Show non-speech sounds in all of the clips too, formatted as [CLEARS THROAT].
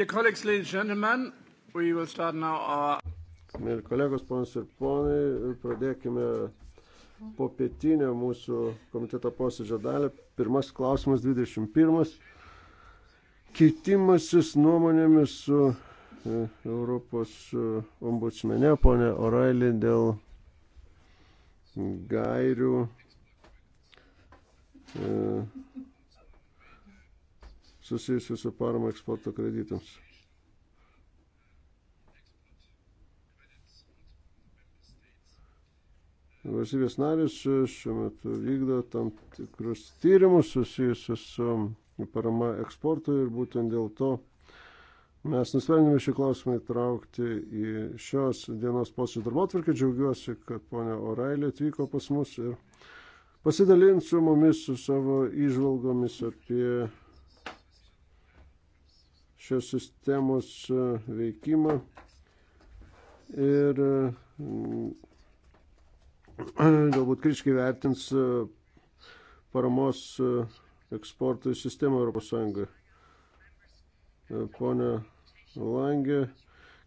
Mėly kolegos, ponas ir ponai, pradėkime po pietinę mūsų komiteto posėdžio dalį. Pirmas klausimas 21. Keitimasis nuomonėmis su e, Europos e, ombudsmene, ponė Orailė, dėl gairių e, susijusių su parama eksporto kreditams. Valstybės narės šiuo metu vykdo tam tikrus tyrimus susijusius su parama eksportui ir būtent dėl to mes nusprendėme šį klausimą įtraukti į šios dienos posėdžio darbo atvarkę. Džiaugiuosi, kad ponia Orailė atvyko pas mus ir pasidalins su mumis su savo įžvalgomis apie šios sistemos e, veikimą ir e, [CLEARS THROAT] galbūt kritiškai vertins e, paramos eksportui sistemą Europos Sąjungoje. Pone Langė,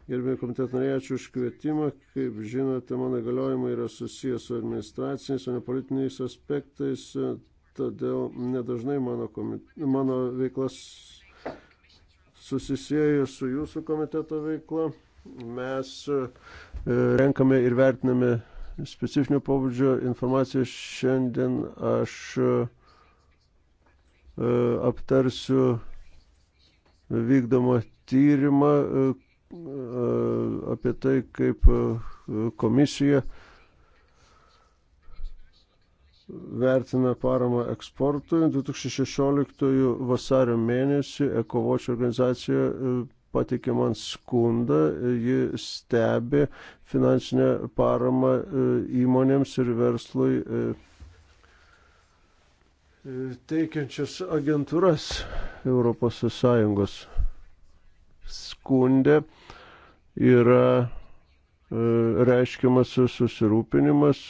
gerbėjai komiteto nariai, ačiū už kvietimą. Kaip žinote, mano galiojimai yra susijęs su administraciniais, o ne politiniais aspektais, todėl nedažnai mano, komite... mano veiklas susisieja su jūsų komiteto veikla. Mes e, renkame ir vertiname specifinio pobūdžio informaciją. Šiandien aš e, aptarsiu vykdomą tyrimą e, apie tai, kaip komisija vertina paramą eksportui. 2016 vasario mėnesį Ekovočio organizacija e, pateikė man skundą, ji stebi finansinę paramą e, įmonėms ir verslui e, teikiančias agentūras ES skundė yra reiškiamas susirūpinimas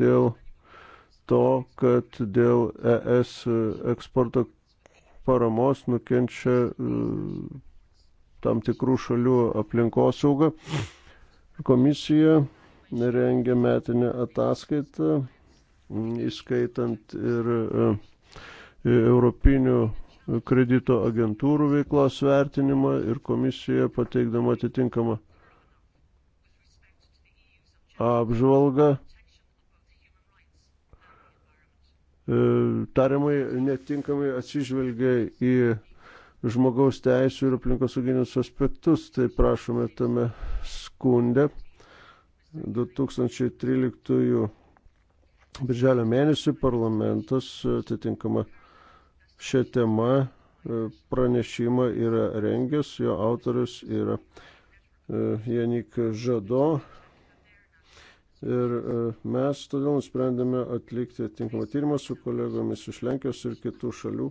dėl to, kad dėl ES eksporto paramos nukenčia e, tam tikrų šalių aplinkosauga. Komisija rengia metinę ataskaitą, įskaitant ir e, Europinių kredito agentūrų veiklos vertinimą ir komisija pateikdama atitinkamą apžvalgą E, tariamai netinkamai atsižvelgia į žmogaus teisų ir aplinkosauginius aspektus, tai prašome tame skunde 2013 birželio mėnesį parlamentas atitinkama šią temą e, pranešimą yra rengęs, jo autorius yra e, Janik Žado, Ir e, mes todėl nusprendėme atlikti tinkamą tyrimą su kolegomis iš Lenkijos ir kitų šalių,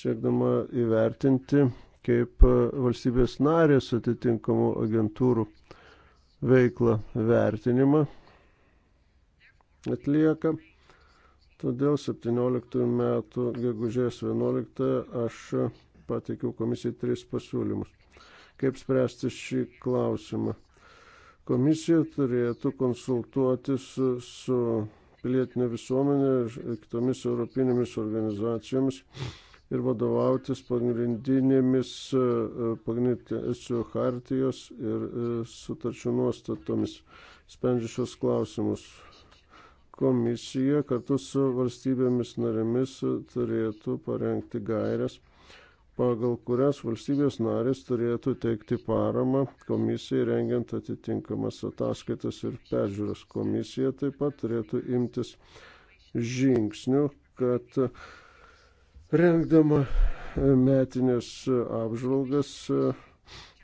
siekdama įvertinti, kaip e, valstybės narės atitinkamų agentūrų veiklą vertinimą atlieka. Todėl 17 metų gegužės 11 aš pateikiau komisijai tris pasiūlymus, kaip spręsti šį klausimą Komisija turėtų konsultuotis su, su pilietinė visuomenė ir kitomis europinėmis organizacijomis ir vadovautis pagrindinėmis e, pagrindinėsio hartijos ir e, sutarčių nuostatomis, sprendžia šios klausimus. Komisija kartu su valstybėmis narėmis turėtų parengti gairias pagal kurias valstybės narės turėtų teikti paramą komisijai rengiant atitinkamas ataskaitas ir peržiūras. Komisija taip pat turėtų imtis žingsnių, kad rengdama metinės apžvalgas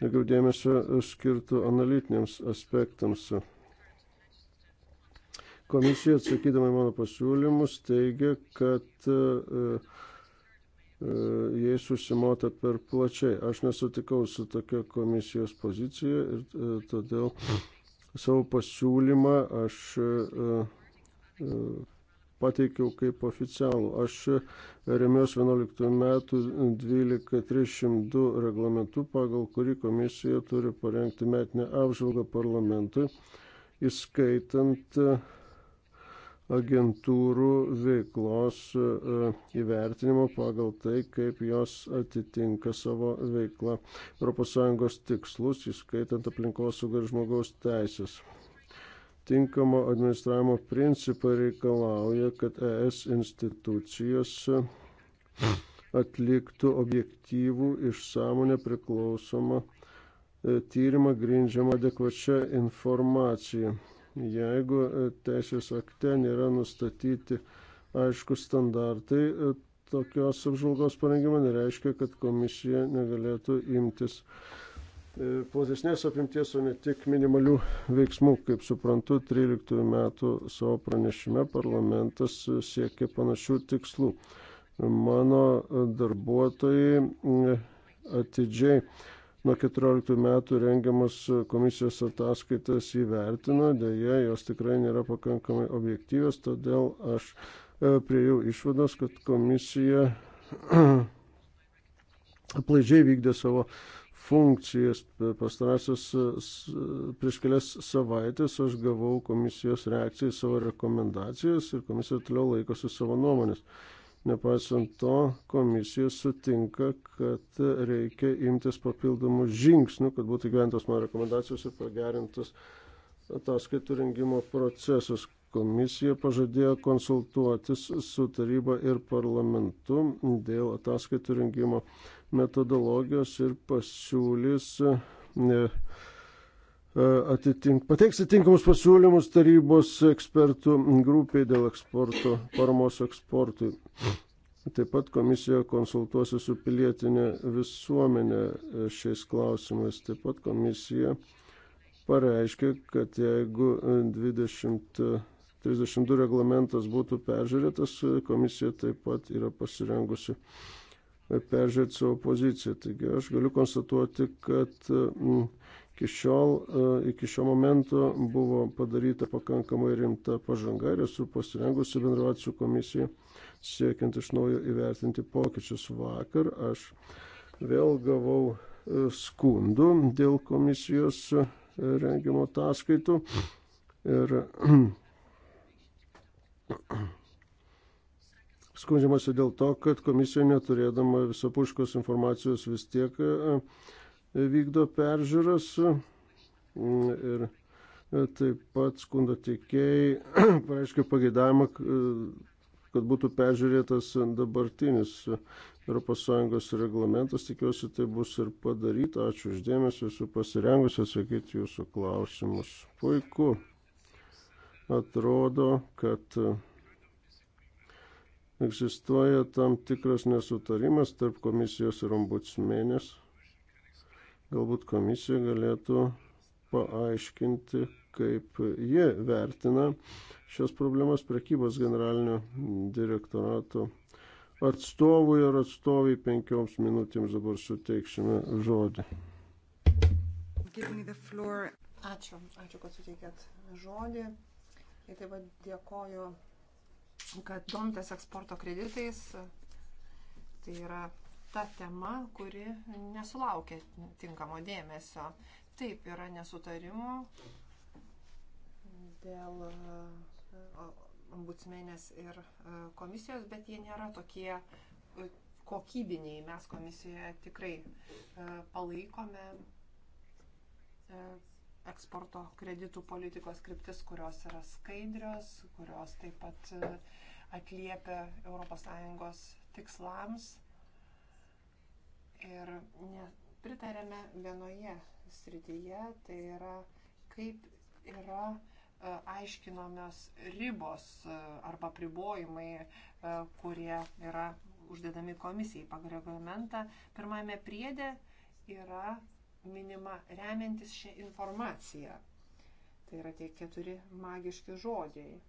daugiau dėmesio skirtų analitiniams aspektams. Komisija atsakydama į mano pasiūlymus teigia, kad uh, E, jei susimota per plačiai. Aš nesutikau su tokia komisijos pozicija ir e, todėl savo pasiūlymą aš e, pateikiau kaip oficialų. Aš remiuos 11 metų 1232 reglamentu, pagal kurį komisija turi parengti metinę apžvalgą parlamentui, įskaitant uh, agentūrų veiklos e, įvertinimo pagal tai, kaip jos atitinka savo veiklą ES tikslus, įskaitant aplinkosaugą ir žmogaus teisės. Tinkamo administravimo principai reikalauja, kad ES institucijos atliktų objektyvų išsamų nepriklausomą e, tyrimą grindžiamą adekvačią informaciją. Jeigu e, teisės akte nėra nustatyti aiškus standartai, e, tokios apžvalgos parengimo nereiškia, kad komisija negalėtų imtis e, platesnės apimties, o ne tik minimalių veiksmų. Kaip suprantu, 13 metų savo pranešime parlamentas siekia panašių tikslų. Mano darbuotojai atidžiai nuo 14 metų rengiamas komisijos ataskaitas įvertino, dėja jos tikrai nėra pakankamai objektyvios, todėl aš e, priejau išvados, kad komisija [CLEARS THROAT] aplaidžiai vykdė savo funkcijas. Pastarasios e, prieš kelias savaitės aš gavau komisijos reakciją į savo rekomendacijas ir komisija toliau laikosi savo nuomonės. Nepaisant to, komisija sutinka, kad reikia imtis papildomų žingsnių, kad būtų gyventos mano rekomendacijos ir pagerintas ataskaitų rengimo procesas. Komisija pažadėjo konsultuotis su taryba ir parlamentu dėl ataskaitų rengimo metodologijos ir pasiūlys. Ne, E, atitink, pateiks atitinkamus pasiūlymus tarybos ekspertų grupiai dėl eksporto, paramos eksportui. Taip pat komisija konsultuosi su pilietinė visuomenė e, šiais klausimais. Taip pat komisija pareiškia, kad jeigu 2032 reglamentas būtų peržiūrėtas, komisija taip pat yra pasirengusi peržiūrėti savo poziciją. Taigi aš galiu konstatuoti, kad Iki, šiol, e, iki šio momento buvo padaryta pakankamai rimta pažanga ir esu pasirengusi bendravati su komisija siekiant iš naujo įvertinti pokyčius. Vakar aš vėl gavau e, skundų dėl komisijos e, rengimo ataskaitų ir [CLEARS THROAT] skundžiamasi dėl to, kad komisija neturėdama visapuškos informacijos vis tiek uh, vykdo peržiūras mm, ir e, taip pat skundo teikėjai [CLEARS THROAT] pareiškia pageidavimą, e, kad būtų peržiūrėtas dabartinis ES reglamentas. Tikiuosi, tai bus ir padaryta. Ačiū uždėmesi, esu pasirengusi atsakyti jūsų klausimus. Puiku. Atrodo, kad e, egzistuoja tam tikras nesutarimas tarp komisijos ir ombudsmenės. Galbūt komisija galėtų paaiškinti, kaip ji vertina šios problemas prekybos generalinio direktorato atstovui ir atstoviai penkioms minutėms dabar suteiksime žodį. Ačiū, ačiū, kad suteikėt žodį. Ir taip pat dėkoju, kad domitės eksporto kreditais. Tai yra ta tema, kuri nesulaukia tinkamo dėmesio. Taip yra nesutarimų dėl e, ombudsmenės ir e, komisijos, bet jie nėra tokie e, kokybiniai. Mes komisijoje tikrai palaikome eksporto kreditų politikos kryptis, kurios yra skaidrios, kurios taip pat atliepia ES tikslams ir pritarėme vienoje srityje, tai yra kaip yra e, aiškinomios ribos e, arba pribojimai, e, kurie yra uždedami komisijai pagal reglamentą. Pirmame priedė yra minima remiantis šią informaciją. Tai yra tie keturi magiški žodžiai.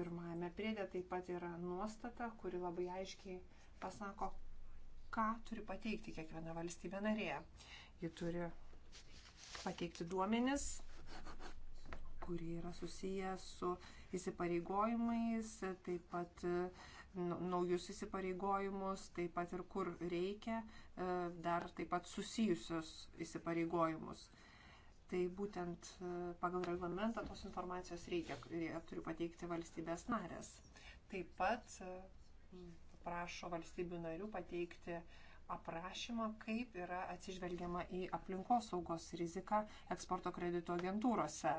Pirmajame priedė taip pat yra nuostata, kuri labai aiškiai pasako, ką turi pateikti kiekviena valstybė narėje. Ji turi pateikti duomenis, kurie yra susiję su įsipareigojimais, taip pat e, naujus įsipareigojimus, taip pat ir kur reikia, e, dar taip pat susijusius įsipareigojimus. Tai būtent e, pagal reglamentą tos informacijos reikia, turi pateikti valstybės narės. Taip pat prašo valstybių narių pateikti aprašymą, kaip yra atsižvelgiama į aplinkosaugos riziką eksporto kredito agentūrose.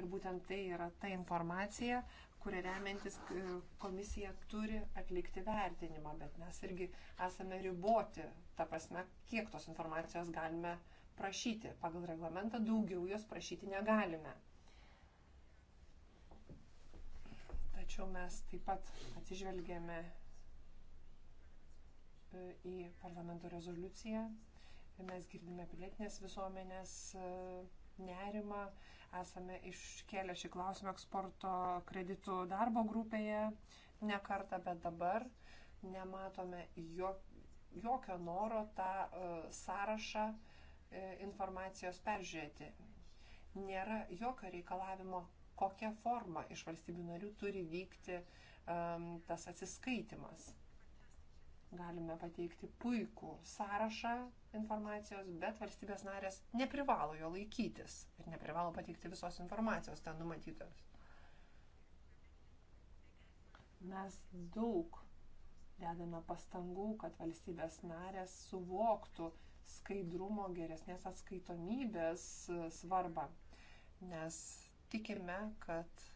Ir būtent tai yra ta informacija, kuria remiantis e, komisija turi atlikti vertinimą, bet mes irgi esame riboti, ta prasme, kiek tos informacijos galime prašyti. Pagal reglamentą daugiau jos prašyti negalime. Tačiau mes taip pat atsižvelgėme į parlamento rezoliuciją. Mes girdime pilietinės visuomenės e, nerimą, esame iškėlę šį klausimą eksporto kreditų darbo grupėje ne kartą, bet dabar nematome jokio noro tą e, sąrašą e, informacijos peržiūrėti. Nėra jokio reikalavimo, kokia forma iš valstybių narių turi vykti um, tas atsiskaitimas. Galime pateikti puikų sąrašą informacijos, bet valstybės narės neprivalo jo laikytis ir neprivalo pateikti visos informacijos ten numatytos. Mes daug dedame pastangų, kad valstybės narės suvoktų skaidrumo geresnės atskaitomybės svarbą, nes tikime, kad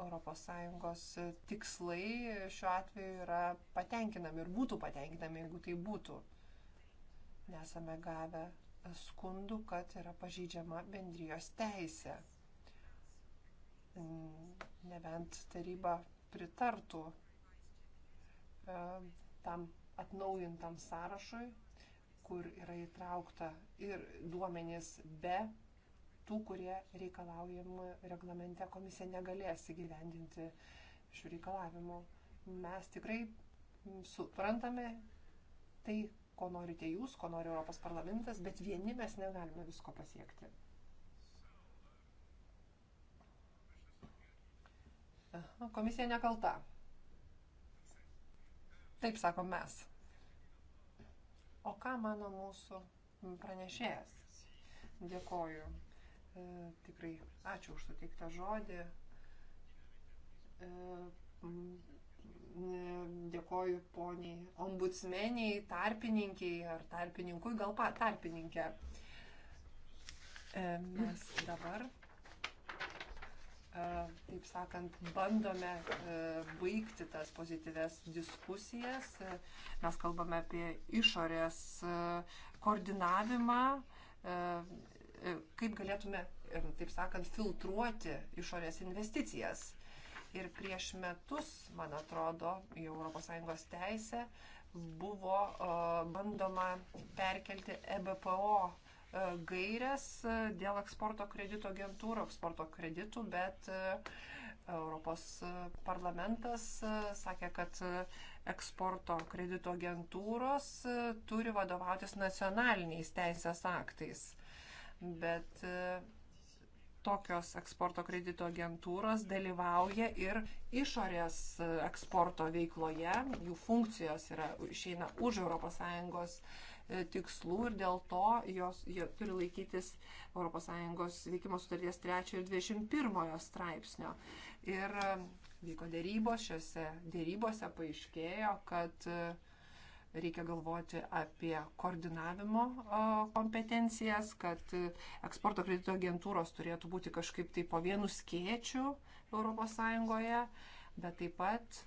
ES tikslai šiuo atveju yra patenkinami ir būtų patenkinami, jeigu tai būtų. Nesame gavę skundų, kad yra pažydžiama bendrijos teisė. Nebent taryba pritartų e, tam atnaujintam sąrašui, kur yra įtraukta ir duomenys be tų, kurie reikalaujama reglamente komisija negalės įgyvendinti šių reikalavimų. Mes tikrai suprantame tai, ko norite jūs, ko nori Europos parlamentas, bet vieni mes negalime visko pasiekti. Komisija nekalta. Taip sakom mes. O ką mano mūsų pranešėjas? Dėkoju. E, tikrai ačiū už suteiktą žodį. E, dėkoju poniai ombudsmeniai, tarpininkiai ar tarpininkui, gal pa, tarpininkė. E, mes dabar taip sakant, bandome baigti tas pozityves diskusijas. Mes kalbame apie išorės koordinavimą, E, kaip galėtume, e, taip sakant, filtruoti išorės investicijas. Ir prieš metus, man atrodo, į ES teisę buvo e, bandoma perkelti EBPO gairias dėl eksporto kredito agentūrų, eksporto kreditų, bet Europos parlamentas sakė, kad eksporto kredito agentūros turi vadovautis nacionaliniais teisės aktais bet e, tokios eksporto kredito agentūros dalyvauja ir išorės e, eksporto veikloje, jų funkcijos yra, išeina už ES e, tikslų ir dėl to jos jie turi laikytis ES veikimo sutarties 3 ir 21 straipsnio. Ir vyko dėrybos, šiuose dėrybose paaiškėjo, kad uh, reikia galvoti apie koordinavimo kompetencijas, kad eksporto kredito agentūros turėtų būti kažkaip tai po vienu skėčiu ES, bet taip pat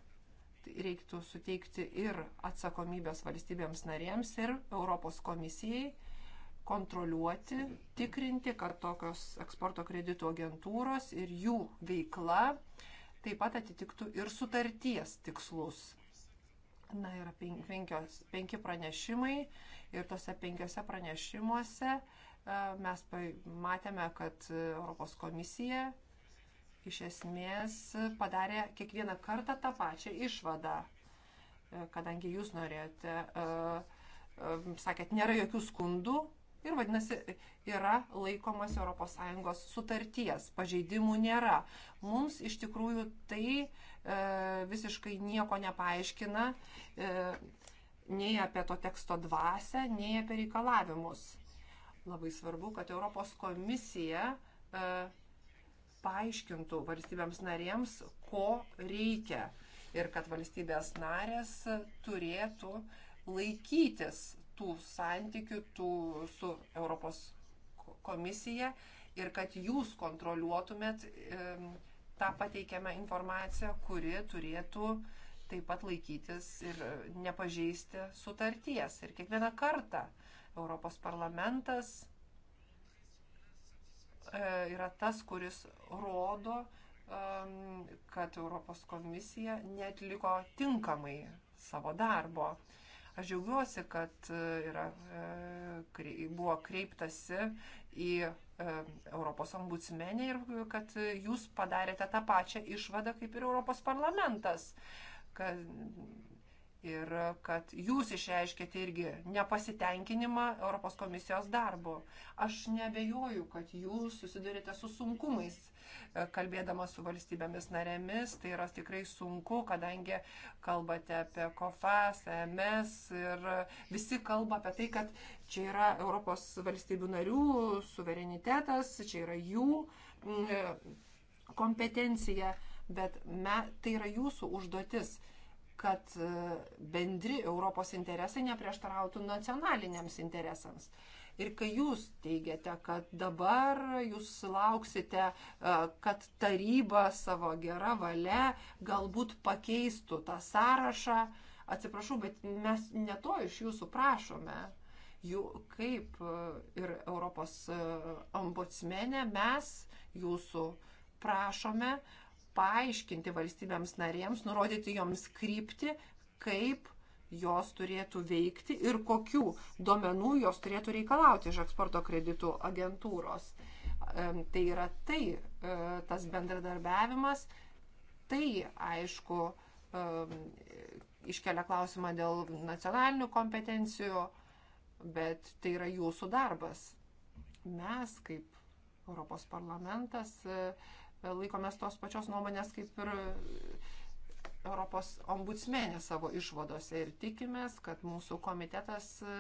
tai reiktų suteikti ir atsakomybės valstybėms narėms ir Europos komisijai kontroliuoti, tikrinti, kad tokios eksporto kredito agentūros ir jų veikla taip pat atitiktų ir sutarties tikslus Na, yra penkios, penki pranešimai ir tose penkiose pranešimuose e, mes matėme, kad e, Europos komisija iš esmės padarė kiekvieną kartą tą pačią išvadą, e, kadangi jūs norėjote, sakėt, nėra jokių skundų ir vadinasi yra laikomas ES sutarties, pažeidimų nėra. Mums iš tikrųjų tai e, visiškai nieko nepaaiškina e, nei apie to teksto dvasę, nei apie reikalavimus. Labai svarbu, kad Europos komisija e, paaiškintų valstybėms narėms, ko reikia ir kad valstybės narės turėtų laikytis tų santykių tų, su Europos komisija ir kad jūs kontroliuotumėt tą pateikiamą informaciją, kuri turėtų taip pat laikytis ir nepažeisti sutarties. Ir kiekvieną kartą Europos parlamentas e, yra tas, kuris rodo, kad Europos komisija netliko tinkamai savo darbo. Aš džiaugiuosi, kad e, yra, e, buvo kreiptasi į e, Europos ombudsmenį ir kad jūs padarėte tą pačią išvadą kaip ir Europos parlamentas. Kad, ir kad jūs išreiškėte irgi nepasitenkinimą Europos komisijos darbu. Aš nebejoju, kad jūs susidurite su sunkumais kalbėdama su valstybėmis narėmis. Tai yra tikrai sunku, kadangi kalbate apie COFAS, EMS ir visi kalba apie tai, kad čia yra Europos valstybių narių suverenitetas, čia yra jų mm, e, kompetencija, bet me, tai yra jūsų užduotis kad e, bendri Europos interesai neprieštarautų nacionaliniams interesams. Uh, Ir kai jūs teigiate, kad dabar jūs lauksite, e, kad taryba savo gerą valią galbūt pakeistų tą sąrašą, atsiprašau, bet mes ne to iš jūsų prašome. Jų kaip e, ir Europos e, ombudsmenė mes jūsų prašome paaiškinti valstybėms narėms, nurodyti joms krypti, kaip jos turėtų veikti ir kokių duomenų jos turėtų reikalauti iš eksporto kreditų agentūros. Tai yra tai, e, tas bendradarbiavimas, tai aišku iškelia klausimą dėl nacionalinių kompetencijų, bet tai yra jūsų darbas. Mes kaip Europos parlamentas e, laikomės tos pačios nuomonės kaip ir Europos ombudsmenė savo išvadose ir tikimės, kad mūsų komitetas e,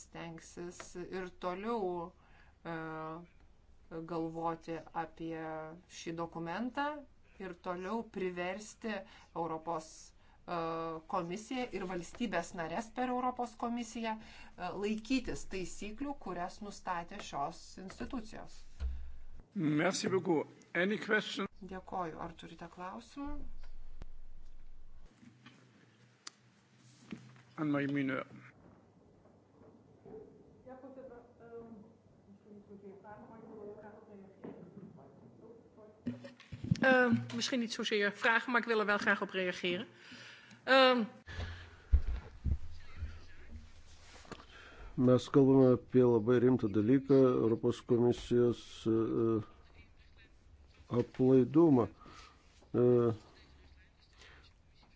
stengsis ir toliau e, galvoti apie šį dokumentą ir toliau priversti Europos e, komisiją ir valstybės narės per Europos komisiją laikytis taisyklių, kurias nustatė šios institucijos. Merci beaucoup. Any question? Dėkoju. Ar turite klausimų? Anne-Marie Müller. Ja, voorzitter. Um, misschien niet zozeer vragen, ehm, maar ik wil er graag op reageren. Uh, misschien niet zozeer vragen, maar ik wil er wel graag op reageren. Um, Mes kalbame apie labai rimtą dalyką - Europos komisijos uh, aplaidumą. Uh,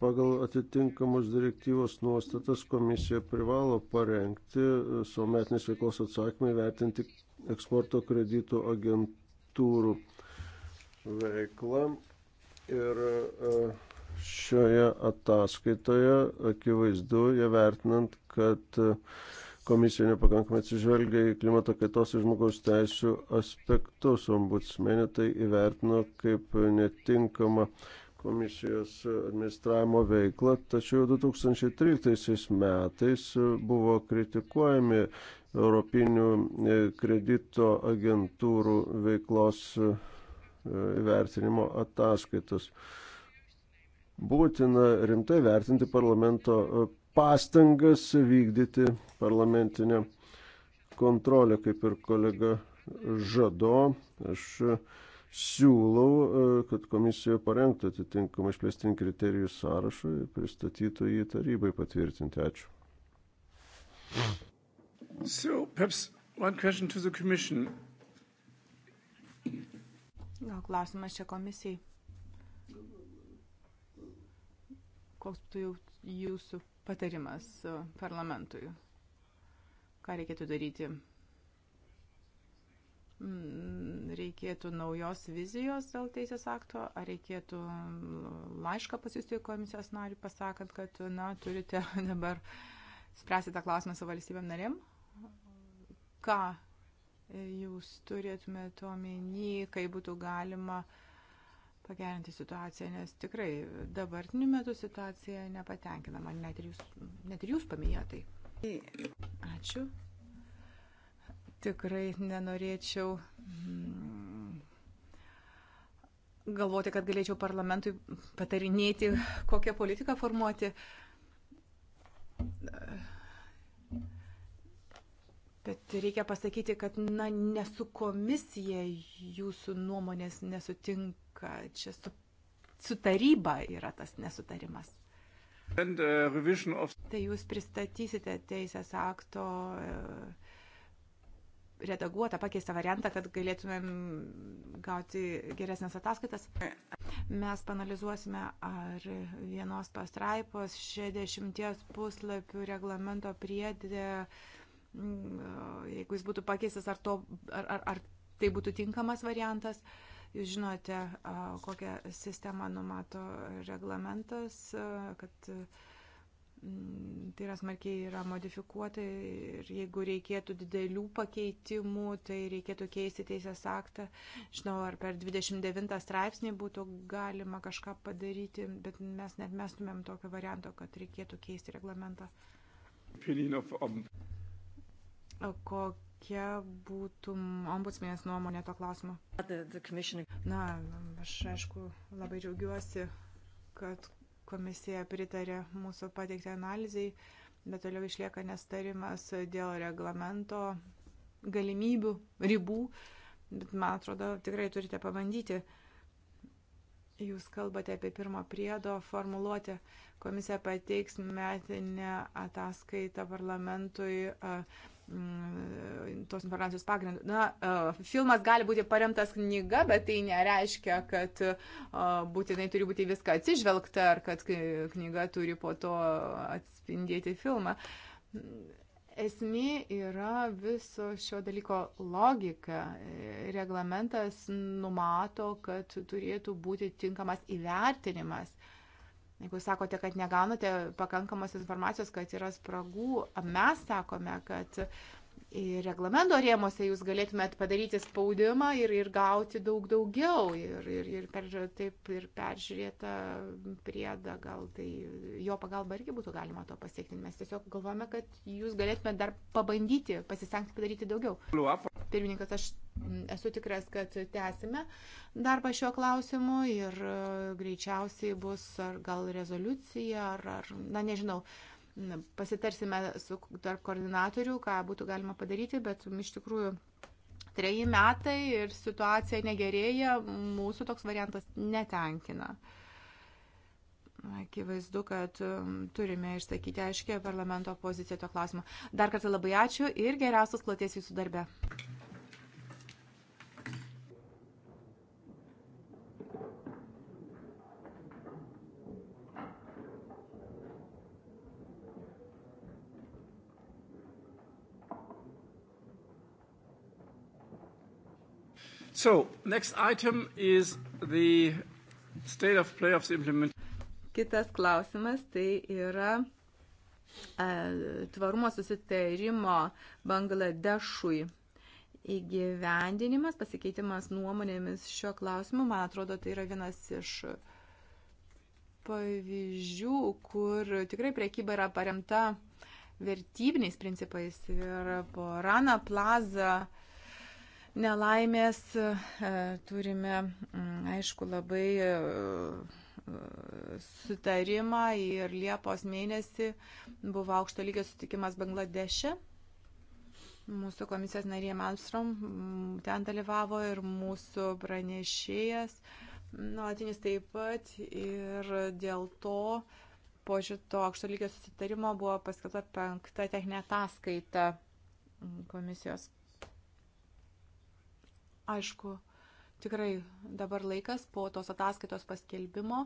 pagal atitinkamus direktyvos nuostatas komisija privalo parengti e, savo metinės veiklos atsakymą įvertinti eksporto kreditų agentūrų veiklą. Ir e, šioje ataskaitoje akivaizdu, jie vertinant, kad e, komisija nepakankamai atsižvelgia į klimato kaitos ir žmogaus teisų aspektus. Ombudsmenė tai įvertino kaip netinkama komisijos administravimo veiklą, tačiau 2013 metais buvo kritikuojami Europinių e, kredito agentūrų veiklos e, įvertinimo ataskaitos. Būtina rimtai vertinti parlamento e, pastangas vykdyti parlamentinę kontrolę, kaip ir kolega Žado. Aš siūlau, e, kad komisija parengtų atitinkamą išplėstinį kriterijų sąrašą ir pristatytų jį tarybai patvirtinti. Ačiū. So, perhaps one question to the commission. Gal klausimas čia komisijai? Koks būtų jūsų patarimas e, parlamentui? Ką reikėtų daryti? Mm, reikėtų naujos vizijos dėl teisės akto, ar reikėtų mm, laišką pasiūsti komisijos nariui, pasakant, kad, na, turite [LAUGHS] dabar spręsti tą klausimą su valstybėm narėm? Ką jūs turėtumėte omeny, kai būtų galima pagerinti situaciją, nes tikrai dabartiniu metu situacija nepatenkinama, net ir jūs, net ir jūs paminėjote tai. Ačiū tikrai nenorėčiau mm, galvoti, kad galėčiau parlamentui patarinėti, kokią politiką formuoti. Bet reikia pasakyti, kad na, nesu komisija jūsų nuomonės nesutinka. Čia su, su taryba yra tas nesutarimas. And, uh, of... Tai jūs pristatysite teisės akto uh, redaguotą, pakeistą variantą, kad galėtumėm gauti geresnės ataskaitas. Mes panalizuosime, ar vienos pastraipos 60 puslapių reglamento priedė, mm, jeigu jis būtų pakeistas, ar, to, ar, ar, ar tai būtų tinkamas variantas. Jūs žinote, kokią sistemą numato reglamentas, kad uh, Mm, tai yra smarkiai yra modifikuota ir jeigu reikėtų didelių pakeitimų, tai reikėtų keisti teisės aktą. Žinau, ar per 29 straipsnį būtų galima kažką padaryti, bet mes net mestumėm tokio varianto, kad reikėtų keisti reglamentą. Kokia būtų ombudsmės nuomonė to klausimo? Na, aš aišku labai džiaugiuosi, kad Komisija pritarė mūsų pateiktai analizai, bet toliau išlieka nestarimas dėl reglamento galimybių, ribų. Bet man atrodo, tikrai turite pabandyti. Jūs kalbate apie pirmo priedo formuluotę. Komisija pateiks metinę ataskaitą parlamentui. Uh, Mm, tos informacijos pagrindu. Na, e, filmas gali būti paremtas knyga, bet tai nereiškia, kad e, būtinai turi būti viską atsižvelgta ar kad knyga turi po to atspindėti filmą. Esmė yra viso šio dalyko logika. Reglamentas numato, kad turėtų būti tinkamas įvertinimas. Uh, Jeigu sakote, kad negaunate pakankamos informacijos, kad yra spragų, mes sakome, kad ir reglamento rėmose jūs galėtumėt padaryti spaudimą ir, ir gauti daug daugiau. Ir, ir, ir per, taip ir peržiūrėta priedą, gal tai jo pagalba irgi būtų galima to pasiekti. Mes tiesiog galvojame, kad jūs galėtumėt dar pabandyti, pasistengti padaryti daugiau. Pirmininkas, aš esu tikras, kad tęsime darbą šiuo klausimu ir greičiausiai bus ar gal rezoliucija, ar, ar na nežinau pasitarsime su tarp koordinatorių, ką būtų galima padaryti, bet iš tikrųjų treji metai ir situacija negerėja, mūsų toks variantas netenkina. Akivaizdu, kad um, turime išsakyti aiškę parlamento poziciją to klausimu. Dar kartą labai ačiū ir geriausios kloties jūsų darbe. So, next item is the state of play of the implement. Kitas klausimas tai yra e, tvarumo susitarimo Bangladešui įgyvendinimas, pasikeitimas nuomonėmis šio klausimu, man atrodo, tai yra vienas iš pavyzdžių, kur tikrai priekyba yra paremta vertybiniais principais ir Rana Plaza nelaimės e, turime, mm, aišku, labai e, sutarimą ir Liepos mėnesį buvo aukšto lygio sutikimas Bangladeše. Mūsų komisijos narė Malmstrom mm, ten dalyvavo ir mūsų pranešėjas nuolatinis taip pat ir dėl to po šito aukšto lygio susitarimo buvo paskata penkta techninė ataskaita komisijos Aišku, tikrai dabar laikas po tos ataskaitos paskelbimo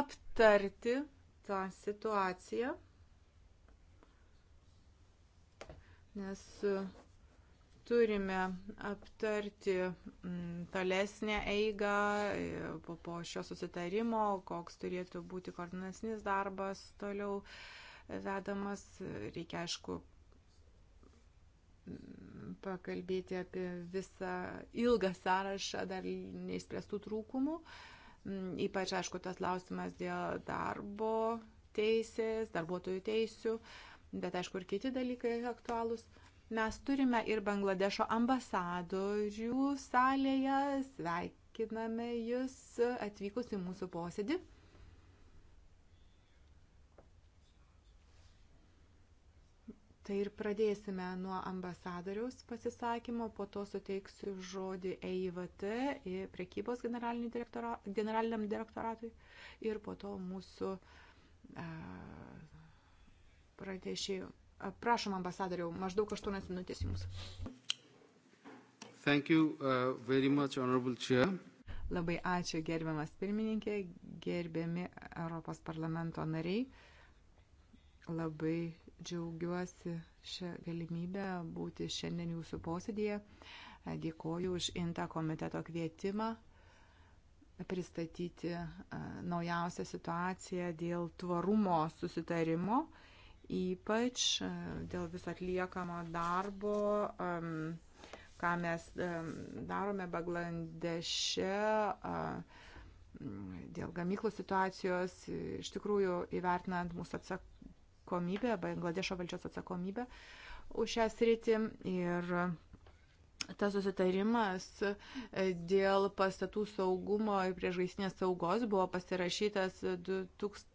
aptarti tą situaciją, nes turime aptarti mm, tolesnę eigą e, po šio susitarimo, koks turėtų būti koordinasnis darbas toliau vedamas. Reikia, aišku, pakalbėti apie visą ilgą sąrašą dar neįspręstų trūkumų. Mm, ypač, aišku, tas klausimas dėl darbo teisės, darbuotojų teisių, bet, aišku, ir kiti dalykai aktualūs. Mes turime ir Bangladešo ambasadorių salėje, sveikiname jūs atvykus į mūsų posėdį. Tai ir pradėsime nuo ambasadoriaus pasisakymo, po to suteiksiu žodį EIVT, priekybos direktora, generaliniam direktoratui ir po to mūsų pratešėjų. Prašom, ambasadoriau, maždaug 8 minutės jums. Thank you, uh, very much, honorable chair. Labai ačiū gerbiamas pirmininkė, gerbiami Europos parlamento nariai. Labai džiaugiuosi šią galimybę būti šiandien jūsų posėdėje. Dėkoju už INTA komiteto kvietimą pristatyti naujausią situaciją dėl tvarumo susitarimo, ypač dėl viso atliekamo darbo. Um, ką mes darome Baglandeše dėl gamyklų situacijos, iš tikrųjų įvertinant mūsų atsakomybę atsakomybę, Bangladešo valdžios atsakomybę už šią sritį. Ir tas susitarimas e, dėl pastatų saugumo ir priežaisinės saugos buvo pasirašytas 2000.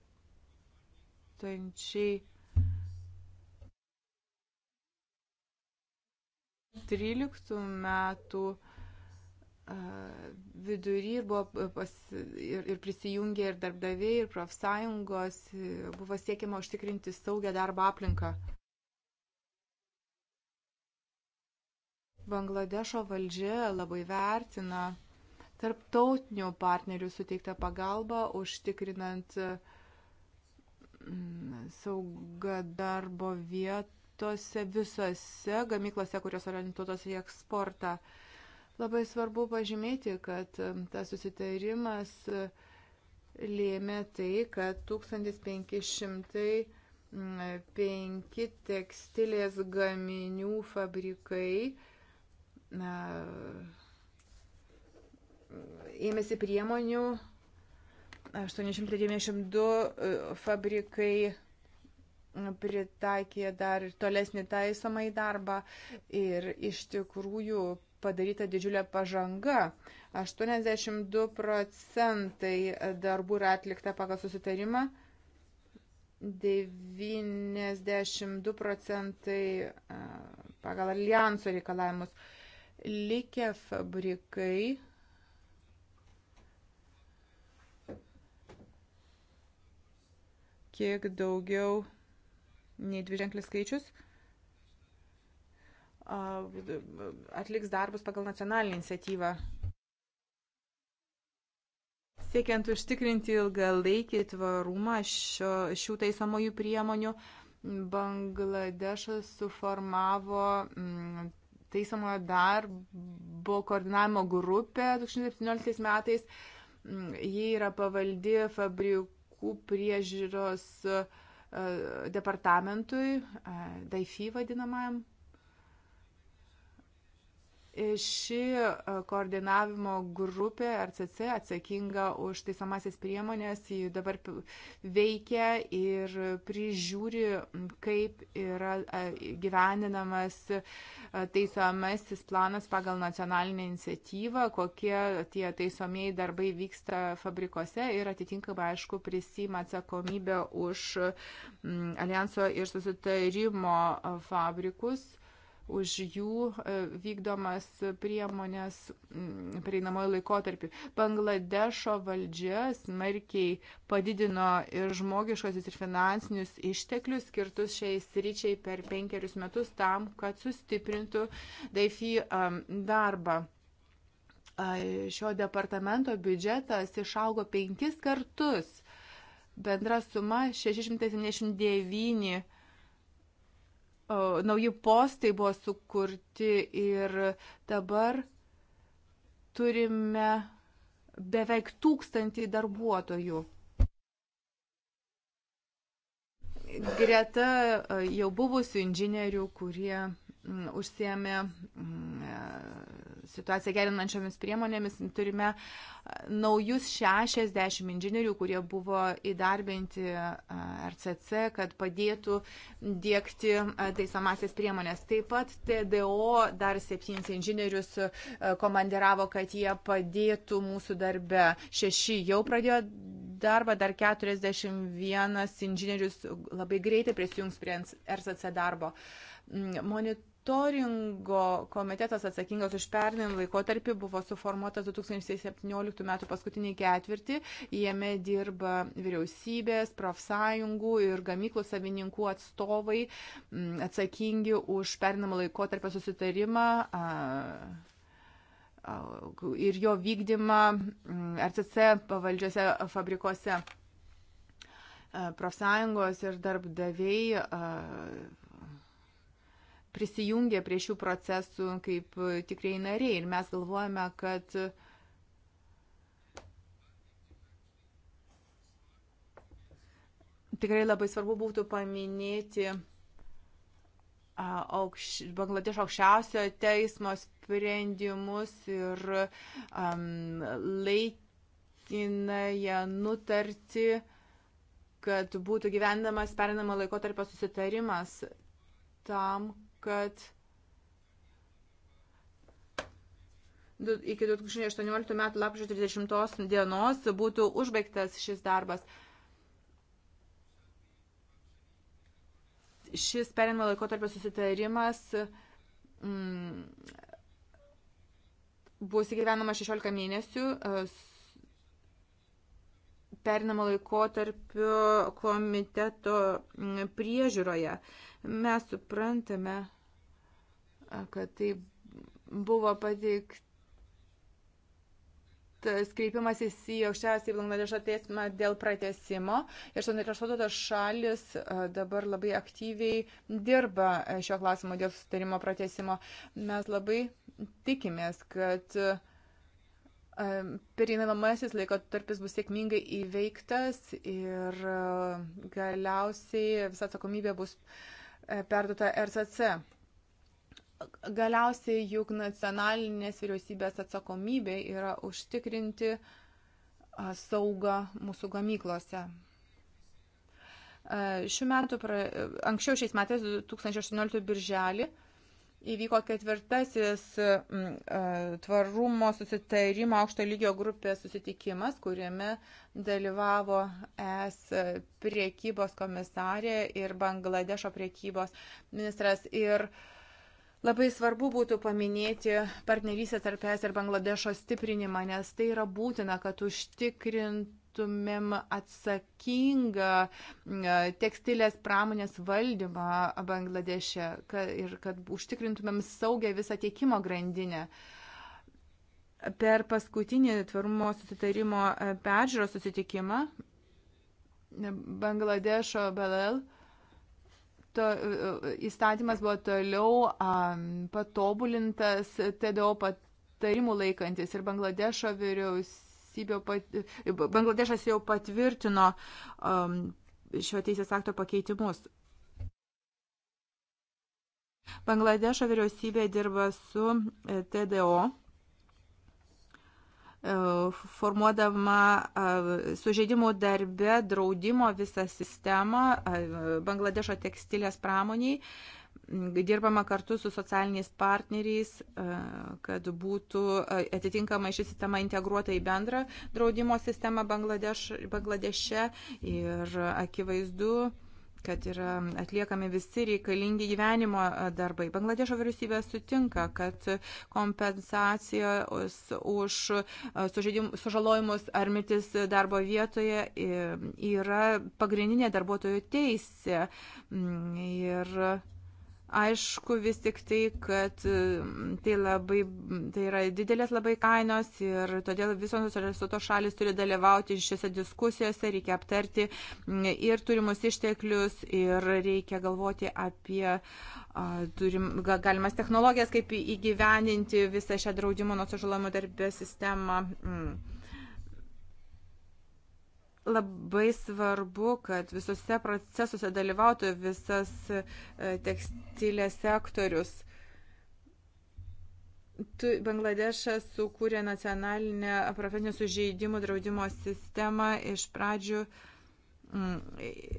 13 metų vidury buvo pas, ir, ir prisijungė ir darbdaviai, ir profsąjungos, e, buvo siekiama užtikrinti saugę darbo aplinką. Bangladešo valdžia labai vertina tarptautinių partnerių suteiktą pagalbą, užtikrinant e, saugą darbo vietose visose gamyklose, kurios orientuotos į eksportą. Uh, Labai svarbu pažymėti, kad um, tas susitarimas uh, lėmė tai, kad 1505 mm, tekstilės gaminių fabrikai na, ėmėsi priemonių, 892 uh, fabrikai mm, pritaikė dar tolesnį taisomą į darbą ir iš tikrųjų padaryta didžiulė pažanga. 82 procentai darbų yra atlikta pagal susitarimą, 92 procentai pagal alijanso reikalavimus. Likę fabrikai kiek daugiau nei dviženklis skaičius atliks darbus pagal nacionalinį iniciatyvą. Siekiant užtikrinti ilgalaikį tvarumą šio, šių taisomojų priemonių, Bangladešas suformavo mm, taisomojo darbo koordinavimo grupę 2017 metais. Mm, Jie yra pavaldi fabrikų priežiūros e, departamentui, e, DAIFI vadinamajam. Ši e, koordinavimo grupė RCC atsakinga už taisamasis priemonės, ji dabar veikia ir prižiūri, kaip yra e, gyveninamas e, taisamasis planas pagal nacionalinę iniciatyvą, kokie tie taisomieji darbai vyksta fabrikose ir atitinkamai, aišku, prisima atsakomybę už alijanso ir susitarimo fabrikus už jų e, vykdomas priemonės mm, prieinamojo laikotarpiu. Bangladešo valdžia smarkiai padidino ir žmogiškosius ir finansinius išteklius skirtus šiais ryčiai per penkerius metus tam, kad sustiprintų DAIFI e, darbą e, šio departamento biudžetas išaugo penkis kartus. Bendra suma 679 nauji postai buvo sukurti ir dabar turime beveik tūkstantį darbuotojų. Greta e, jau buvusių inžinierių, kurie užsiemė e, situaciją gerinančiomis priemonėmis turime e, naujus 60 inžinierių, kurie buvo įdarbinti e, RCC, kad padėtų dėkti e, taisomasias priemonės. Taip pat TDO dar 7 inžinierius komandiravo, kad jie padėtų mūsų darbe. 6 jau pradėjo darbą, dar 41 inžinierius labai greitai prisijungs prie RCC darbo. Monit Monitoringo komitetas atsakingas už pernėm laikotarpį buvo suformuotas 2017 m. paskutinį ketvirtį. Jame dirba vyriausybės, profsąjungų ir gamyklų savininkų atstovai mm, atsakingi už pernamą laikotarpį susitarimą ir jo vykdymą mm, RCC pavaldžiose fabrikuose. Profsąjungos ir darbdaviai prisijungė prie šių procesų kaip e, tikrai nariai. Ir mes galvojame, kad tikrai labai svarbu būtų paminėti aukš, Bangladešo aukščiausio teismo sprendimus ir um, laikinąją nutartį, kad būtų gyvendamas perinamą laikotarpio susitarimas tam, kad iki 2018 metų lapkričio 30 dienos būtų užbaigtas šis darbas. Šis perinimo laikotarpio susitarimas mm, bus įgyvenama 16 mėnesių. Perinamo laikotarpio komiteto mm, priežiūroje. Mm, Mes suprantame, kad tai buvo pateikta kreipimasis į aukščiausią Bangladešo teismą dėl pratesimo ir suinteresuotos šalis e, dabar labai aktyviai dirba e, šio klausimo dėl sutarimo pratesimo. Mes labai tikimės, kad e, pereinamasis laiko tarpis bus sėkmingai įveiktas ir galiausiai visa atsakomybė bus uh, E, perduota RCC. Galiausiai juk nacionalinės vyriausybės atsakomybė yra užtikrinti saugą mūsų gamyklose. E, Šiuo metu, e, anksčiau šiais metais, 2018 birželį, įvyko ketvirtasis mm, tvarumo susitarimo aukšto lygio grupės susitikimas, kuriame dalyvavo es priekybos komisarė ir Bangladešo priekybos ministras. Ir Labai svarbu būtų paminėti partnerystę tarp ES ir Bangladešo stiprinimą, nes tai yra būtina, kad užtikrint turėtumėm atsakingą tekstilės pramonės valdymą Bangladeše ir kad užtikrintumėm saugę visą tiekimo grandinę. Per paskutinį tvarumo susitarimo e, peržiūros susitikimą e, Bangladešo BLL to, e, įstatymas buvo toliau um, patobulintas TDO patarimų laikantis ir Bangladešo vyriausybė valstybė, Bangladešas jau patvirtino um, šio teisės akto pakeitimus. Bangladešo vyriausybė dirba su e, TDO e, formuodama e, sužeidimų darbe draudimo visą sistemą Bangladešo tekstilės pramoniai dirbama kartu su socialiniais partneriais, e, kad būtų e, atitinkamai ši sistema integruota į bendrą draudimo sistemą Bangladeš, Bangladeše ir akivaizdu, kad yra atliekami visi reikalingi gyvenimo e, darbai. Bangladešo vyriausybė sutinka, kad kompensacijos už sužalojimus ar mirtis darbo vietoje yra pagrindinė darbuotojų teisė. Mm, ir Aišku, vis tik tai, kad mm, tai, labai, tai yra didelės labai kainos ir todėl visos suinteresuotos šalis turi dalyvauti šiuose diskusijose, reikia aptarti mm, ir turimus išteklius ir reikia galvoti apie turim, galimas technologijas, kaip įgyveninti visą šią draudimo nuo sužalojimo darbę sistemą. Mm labai svarbu, kad visose procesuose dalyvautų visas e, tekstilės sektorius. Bangladešas sukūrė nacionalinę profesinių sužeidimų draudimo sistemą iš pradžių. Mm,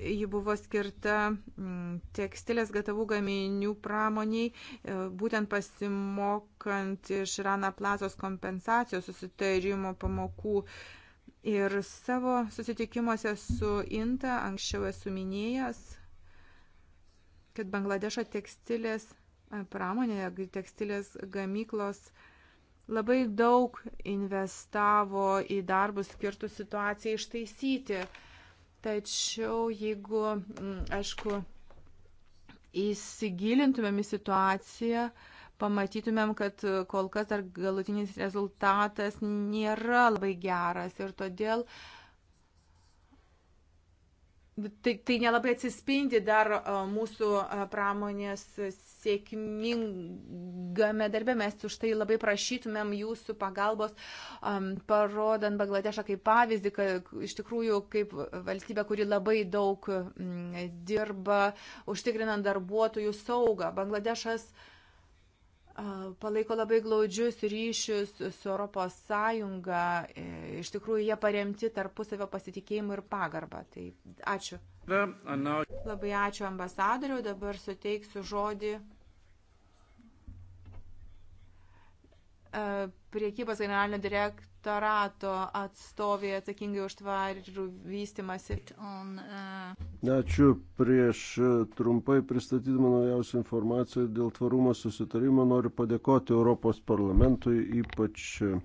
ji buvo skirta mm, tekstilės gatavų gaminių pramoniai, e, būtent pasimokant iš Rana Plazos kompensacijos susitarimo pamokų. Uh, Ir savo susitikimuose su INTA anksčiau esu minėjęs, kad Bangladešo tekstilės pramonėje, tekstilės gamyklos labai daug investavo į darbus skirtų situacijai ištaisyti. Tačiau jeigu, aišku, įsigilintumėm į situaciją, pamatytumėm, kad kol kas dar galutinis rezultatas nėra labai geras ir todėl tai, tai nelabai atsispindi dar mūsų pramonės sėkmingame darbe. Mes už tai labai prašytumėm jūsų pagalbos, parodant Bangladešą kaip pavyzdį, kad iš tikrųjų kaip valstybė, kuri labai daug dirba, užtikrinant darbuotojų saugą. Bangladešas uh, palaiko labai glaudžius ryšius su Europos Sąjunga. E, iš tikrųjų, jie paremti tarpusavio pasitikėjimu ir pagarbą. Tai ačiū. Labai ačiū ambasadoriu. Dabar suteiksiu žodį priekybos generalinio direktorato atstovė atsakingai už tvarių vystimąsi. Uh, Ačiū. Prieš uh, trumpai pristatydama naujausią informaciją dėl tvarumo susitarimo noriu padėkoti Europos parlamentui, ypač uh,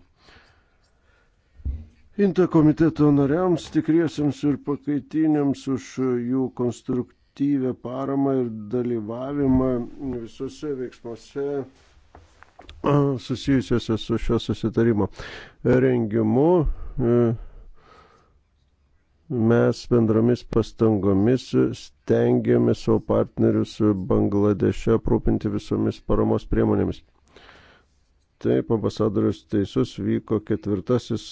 Inta komiteto nariams, tikriesiams ir pakaitiniams už jų konstruktyvę paramą ir dalyvavimą visose veiksmuose susijusiuose su šio susitarimo rengimu. E, mes bendromis pastangomis stengiamės savo partnerius Bangladeše aprūpinti visomis paramos priemonėmis. Taip, ambasadorius teisus vyko ketvirtasis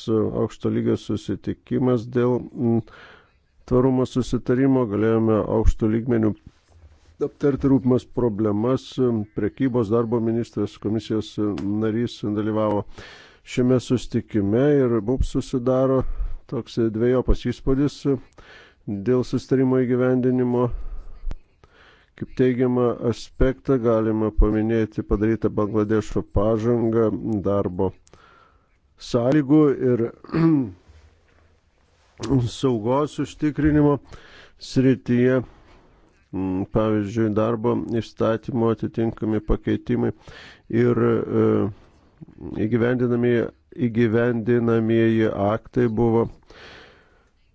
aukšto lygio susitikimas dėl tvarumo susitarimo. Galėjome aukšto lygmenių aptarti rūpimas problemas. Prekybos darbo ministras komisijos narys dalyvavo šiame sustikime ir mums susidaro toks dviejopas įspūdis dėl sustarimo įgyvendinimo. Kaip teigiamą aspektą galima paminėti padarytą Bangladešo pažangą darbo sąlygų ir [CLEARS THROAT] saugos užtikrinimo srityje Mm, pavyzdžiui, darbo įstatymo atitinkami pakeitimai ir e, įgyvendinamieji, įgyvendinamieji aktai buvo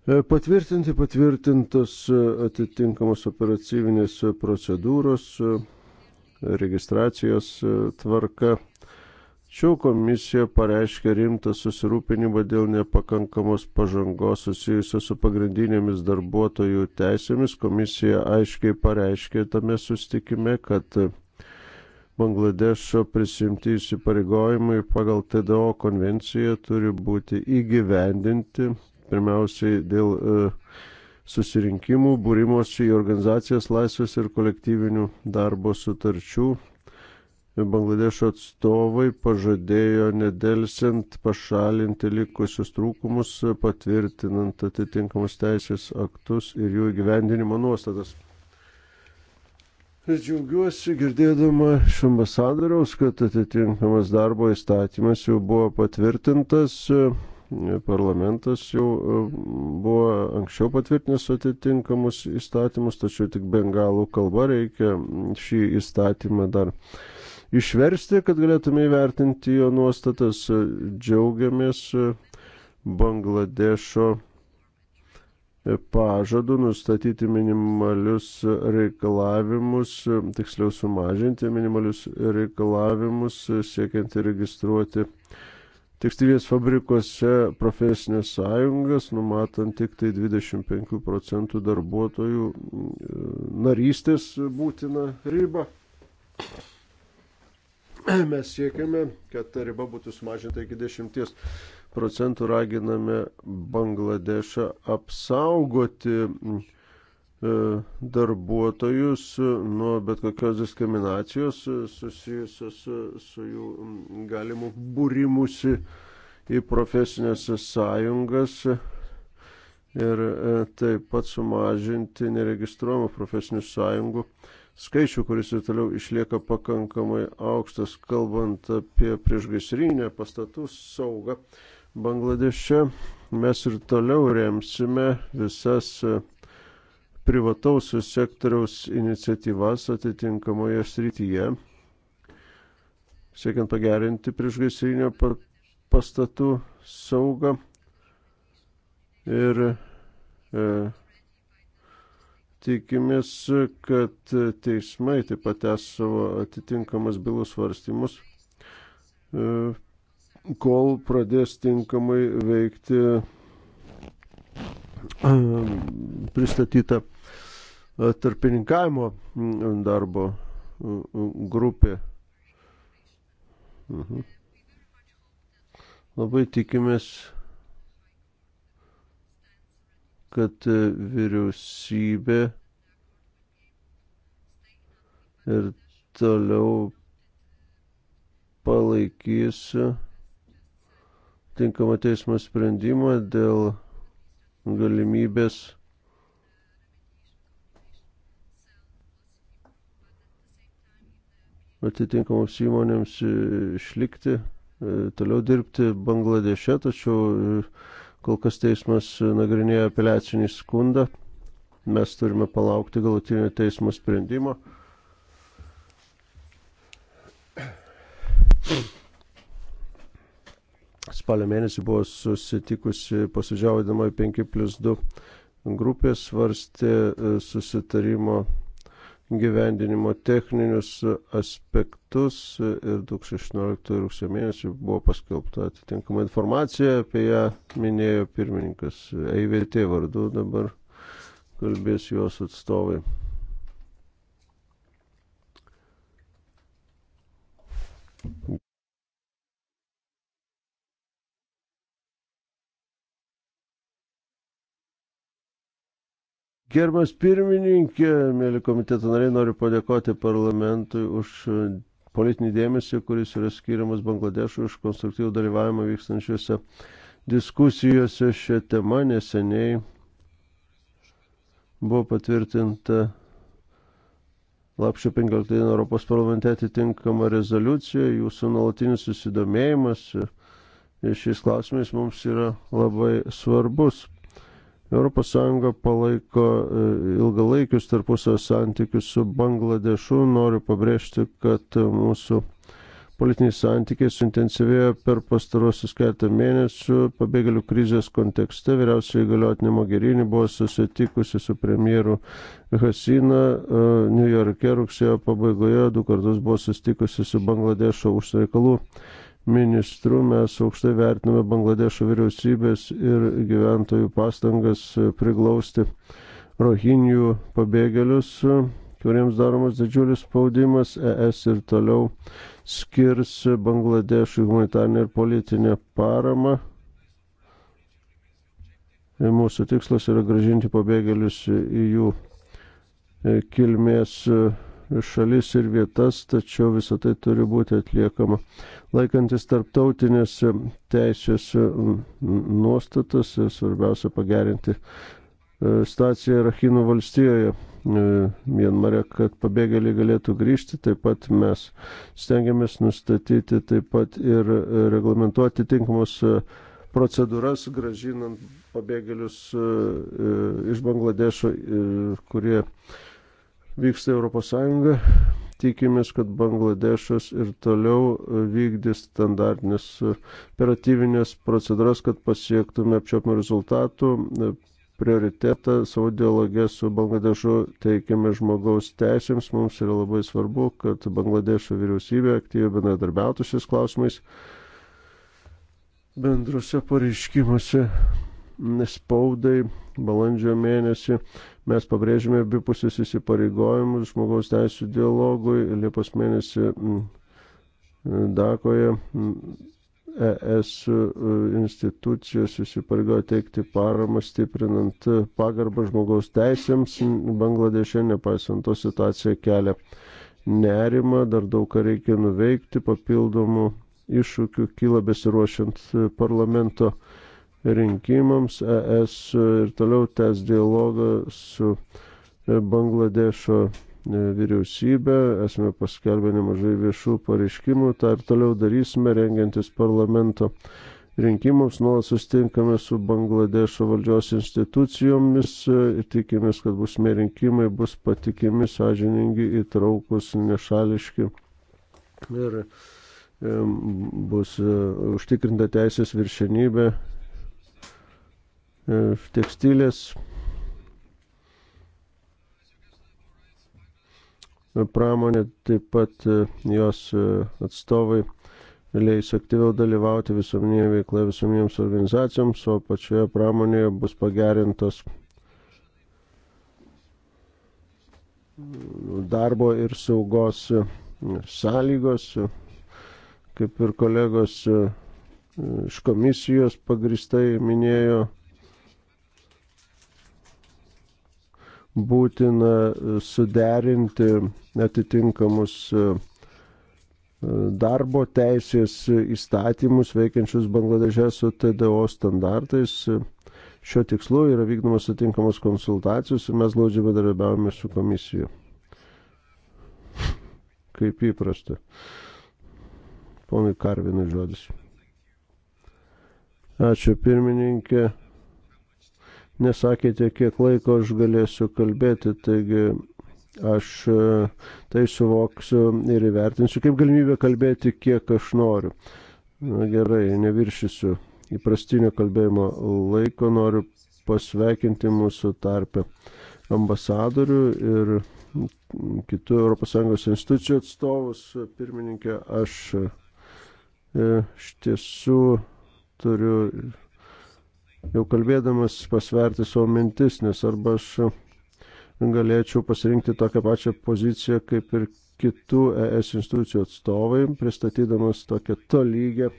e, patvirtinti, patvirtintos e, atitinkamos operatyvinės procedūros, registracijos tvarka Tačiau komisija pareiškė rimtą susirūpinimą dėl nepakankamos pažangos susijusios su pagrindinėmis darbuotojų teisėmis. Komisija aiškiai pareiškė tame sustikime, kad Bangladešo prisimti įsipareigojimai pagal TDO konvenciją turi būti įgyvendinti, pirmiausiai dėl e, susirinkimų, būrimosi į organizacijas laisvės ir kolektyvinių darbo sutarčių Bangladešo atstovai pažadėjo nedelsiant pašalinti likusius trūkumus, patvirtinant atitinkamus teisės aktus ir jų įgyvendinimo nuostatas. Ir džiaugiuosi girdėdama iš ambasadoriaus, kad atitinkamas darbo įstatymas jau buvo patvirtintas, parlamentas jau buvo anksčiau patvirtinęs atitinkamus įstatymus, tačiau tik bengalų kalba reikia šį įstatymą dar išversti, kad galėtume įvertinti jo nuostatas. Džiaugiamės e, Bangladešo e, pažadu nustatyti minimalius reikalavimus, e, tiksliau sumažinti minimalius reikalavimus, siekiant registruoti tekstilės fabrikuose profesinės sąjungas, numatant tik tai 25 procentų darbuotojų narystės būtiną ribą. [CLEARS THROAT] mes siekiame, kad ta riba būtų sumažinta iki 10 procentų, raginame Bangladešą apsaugoti e, darbuotojus nuo bet kokios diskriminacijos e, susijusios su, su jų galimu būrimusi į profesinės sąjungas ir e, taip pat sumažinti neregistruojamų profesinių sąjungų uh, skaičių, kuris ir toliau išlieka pakankamai aukštas, kalbant apie priešgaisrinę pastatų saugą. Bangladeše mes ir toliau remsime visas privataus sektoriaus iniciatyvas atitinkamoje srityje, siekiant pagerinti priešgaisrinio pastatų saugą ir e, Tikimės, kad teismai taip pat es savo atitinkamas bylų svarstymus, e, kol pradės tinkamai veikti e, pristatytą e, tarpininkavimo darbo grupė. Mhm. Labai tikimės, kad e, vyriausybė ir toliau palaikys tinkamą teismo sprendimą dėl galimybės atitinkamoms įmonėms išlikti, e, toliau dirbti Bangladeše, tačiau e, Kol kas teismas nagrinėja apeliacinį skundą. Mes turime palaukti galutinio teismo sprendimo. Spalio mėnesį buvo susitikusi posėdžiaudama 5 plus 2 grupė, svarstė e, susitarimo gyvendinimo techninius aspektus ir 2016 rugsėjo mėnesį buvo paskelbta atitinkama informacija, apie ją minėjo pirmininkas EIVT vardu, dabar kalbės jos atstovai. Gerbiamas pirmininkė, mėly komiteto nariai, noriu padėkoti parlamentui už politinį dėmesį, kuris yra skiriamas Bangladešui už konstruktyvų dalyvavimą vykstančiuose diskusijose šią temą. Neseniai buvo patvirtinta lapšio 15 dieną Europos parlamente atitinkama rezoliucija, jūsų nuolatinis susidomėjimas šiais klausimais mums yra labai svarbus. ES palaiko e, ilgalaikius tarpusio santykius su Bangladešu. Noriu pabrėžti, kad e, mūsų politiniai santykiai suintensyvėjo per pastarosius keletą mėnesių pabėgėlių krizės kontekste. Vyriausiai galiotinė Mogherini buvo susitikusi su premjeru Hasina e, New York'e rugsėjo pabaigoje, du kartus buvo susitikusi su Bangladešo užsireikalų ministru mes aukštai vertiname Bangladešo vyriausybės ir gyventojų pastangas priglausti rohinių pabėgėlius, kuriems daromas didžiulis spaudimas. ES ir toliau skirs Bangladešui humanitarnę ir politinę paramą. Mūsų tikslas yra gražinti pabėgėlius į jų kilmės šalis ir vietas, tačiau visą tai turi būti atliekama laikantis tarptautinės teisės nuostatas, svarbiausia pagerinti e, situaciją Rahino valstijoje. E, Mienmare, kad pabėgėliai galėtų grįžti, taip pat mes stengiamės nustatyti taip pat ir reglamentuoti tinkamus e, procedūras, gražinant pabėgėlius iš Bangladešo, kurie vyksta Europos Sąjunga. Tikimės, kad Bangladešas ir toliau vykdys standartinės operatyvinės procedūras, kad pasiektume apčiopimų rezultatų. Prioritetą savo dialogę su Bangladešu teikiame žmogaus teisėms. Mums yra labai svarbu, kad Bangladešo vyriausybė aktyviai bendradarbiautų šiais klausimais bendrose pareiškimuose spaudai balandžio mėnesį Mes pabrėžėme abipusius įsipareigojimus žmogaus teisų dialogui. Liepos mėnesį Dakoje ES e, institucijos įsipareigojo teikti paramą stiprinant pagarbą žmogaus teisėms. Bangladešė, nepaisant to, situacija kelia nerimą, dar daug ką reikia nuveikti, papildomų iššūkių kyla besiruošiant parlamento rinkimams. ES ir toliau tęs dialogą su e, Bangladešo e, vyriausybė. Esame paskelbę nemažai viešų pareiškimų. Ta ir toliau darysime, rengiantis parlamento rinkimams nuolat sustinkame su Bangladešo valdžios institucijomis e, ir tikimės, kad busme rinkimai bus patikimi, sąžiningi, įtraukus, nešališki ir bus užtikrinta teisės viršenybė E, tekstilės e, pramonė, taip pat e, jos atstovai leis aktyviau dalyvauti visuomenėje veikloje visuomenėms organizacijoms, o pačioje pramonėje bus pagerintos darbo ir saugos sąlygos, kaip ir kolegos iš komisijos pagristai minėjo, būtina suderinti atitinkamus e, e, darbo teisės įstatymus veikiančius Bangladeše su TDO standartais. Šio tikslu yra vykdomas atitinkamos konsultacijos ir mes glaudžiai bendradarbiavame su komisija. Kaip įprasta. Ponui Karvinui žodis. Ačiū pirmininkė nesakėte, kiek laiko aš galėsiu kalbėti, taigi aš e, tai suvoksiu ir įvertinsiu kaip galimybę kalbėti, kiek aš noriu. Na gerai, neviršysiu įprastinio kalbėjimo laiko, noriu pasveikinti mūsų tarpę ambasadorių ir kitų ES institucijų atstovus. Pirmininkė, aš e, iš tiesų turiu jau kalbėdamas pasverti savo mintis, nes arba aš galėčiau pasirinkti tokią pačią poziciją kaip ir kitų ES institucijų atstovai, pristatydamas tokią tolygę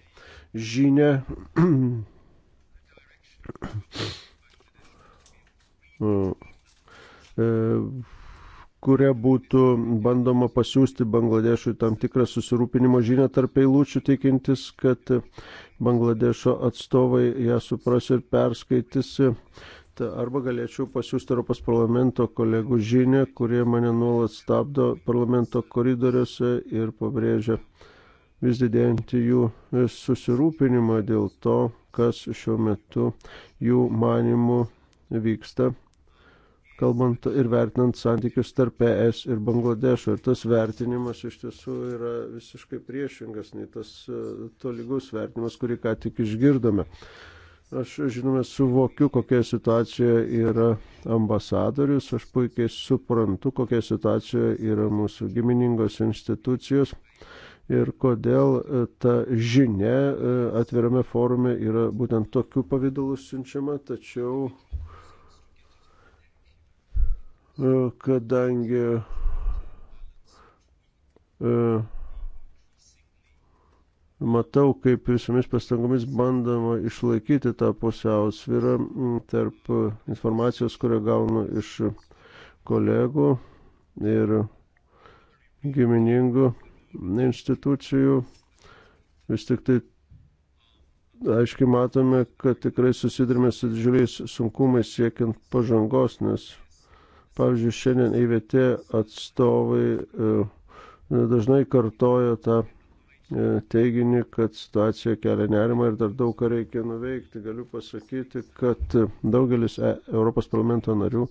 žinę. [CLEARS THROAT] uh, uh, kuria būtų bandoma pasiūsti Bangladešui tam tikrą susirūpinimo žinią tarp eilučių, tikintis, kad Bangladešo atstovai ją supras ir perskaitys. Arba galėčiau pasiūsti Europos parlamento kolegų žinę, kurie mane nuolat stabdo parlamento koridoriuose ir pabrėžia vis didėjantį jų susirūpinimą dėl to, kas šiuo metu jų manimų vyksta kalbant ir vertinant santykius tarp ES ir Bangladešo. Ir tas vertinimas iš tiesų yra visiškai priešingas nei tas e, tolygus vertinimas, kurį ką tik išgirdome. Aš, žinoma, suvokiu, kokia situacija yra ambasadorius, aš puikiai suprantu, kokia situacija yra mūsų giminingos institucijos ir kodėl e, ta žinia e, atvirame forume yra būtent tokiu pavydalu siunčiama, tačiau E, kadangi e, matau, kaip visomis pastangomis bandoma išlaikyti tą pusiausvyrą tarp informacijos, kurią gaunu iš kolegų ir giminingų institucijų. Vis tik tai aiškiai matome, kad tikrai susidurime su didžiuliais sunkumais siekiant pažangos, nes Pavyzdžiui, šiandien EVT atstovai e, dažnai kartojo tą e, teiginį, kad situacija kelia nerimą ir dar daug ką reikia nuveikti. Galiu pasakyti, kad daugelis e, Europos parlamento narių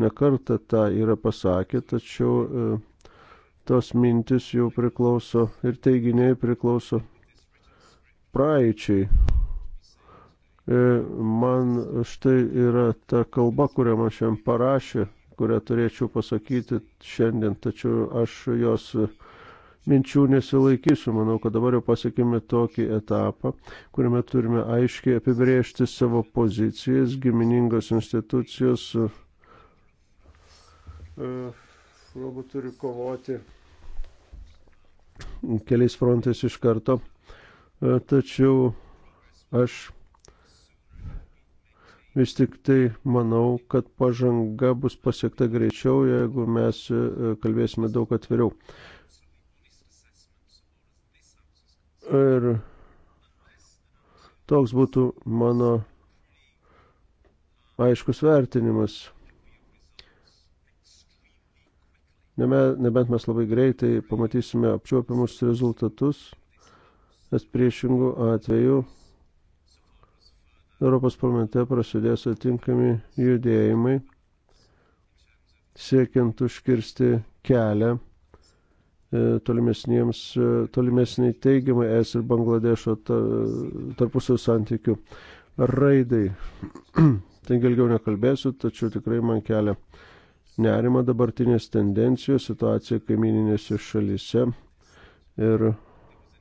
nekartą tą yra pasakę, tačiau tos mintis jau priklauso ir teiginiai priklauso praeičiai. E, man štai yra ta kalba, kurią man šiandien parašė, kurią turėčiau pasakyti šiandien, tačiau aš jos minčių nesilaikysiu. Manau, kad dabar jau pasiekime tokį etapą, kuriame turime aiškiai apibrėžti savo pozicijas, giminingos institucijos e, galbūt turi kovoti keliais frontais iš karto. E, tačiau aš Vis tik tai manau, kad pažanga bus pasiekta greičiau, jeigu mes e, kalbėsime daug atviriau. Ir toks būtų mano aiškus vertinimas. Nebent mes labai greitai pamatysime apčiuopiamus rezultatus, nes priešingų atveju Europos parlamente prasidės atinkami judėjimai, siekiant užkirsti kelią e, tolimesniai e, teigiamai es ir Bangladešo tarpusio santykių raidai. [CLEARS THROAT] Taigi ilgiau nekalbėsiu, tačiau tikrai man kelia nerima dabartinės tendencijos situacija kaimininėse šalyse. Ir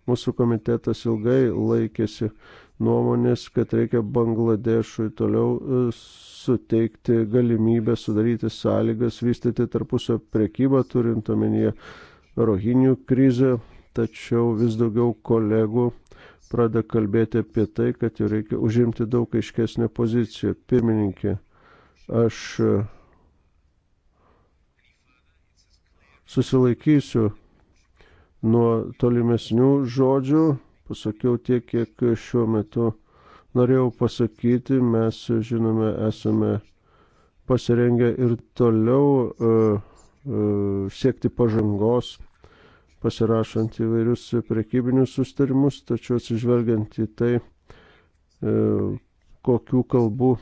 mūsų komitetas ilgai laikėsi nuomonės, kad reikia Bangladešui toliau e, suteikti galimybę sudaryti sąlygas, vystyti tarpusio prekybą, turint omenyje rohinių krizę, tačiau vis daugiau kolegų pradeda kalbėti apie tai, kad jau reikia užimti daug aiškesnę poziciją. Pirmininkė, aš e, susilaikysiu nuo tolimesnių žodžių pasakiau tiek, kiek šiuo metu norėjau pasakyti. Mes, žinome, esame pasirengę ir toliau uh, uh, siekti pažangos, pasirašant įvairius prekybinius sustarimus, tačiau atsižvelgiant į tai, uh, kokių kalbų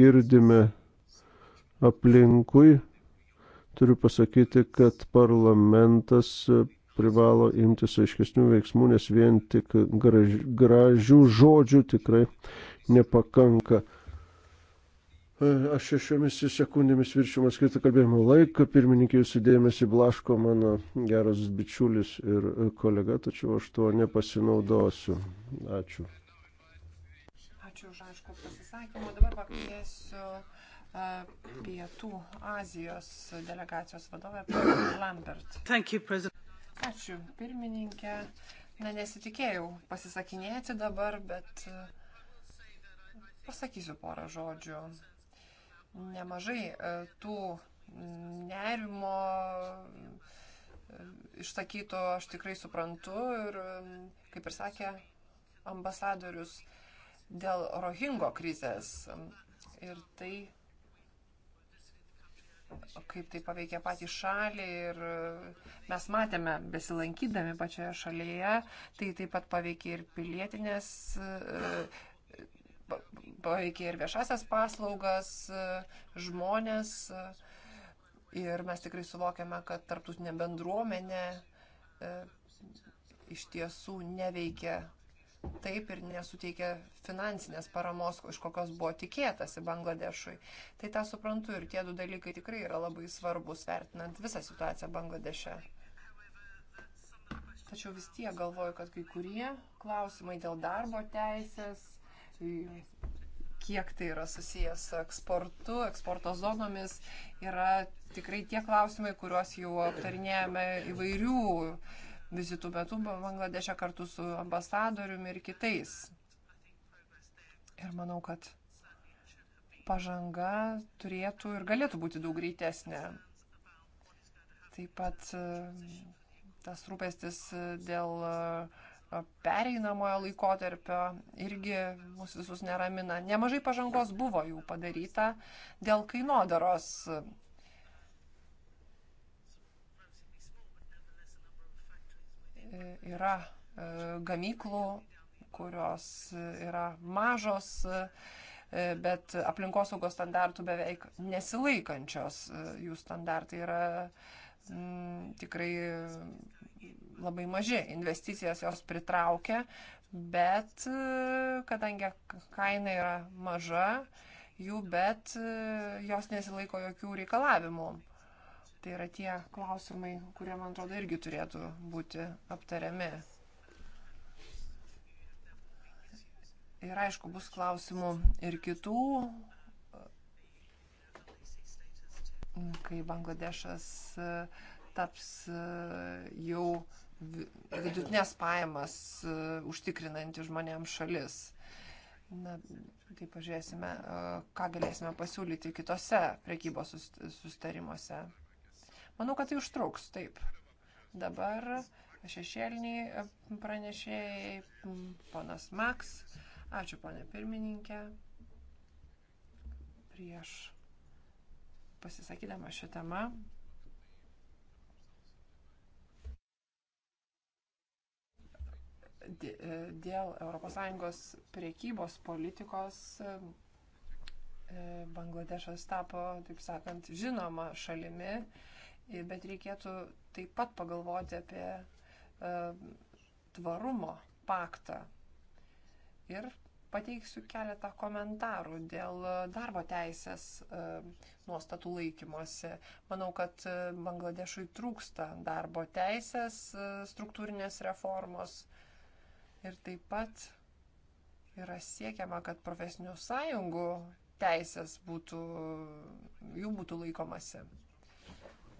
girdime aplinkui, turiu pasakyti, kad parlamentas privalo imtis aiškesnių veiksmų, nes vien tik graž, gražių žodžių tikrai nepakanka. E, aš šešiomis sekundėmis viršiu man skirtą kalbėjimo laiką. Pirmininkė jūsų dėmesį blaško mano geras bičiulis ir kolega, tačiau aš tuo nepasinaudosiu. Ačiū. Ačiū už aišku pasisakymą. Dabar pakviesiu e, Pietų Azijos delegacijos vadovę Lambert. Thank you, President. Ačiū, pirmininkė. Na, nesitikėjau pasisakinėti dabar, bet e, pasakysiu porą žodžių. Nemažai e, tų nerimo e, išsakyto aš tikrai suprantu ir, kaip ir sakė ambasadorius, dėl Rohingo krizės. Ir tai kaip tai paveikia patį šalį ir e, mes matėme besilankydami pačioje šalyje, tai taip pat paveikia ir pilietinės, e, e, paveikia ir viešasias paslaugas, žmonės. Ir mes tikrai suvokiame, kad tarptautinė bendruomenė iš tiesų neveikia taip ir nesuteikia finansinės paramos, iš kokios buvo tikėtasi Bangladešui. Tai tą suprantu ir tie du dalykai tikrai yra labai svarbus, vertinant visą situaciją Bangladeše. Tačiau vis tiek galvoju, kad kai kurie klausimai dėl darbo teisės, kiek tai yra susijęs su eksportu, eksporto zonomis, yra tikrai tie klausimai, kuriuos jau aptarinėjame įvairių vizitų metu Bangladeše kartu su ambasadoriumi ir kitais. Ir manau, kad pažanga turėtų ir galėtų būti daug greitesnė. Taip pat e, tas rūpestis e, dėl e, pereinamojo laikotarpio irgi mus visus neramina. Nemažai pažangos buvo jau padaryta dėl kainodaros yra e, gamyklų, kurios e, yra mažos, e, bet aplinkosaugos standartų beveik nesilaikančios. Jų standartai yra m, mm, tikrai labai maži. Investicijas jos pritraukia, bet kadangi kaina yra maža, jų, bet jos nesilaiko jokių reikalavimų. Tai yra tie klausimai, kurie, man atrodo, irgi turėtų būti aptariami. Ir aišku, bus klausimų ir kitų, kai Bangladešas e, taps e, jau vidutinės pajamas e, užtikrinanti žmonėms šalis. Na, tai pažiūrėsime, ką galėsime pasiūlyti kitose prekybos sustarimuose. Manau, kad tai užtruks, taip. Dabar šešėliniai e, pranešėjai, ponas Maks. Ačiū, ponė pirmininkė. Prieš pasisakydama šią temą. E, dėl ES priekybos politikos e, Bangladešas tapo, taip sakant, žinoma šalimi bet reikėtų taip pat pagalvoti apie e, tvarumo paktą. Ir pateiksiu keletą komentarų dėl e, darbo teisės e, nuostatų laikymosi. Manau, kad Bangladešui trūksta darbo teisės struktūrinės reformos ir taip pat yra siekiama, kad profesinių sąjungų teisės būtų, jų būtų laikomasi.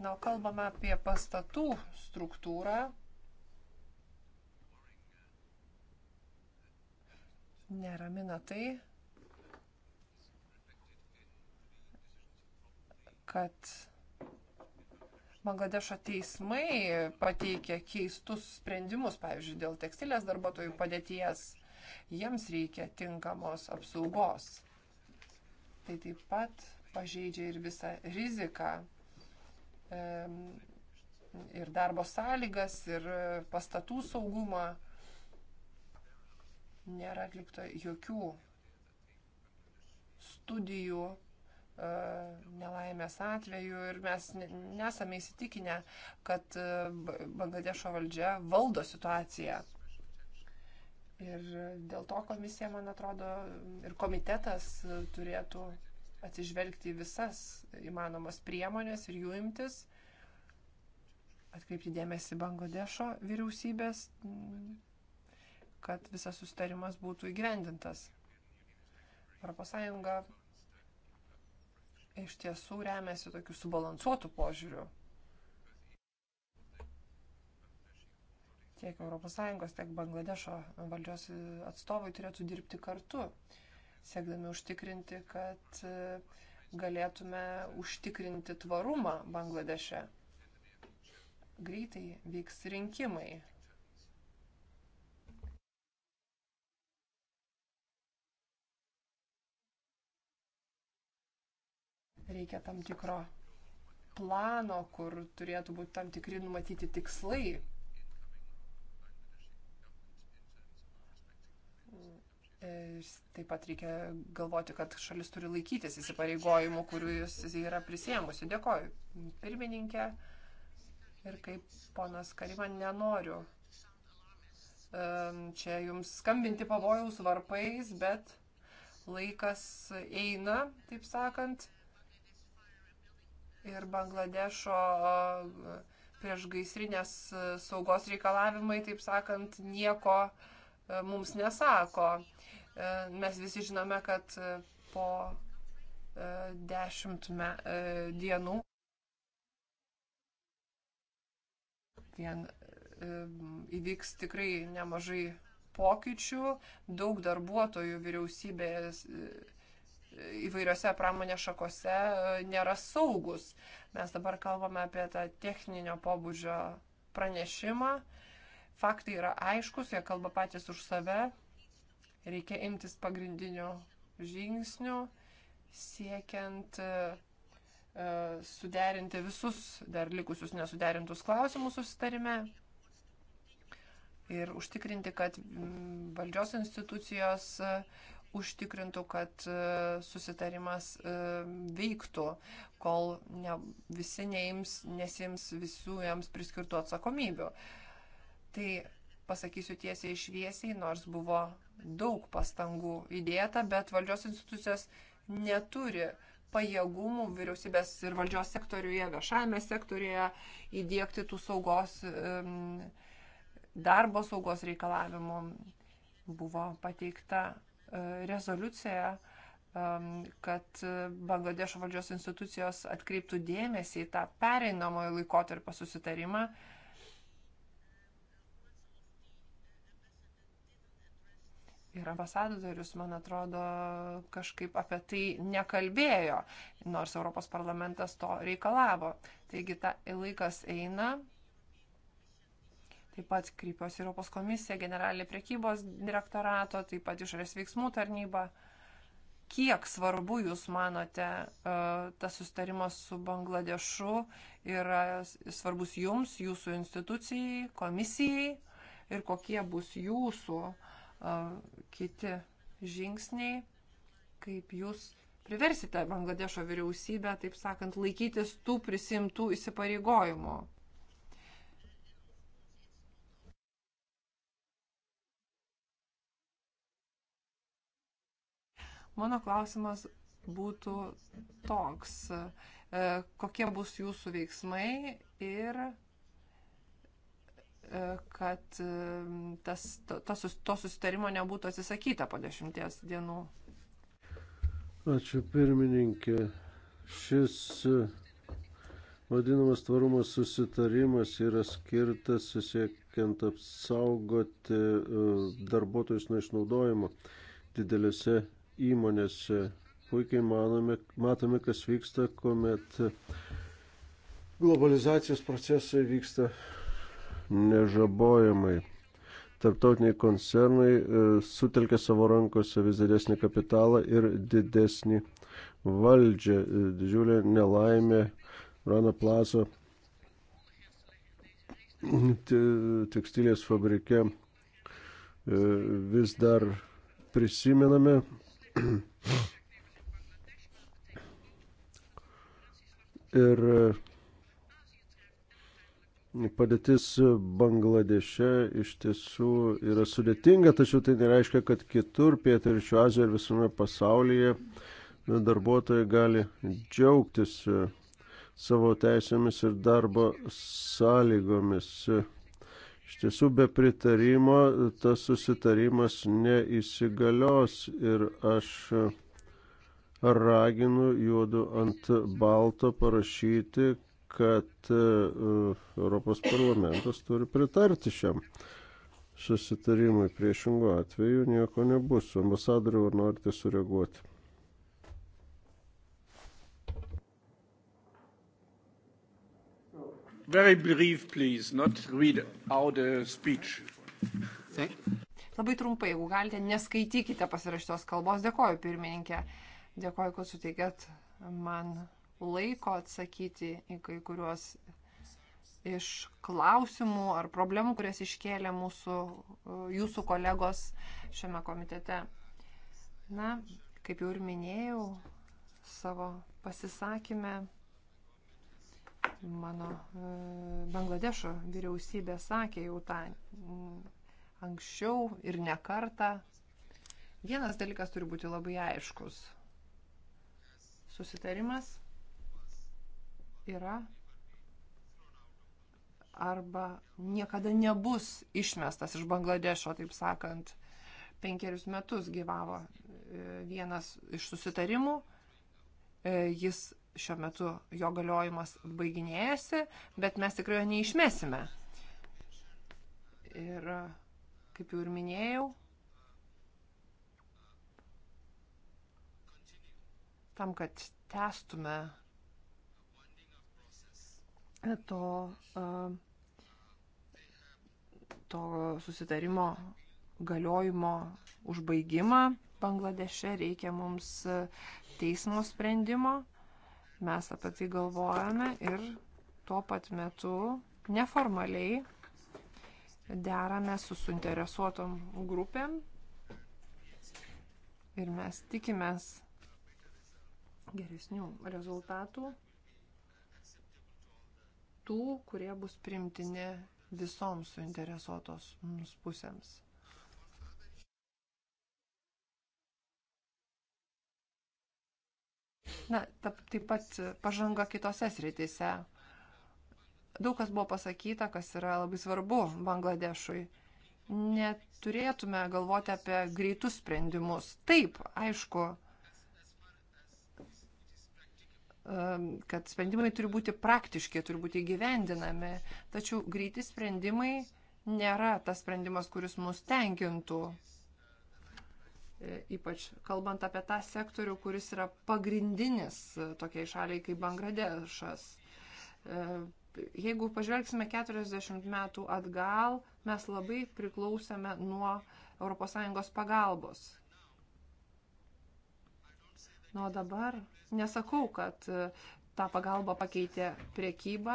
Na, kalbame apie pastatų struktūrą. Neramina tai, kad Bangladešo teismai pateikė keistus sprendimus, pavyzdžiui, dėl tekstilės darbuotojų padėties. Jiems reikia tinkamos apsaugos. Tai taip pat pažeidžia ir visą riziką ir darbo sąlygas, ir e, pastatų saugumą. Nėra atlikta jokių studijų e, nelaimės atveju ir mes nesame įsitikinę, kad e, Bangladešo valdžia valdo situaciją. Ir dėl to komisija, man atrodo, ir komitetas turėtų atsižvelgti visas įmanomas priemonės ir jų imtis, atkreipti dėmesį Bangladešo vyriausybės, kad visas sustarimas būtų įgyvendintas. ES iš tiesų remiasi tokiu subalansuotu požiūriu. Tiek ES, tiek Bangladešo valdžios atstovai turėtų dirbti kartu siekdami užtikrinti, kad e, galėtume užtikrinti tvarumą Bangladeše. Greitai vyks rinkimai. Reikia tam tikro plano, kur turėtų būti tam tikri numatyti tikslai, Taip pat reikia galvoti, kad šalis turi laikytis įsipareigojimų, kuriuos jis yra prisėmusi. Dėkoju, pirmininkė. Ir kaip ponas Kariman, nenoriu čia jums skambinti pavojaus varpais, bet laikas eina, taip sakant. Ir Bangladešo prieš gaisrinės saugos reikalavimai, taip sakant, nieko mums nesako. E, mes visi žinome, kad e, po e, dešimt me, dienų vien įvyks tikrai nemažai pokyčių, daug darbuotojų vyriausybės įvairiose pramonės šakose nėra saugus. Mes dabar kalbame apie tą techninio pobūdžio pranešimą. Faktai yra aiškus, jie kalba patys už save. Reikia imtis pagrindinio žingsnio siekiant e, e, suderinti visus dar likusius nesuderintus klausimus susitarime ir užtikrinti, kad valdžios institucijos e, užtikrintų, kad susitarimas veiktų, kol ne, visi neims, nesims visų jiems priskirtų atsakomybių. Tai pasakysiu tiesiai išviesiai, nors buvo daug pastangų įdėta, bet valdžios institucijos neturi pajėgumų vyriausybės ir valdžios sektoriuje, viešajame sektoriuje įdėkti tų saugos, darbo saugos reikalavimų. Buvo pateikta e, rezoliucija, kad Bangladešo valdžios institucijos atkreiptų dėmesį į tą pereinamojo laikotarpio susitarimą ir ambasadorius, man atrodo, kažkaip apie tai nekalbėjo, nors Europos parlamentas to reikalavo. Taigi ta laikas eina. Taip pat krypiuosi Europos komisija, generalinė priekybos direktorato, taip pat išorės veiksmų tarnyba. Kiek svarbu jūs manote e, tas sustarimas su Bangladešu yra svarbus jums, jūsų institucijai, komisijai ir kokie bus jūsų uh, kiti žingsniai, kaip jūs priversite Bangladešo vyriausybę, taip sakant, laikytis tų prisimtų įsipareigojimų. Mano klausimas būtų toks, e, kokie bus jūsų veiksmai ir kad e, tas, to, to susitarimo nebūtų atsisakyta po dešimties dienų. Ačiū pirmininkė. Šis e, vadinamas tvarumo susitarimas yra skirtas susiekiant apsaugoti e, darbuotojus nuo išnaudojimo didelėse įmonėse. Puikiai manome, matome, kas vyksta, kuomet globalizacijos procesai vyksta nežabojamai. Tarptautiniai koncernai e, sutelkia savo rankose vis didesnį kapitalą ir didesnį valdžią. E, didžiulė nelaimė Rana Plaza tekstilės fabrike e, vis dar prisimename. [CLEARS THROAT] Ir Padėtis Bangladeše iš tiesų yra sudėtinga, tačiau tai nereiškia, kad kitur, Pietričio Azijoje ir visame pasaulyje darbuotojai gali džiaugtis e, savo teisėmis ir darbo sąlygomis. Iš tiesų, be pritarimo tas susitarimas neįsigalios ir aš raginu juodu ant balto parašyti, kad e, Europos parlamentas turi pritarti šiam susitarimui. Priešingų atveju nieko nebus. Ambasadoriu, ar norite sureaguoti? Very brief, please, not read out the speech. Thank. Labai trumpai, jeigu galite, neskaitykite pasirašytos kalbos. Dėkoju, pirmininkė. Dėkoju, kad suteikėt man laiko atsakyti į kai kuriuos iš klausimų ar problemų, kurias iškėlė mūsų, e, jūsų kolegos šiame komitete. Na, kaip jau ir minėjau savo pasisakymę, mano e, Bangladešo vyriausybė sakė jau tą anksčiau ir ne kartą. Vienas dalykas turi būti labai aiškus. Susitarimas yra arba niekada nebus išmestas iš Bangladešo, taip sakant. Penkerius metus gyvavo e, vienas iš susitarimų, e, jis šiuo metu jo galiojimas baiginėjasi, bet mes tikrai jo neišmesime. Ir kaip jau ir minėjau, tam, kad testume to, to susitarimo galiojimo užbaigimą Bangladeše reikia mums teismo sprendimo. Mes apie tai galvojame ir tuo pat metu neformaliai derame su suinteresuotom grupėm ir mes tikimės geresnių rezultatų tų, kurie bus primtini visoms suinteresuotos pusėms. Na, taip pat pažanga kitose srityse. Daug kas buvo pasakyta, kas yra labai svarbu Bangladešui. Neturėtume galvoti apie greitus sprendimus. Taip, aišku, Ehm, kad sprendimai turi būti praktiški, turi būti įgyvendinami. Tačiau greiti sprendimai nėra tas sprendimas, kuris mus tenkintų. E, ypač kalbant apie tą sektorių, kuris yra pagrindinis e, tokiai šaliai kaip Bangladešas. E, jeigu pažvelgsime 40 metų atgal, mes labai priklausėme nuo ES pagalbos. Na, nu, dabar nesakau, kad e, tą pagalbą pakeitė priekyba,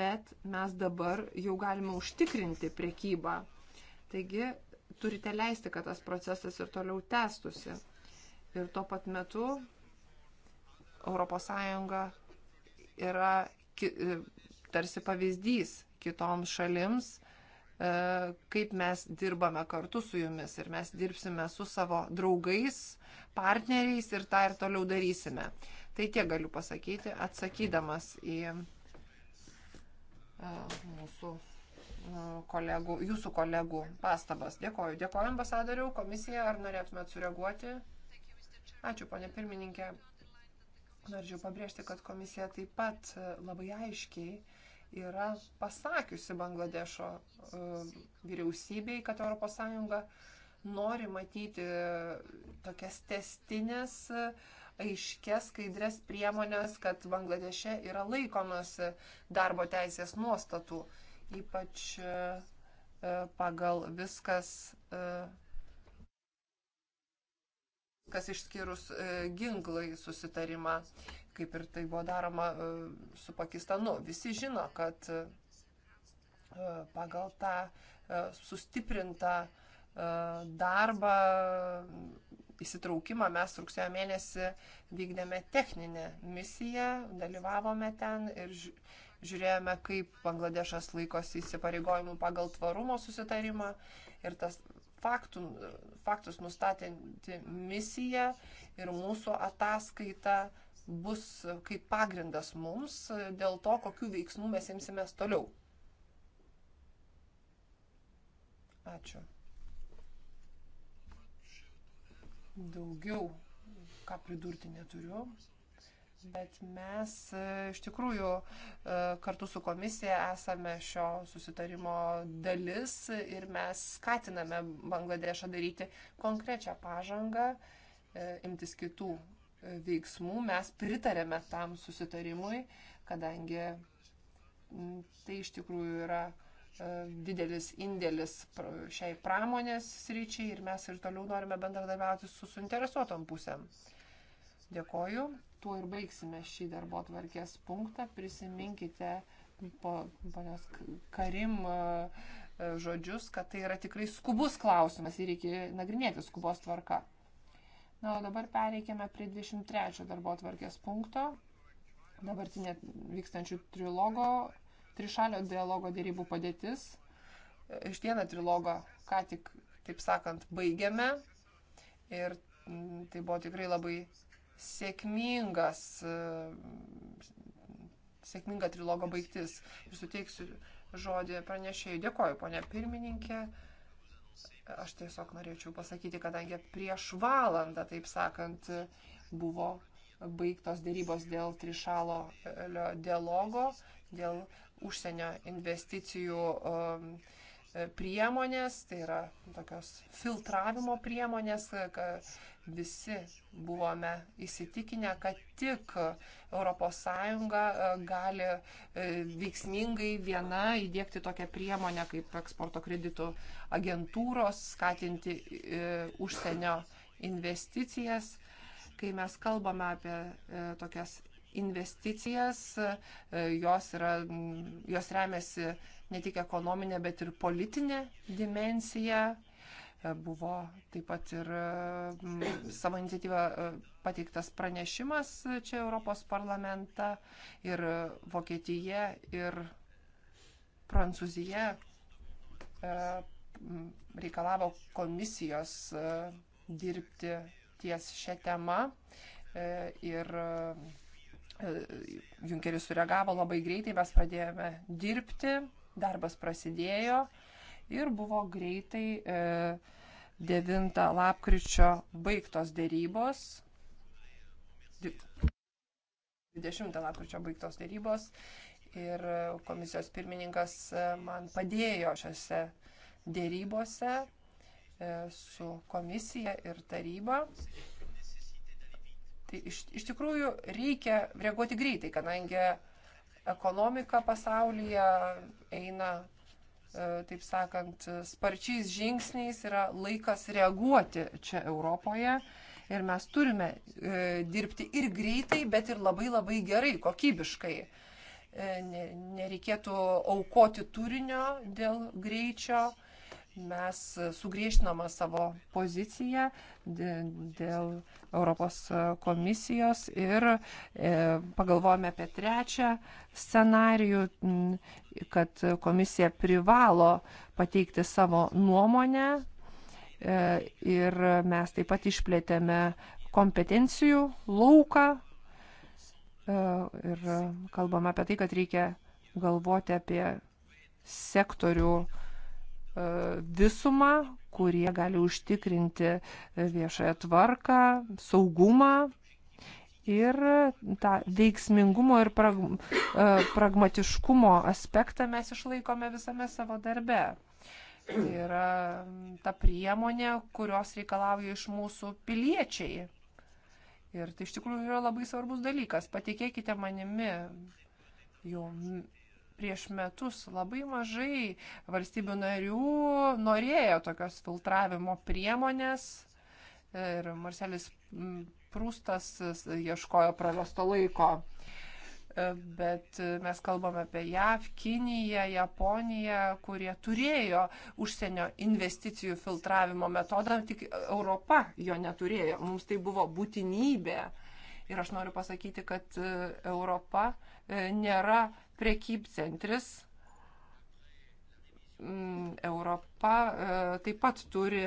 bet mes dabar jau galime užtikrinti priekybą. Taigi turite leisti, kad tas procesas ir toliau tęstusi. Ir tuo pat metu ES yra ki, e, tarsi pavyzdys kitoms šalims E, kaip mes dirbame kartu su jumis ir mes dirbsime su savo draugais, partneriais ir tą ir toliau darysime. Tai tiek galiu pasakyti, atsakydamas į e, mūsų e, kolegų, jūsų kolegų pastabas. Dėkoju. Dėkoju ambasadoriu, komisija, ar norėtumėt sureaguoti? Ačiū, ponė pirmininkė. Norėčiau pabrėžti, kad komisija taip pat labai aiškiai yra pasakiusi Bangladešo e, vyriausybei, kad ES nori matyti tokias testinės, aiškės, skaidrės priemonės, kad Bangladeše yra laikomas darbo teisės nuostatų, ypač e, e, pagal viskas, kas išskyrus ginklai susitarimą kaip ir tai buvo daroma e, su Pakistanu. Visi žino, kad e, pagal tą e, sustiprintą darbą, įsitraukimą mes rugsėjo mėnesį vykdėme techninę misiją, dalyvavome ten ir žiūrėjome, kaip Bangladešas laikosi įsipareigojimų pagal tvarumo susitarimą ir tas faktų, faktus nustatinti misiją ir mūsų ataskaitą bus kaip pagrindas mums dėl to, kokiu veiksmu mes imsimės toliau. Ačiū. Daugiau ką pridurti neturiu. Bet mes e, iš tikrųjų e, kartu su komisija esame šio susitarimo dalis ir mes skatiname Bangladešą daryti konkrečią pažangą, e, imtis kitų veiksmų. Mes pritarėme tam susitarimui, kadangi tai iš tikrųjų yra e, didelis indėlis šiai pramonės sryčiai ir mes ir toliau norime bendradarbiauti su suinteresuotom pusėm. Dėkoju. Tuo ir baigsime šį darbo tvarkės punktą. Prisiminkite po ponios Karim e, e, žodžius, kad tai yra tikrai skubus klausimas ir reikia nagrinėti skubos tvarka. Na, o dabar pereikėme prie 23 darbo atvarkės punkto, dabartinė vykstančių trilogo, trišalio dialogo dėrybų padėtis. Iš vieną trilogą ką tik, taip sakant, baigėme ir mm, tai buvo tikrai labai sėkmingas, sėkminga trilogo baigtis. Ir suteiksiu žodį pranešėjai. Dėkoju, ponė pirmininkė. Aš tiesiog norėčiau pasakyti, kadangi prieš valandą, taip sakant, buvo baigtos dėrybos dėl trišalo dialogo, dėl užsienio investicijų um, priemonės, tai yra tokios filtravimo priemonės, kad visi buvome įsitikinę, kad tik ES e, gali e, veiksmingai viena įdėkti tokią priemonę kaip eksporto kreditų agentūros, skatinti e, užsienio investicijas. Kai mes kalbame apie tokias investicijas, jos, yra, jos remiasi ne tik ekonominė, bet ir politinė dimensija. E, buvo taip pat ir e, savo iniciatyvą e, pateiktas pranešimas čia Europos parlamentą ir Vokietija ir Prancūzija reikalavo komisijos dirbti ties šią temą ir Junkeris sureagavo labai greitai, mes pradėjome dirbti Darbas prasidėjo ir buvo greitai e, 9 lapkričio baigtos dėrybos. 20 lapkričio baigtos dėrybos ir komisijos pirmininkas e, man padėjo šiose dėrybose e, su komisija ir taryba. Tai iš, iš tikrųjų reikia reaguoti greitai, kadangi ekonomika pasaulyje eina, e, taip sakant, sparčiais žingsniais, yra laikas reaguoti čia Europoje. Ir mes turime e, dirbti ir greitai, bet ir labai labai gerai, kokybiškai. E, nereikėtų aukoti turinio dėl greičio, mes sugriežtinome savo poziciją dėl Europos komisijos ir e, pagalvojame apie trečią scenarijų, kad komisija privalo pateikti savo nuomonę e, ir mes taip pat išplėtėme kompetencijų lauką e, ir kalbame apie tai, kad reikia galvoti apie sektorių, visumą, kurie gali užtikrinti viešąją tvarką, saugumą ir tą veiksmingumo ir prag e, pragmatiškumo aspektą mes išlaikome visame savo darbe. Tai yra mm, ta priemonė, kurios reikalauja iš mūsų piliečiai. Ir tai iš tikrųjų yra labai svarbus dalykas. Patikėkite manimi, jau prieš metus labai mažai valstybių narių norėjo tokios filtravimo priemonės ir Marcelis Prūstas ieškojo prarasto laiko. E, bet e, mes kalbame apie JAV, Kiniją, Japoniją, kurie turėjo užsienio investicijų filtravimo metodą, tik Europa jo neturėjo. Mums tai buvo būtinybė. Ir aš noriu pasakyti, kad e, Europa nėra prekybcentris mm, Europa e, taip pat turi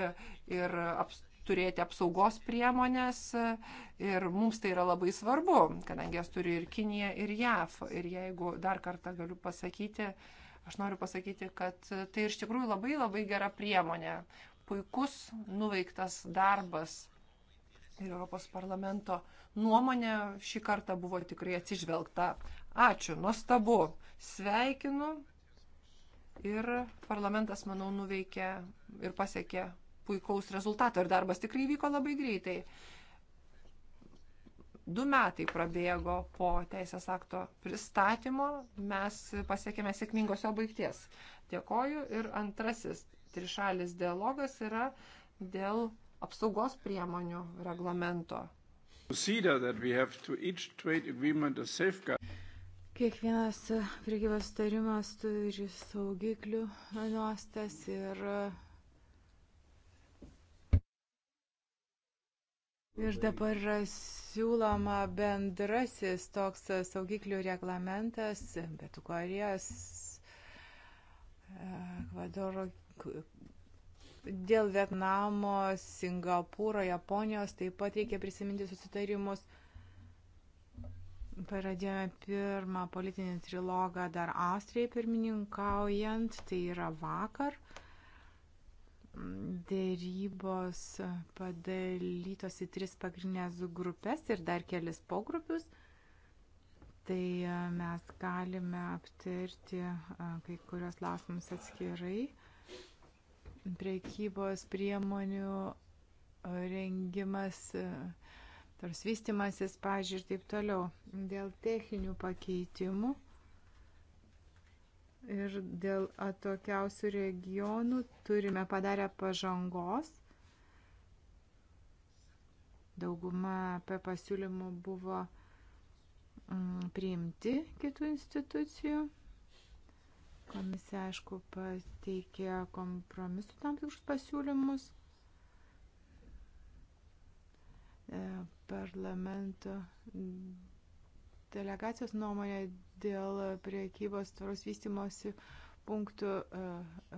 ir aps, turėti apsaugos priemonės e, ir mums tai yra labai svarbu, kadangi jas turi ir Kinija, ir JAF. Ir jeigu dar kartą galiu pasakyti, aš noriu pasakyti, kad tai iš tikrųjų labai labai gera priemonė, puikus nuveiktas darbas. Ir Europos parlamento nuomonė šį kartą buvo tikrai atsižvelgta. Ačiū, nuostabu. Sveikinu. Ir parlamentas, manau, nuveikė ir pasiekė puikaus rezultato. Ir darbas tikrai vyko labai greitai. Du metai prabėgo po teisės akto pristatymo. Mes pasiekėme sėkmingos jo baigties. Dėkoju. Ir antrasis trišalis dialogas yra dėl apsaugos priemonių reglamento. Procedure that we have to each trade agreement a safeguard. Kiekvienas priekybos sutarimas turi saugiklių nuostas ir, ir dabar siūloma bendrasis toks saugiklių reglamentas, bet Korejos, Ekvadoro, dėl Vietnamo, Singapūro, Japonijos taip pat reikia prisiminti susitarimus. Pradėjome pirmą politinį trilogą dar Austrijai pirmininkaujant, tai yra vakar. Dėrybos padalytos į tris pagrindinės grupės ir dar kelis pogrupius. Tai e, mes galime aptarti e, kai kurios lausimus atskirai. Prekybos priemonių e, rengimas. Uh, tars vystimasis, pažiūrėjau, ir taip toliau. Dėl techninių pakeitimų ir dėl atokiausių regionų turime padarę pažangos. Dauguma apie pasiūlymų buvo mm, priimti kitų institucijų. Komisija, aišku, pateikė kompromisų tam tikrus pasiūlymus. E, parlamento delegacijos nuomonę dėl priekybos tvaros vystimosi punktų e, e,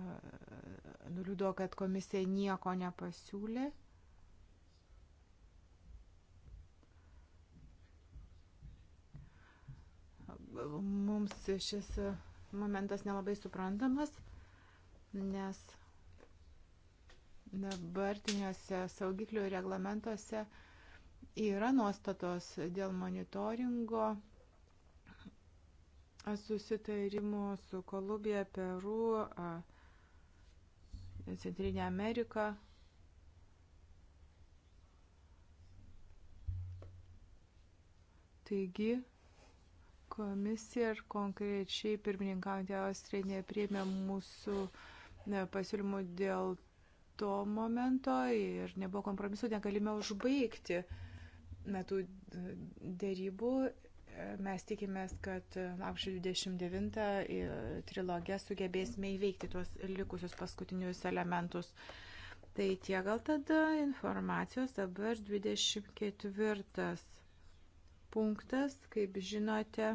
nuliūdo, kad komisija nieko nepasiūlė. Mums šis momentas nelabai suprantamas, nes dabartiniuose saugiklių reglamentuose uh, yra nuostatos dėl monitoringo susitarimų su Kolumbija, Peru, Centrinė Amerika. Taigi, komisija ir konkrečiai pirmininkaujantį Austriją nepriemė mūsų pasiūlymų dėl to momento ir nebuvo kompromisu, negalime užbaigti uh, metų e, dėrybų e, mes tikimės, kad lapšio 29 e, trilogę sugebėsime įveikti tuos likusius paskutinius elementus. Tai tie gal tada informacijos dabar 24 punktas, kaip žinote,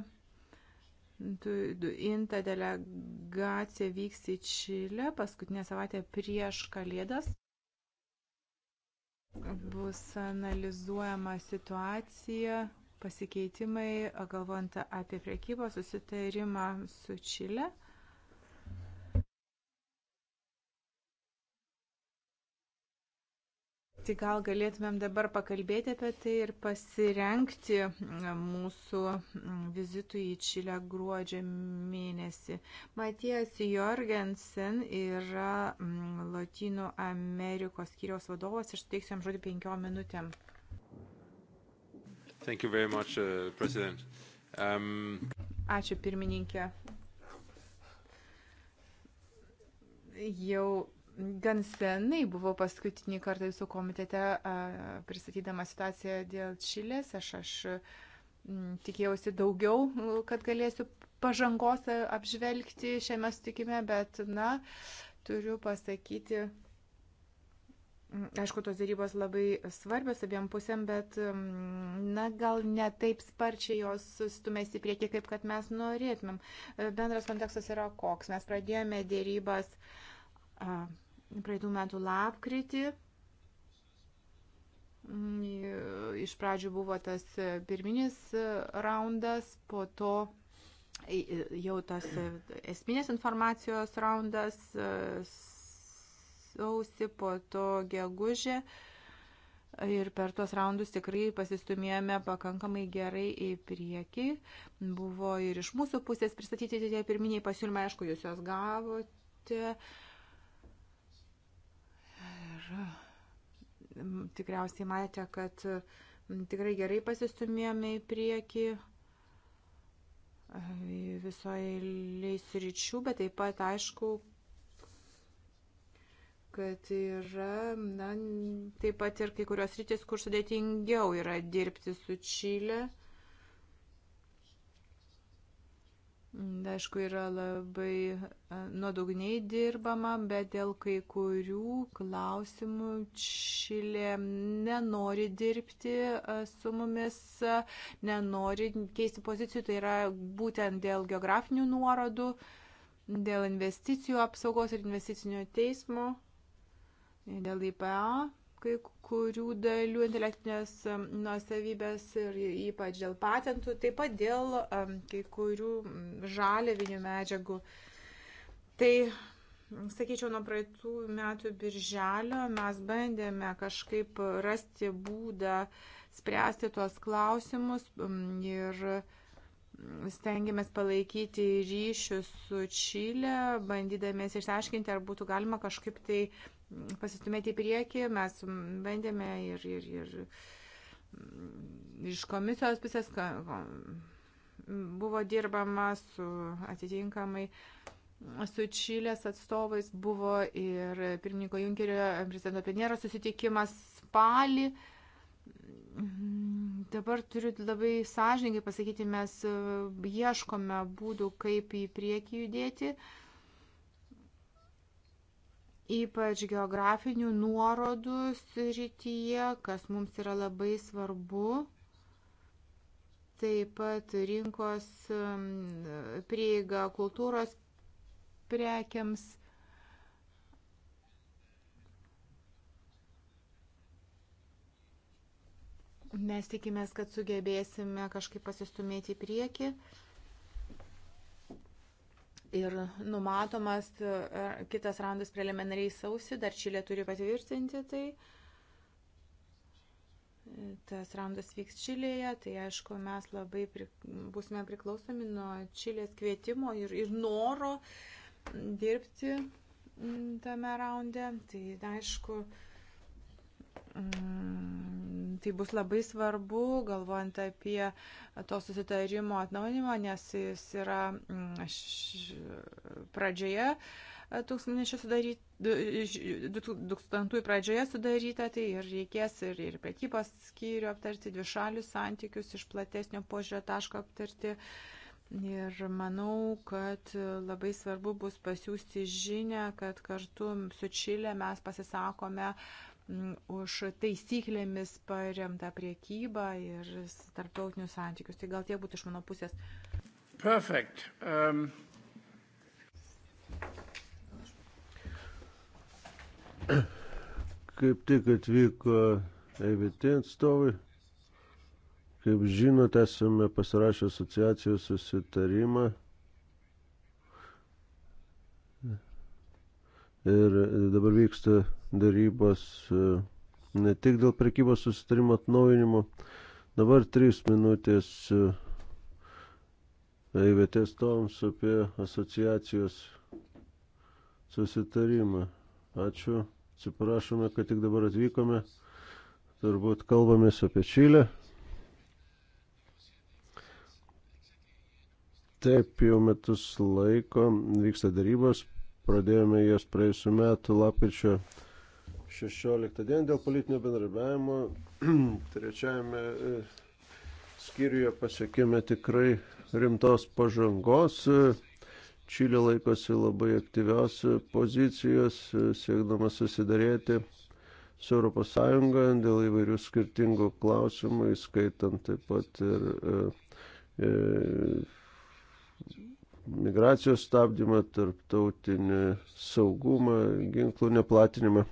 Inta delegacija vyks į Čilę paskutinę savaitę prieš Kalėdas bus analizuojama situacija, pasikeitimai, galvojant apie priekybos susitarimą su Čile. Tai gal galėtumėm dabar pakalbėti apie tai ir pasirenkti e, mūsų vizitui į Čilę gruodžio mėnesį. Matijas Jorgensen yra Latino Amerikos skyriaus vadovas ir suteiksiu jam žodį penkiom minutėm. Much, uh, um... Ačiū pirmininkė. Jau gan senai buvau paskutinį kartą jūsų komitete pristatydama situaciją dėl Čilės. Aš, aš tikėjausi daugiau, kad galėsiu pažangos apžvelgti šiame sutikime, bet, na, turiu pasakyti, aišku, tos darybos labai svarbios abiem pusėm, bet, na, gal ne taip sparčiai jos stumėsi prieki, kaip kad mes norėtumėm. Bendras kontekstas yra koks. Mes pradėjome darybas. Uh, praeitų metų lapkritį. Mm, iš pradžių buvo tas e, pirminis e, raundas, po to e, jau tas esminės informacijos raundas sausį, po to gegužė. Ir per tuos raundus tikrai pasistumėjome pakankamai gerai į priekį. Buvo ir iš mūsų pusės pristatyti tie pirminiai pasiūlymai, aišku, jūs juos gavote tikriausiai matėte, kad tikrai gerai pasistumėjome į priekį e, visoje leis ryčių, bet taip pat aišku, kad yra, na, taip pat ir kai kurios rytis, kur sudėtingiau yra dirbti su Čilė. Mm, aišku, yra labai e, nuodugniai dirbama, bet dėl kai kurių klausimų Čilė nenori dirbti e, su mumis, e, nenori keisti pozicijų, tai yra būtent dėl geografinių nuorodų, dėl investicijų apsaugos ir investicinio teismo, dėl IPA kai kurių dalių intelektinės um, nuosavybės ir ypač dėl patentų, taip pat dėl um, kai kurių mm, žalėvinių medžiagų. Tai, mm, sakyčiau, nuo praeitų metų birželio mes bandėme kažkaip rasti būdą spręsti tuos klausimus mm, ir stengiamės palaikyti ryšius su Čilė, bandydamės išsiaiškinti, ar būtų galima kažkaip tai pasistumėti į priekį. Mes bandėme ir, ir, ir mm, iš komisijos pusės buvo dirbama su atitinkamai su Čilės atstovais, buvo ir pirmininko Junkerio, prezidento Pinero susitikimas spalį dabar turiu labai sąžininkai pasakyti, mes e, ieškome būdų, kaip į priekį judėti, ypač geografinių nuorodų srityje, kas mums yra labai svarbu. Taip pat rinkos prieiga kultūros prekiams Mes tikimės, kad sugebėsime kažkaip pasistumėti į priekį. Ir numatomas e, kitas randas preliminariai sausi, dar Čilė turi patvirtinti tai. Tas randas vyks Čilėje, tai aišku, mes labai pri, būsime priklausomi nuo Čilės kvietimo ir, ir noro dirbti tame raunde. Tai aišku, Tai bus labai svarbu, galvojant apie to susitarimo atnaunimą, nes jis yra mm, pradžioje. 2000 e, pradžioje sudaryta, tai ir reikės ir, ir prekybos skyrių aptarti, dvišalius santykius iš platesnio požiūrio taško aptarti. Ir manau, kad labai svarbu bus pasiūsti žinę, kad kartu su Čilė mes pasisakome uh, už taisyklėmis paremtą priekybą ir tarptautinius santykius. Tai gal tie būtų iš mano pusės. Perfect. Um... Kaip tik atvyko EVT atstovai. Kaip žinote, esame pasirašę asociacijos susitarimą Ir e, dabar vyksta darybos e, ne tik dėl prekybos susitarimo atnaujinimo. Dabar trys minutės įvietės e, toms apie asociacijos susitarimą. Ačiū. Atsiprašome, kad tik dabar atvykome. Turbūt kalbamės apie Čilę. Taip, jau metus laiko vyksta darybos Pradėjome jas praėjusiu metu lapkričio 16 dieną dėl politinio bendradarbiavimo. [CLEARS THROAT] Trečiajame e, skyriuje pasiekėme tikrai rimtos pažangos. Čilė laikosi labai aktyvios pozicijos, e, siekdama susidarėti su ES dėl įvairių skirtingų klausimų, įskaitant taip pat ir e, e, migracijos stabdymą, tarptautinį saugumą, ginklų neplatinimą.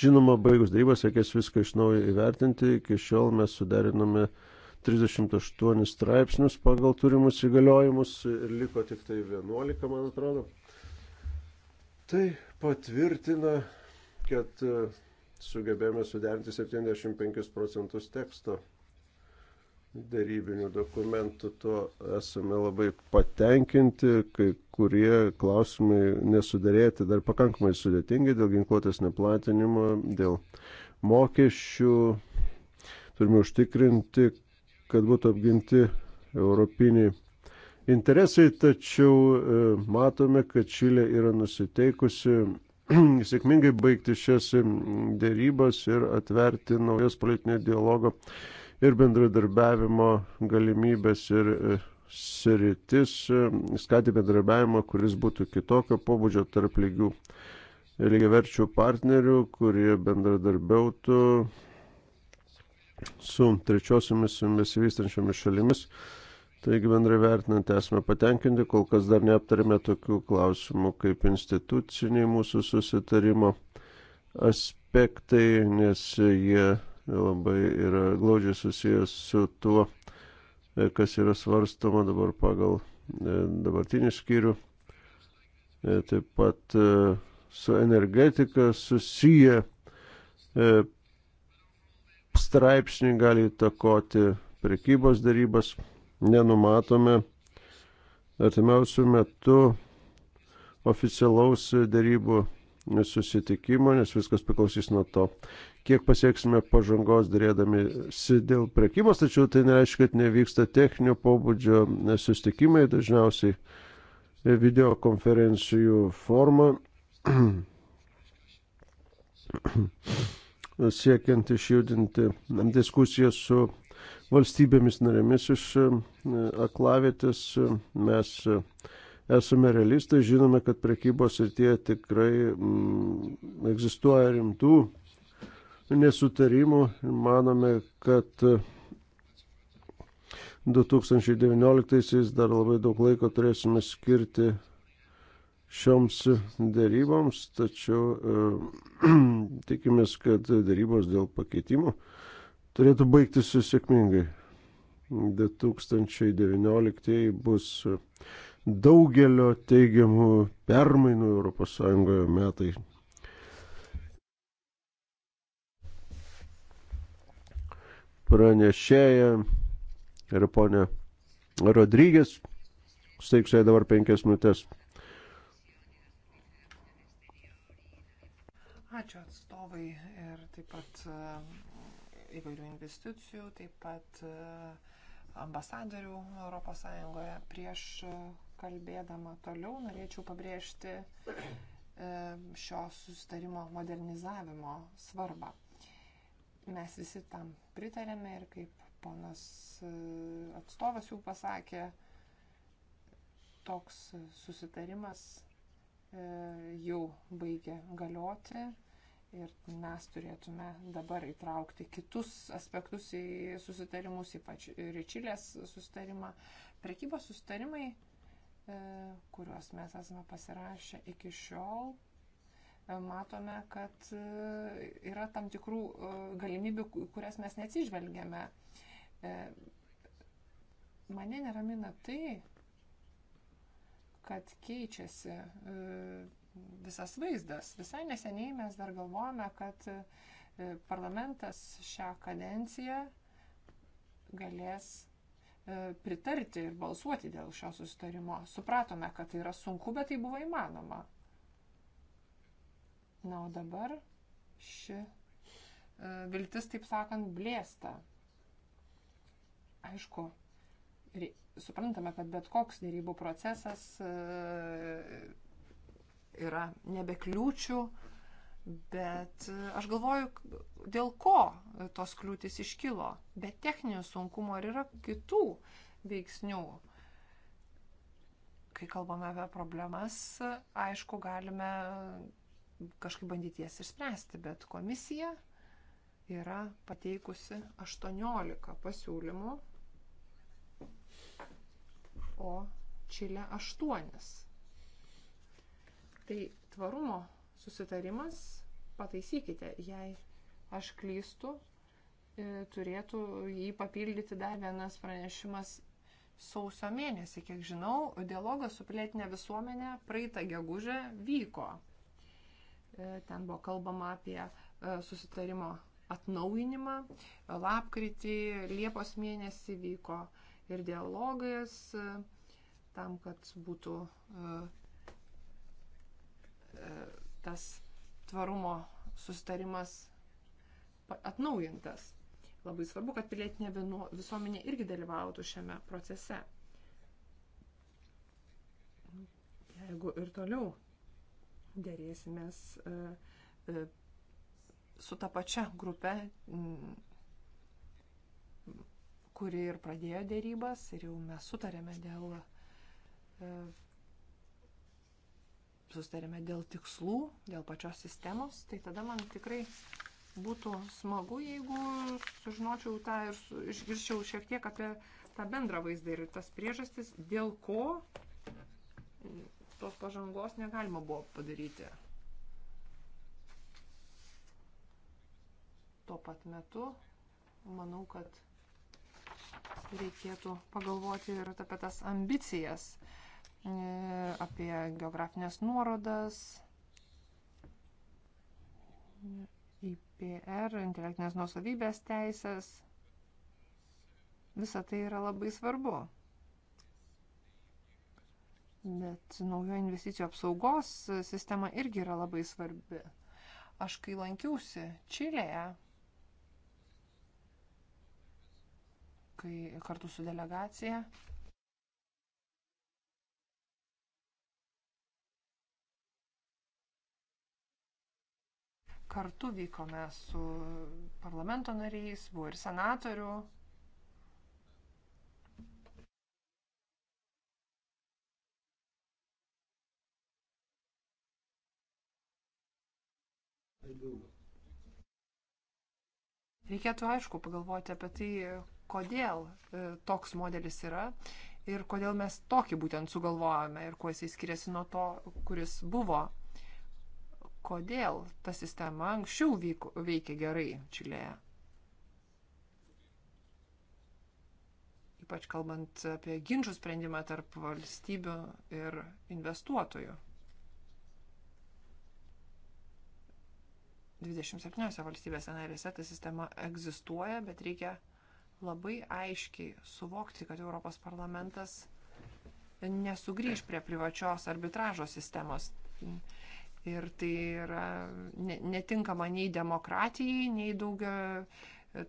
Žinoma, baigus darybas reikės viską iš naujo įvertinti. Iki šiol mes suderinome 38 straipsnius pagal turimus įgaliojimus ir liko tik tai 11, man atrodo. Tai patvirtina, kad sugebėjome suderinti 75 procentus teksto darybinių dokumentų, tuo esame labai patenkinti, kai kurie klausimai nesudarėti dar pakankamai sudėtingi dėl ginkluotės neplatinimo, dėl mokesčių. Turime užtikrinti, kad būtų apginti europiniai interesai, tačiau e, matome, kad Čilė yra nusiteikusi [CLEARS THROAT] sėkmingai baigti šias dėrybas ir atverti naujas politinio dialogo ir bendradarbiavimo galimybės ir e, sritis, e, skatė bendradarbiavimą, kuris būtų kitokio pobūdžio tarp lygių lygiaverčių partnerių, kurie bendradarbiautų su trečiosiomis besivystančiomis šalimis. Taigi bendrai vertinant esame patenkinti, kol kas dar neaptarėme tokių klausimų kaip instituciniai mūsų susitarimo aspektai, nes jie labai yra glaudžiai susijęs su tuo, e, kas yra svarstama dabar pagal e, dabartinį skyrių. E, taip pat su energetika susiję straipsniai gali įtakoti prekybos darybas. Nenumatome artimiausių metų oficialaus darybų susitikimo, nes viskas priklausys nuo to, kiek pasieksime pažangos dėrėdamėsi dėl prekybos, tačiau tai nereiškia, kad nevyksta techninio pobūdžio sustikimai, dažniausiai videokonferencijų forma. [CLEARS THROAT] siekiant išjudinti diskusiją su valstybėmis narėmis iš e, aklavėtės. Mes esame realistai, žinome, kad prekybos ir tie tikrai m, mm, egzistuoja rimtų nesutarimų. Manome, kad 2019-aisiais dar labai daug laiko turėsime skirti šioms dėryboms, tačiau e, [CLEARS THROAT] tikimės, kad dėrybos dėl pakeitimų turėtų baigtis sėkmingai. 2019 bus daugelio teigiamų permainų ES metai pranešėja ir ponė Rodrygės. Steiksiu dabar penkias minutės. Ačiū atstovai ir taip pat e, įvairių investicijų, taip pat e, ambasadorių ES. Prieš e, kalbėdama toliau norėčiau pabrėžti šio susitarimo modernizavimo svarbą. Mes visi tam pritarėme ir kaip ponas e, atstovas jau pasakė, toks susitarimas e, jau baigė galioti ir mes turėtume dabar įtraukti kitus aspektus į susitarimus, ypač ir į Čilės susitarimą. Prekybos susitarimai, e, kuriuos mes esame pasirašę iki šiol, matome, kad e, yra tam tikrų e, galimybių, kurias mes neatsižvelgiame. E, mane neramina tai, kad keičiasi visas vaizdas. Visai neseniai mes dar galvojame, kad parlamentas šią kadenciją galės pritarti ir balsuoti dėl šio susitarimo. Supratome, kad tai yra sunku, bet tai buvo įmanoma. Na, o dabar ši e, viltis, taip sakant, blėsta. Aišku, suprantame, kad bet koks dėrybų procesas e, yra nebekliūčių, bet e, aš galvoju, dėl ko tos kliūtis iškilo. Bet techninio sunkumo ir yra kitų veiksnių. Kai kalbame apie problemas, aišku, galime kažkaip bandyti jas išspręsti, bet komisija yra pateikusi 18 pasiūlymų, o Čilė 8. Tai tvarumo susitarimas, pataisykite, jei aš klystu, e, turėtų jį papildyti dar vienas pranešimas sausio mėnesį, kiek žinau, dialogas su pilietinė visuomenė praeitą gegužę vyko. E, ten buvo kalbama apie e, susitarimo atnaujinimą. Lapkritį, Liepos mėnesį vyko ir dialogas e, tam, kad būtų tas tvarumo susitarimas atnaujintas. Labai svarbu, kad pilietinė visuomenė irgi dalyvautų šiame procese. Jeigu ir toliau dėrėsimės e, e, su ta pačia grupe, kuri ir pradėjo dėrybas ir jau mes sutarėme dėl, e, sustarėme dėl tikslų, dėl pačios sistemos, tai tada man tikrai būtų smagu, jeigu sužinočiau tą ir išgirščiau šiek tiek apie tą bendrą vaizdą ir tas priežastis, dėl ko tos pažangos negalima buvo padaryti. Tuo pat metu manau, kad reikėtų pagalvoti ir apie tas ambicijas, e, apie geografinės nuorodas, IPR, intelektinės nuosavybės teisės. Visa tai yra labai svarbu. Bet naujo investicijų apsaugos sistema irgi yra labai svarbi. Aš kai lankiausi Čilėje, kai kartu su delegacija. Kartu vykome su parlamento nariais, buvo ir senatorių Reikėtų aišku pagalvoti apie tai, kodėl e, toks modelis yra ir kodėl mes tokį būtent sugalvojame ir kuo jisai skiriasi nuo to, kuris buvo. Kodėl ta sistema anksčiau vyko, veikė gerai Čilėje. Ypač kalbant apie ginčių sprendimą tarp valstybių ir investuotojų. 27 valstybėse narėse ta sistema egzistuoja, bet reikia labai aiškiai suvokti, kad Europos parlamentas nesugrįž prie privačios arbitražo sistemos. Ir tai yra netinkama nei demokratijai, nei daugia,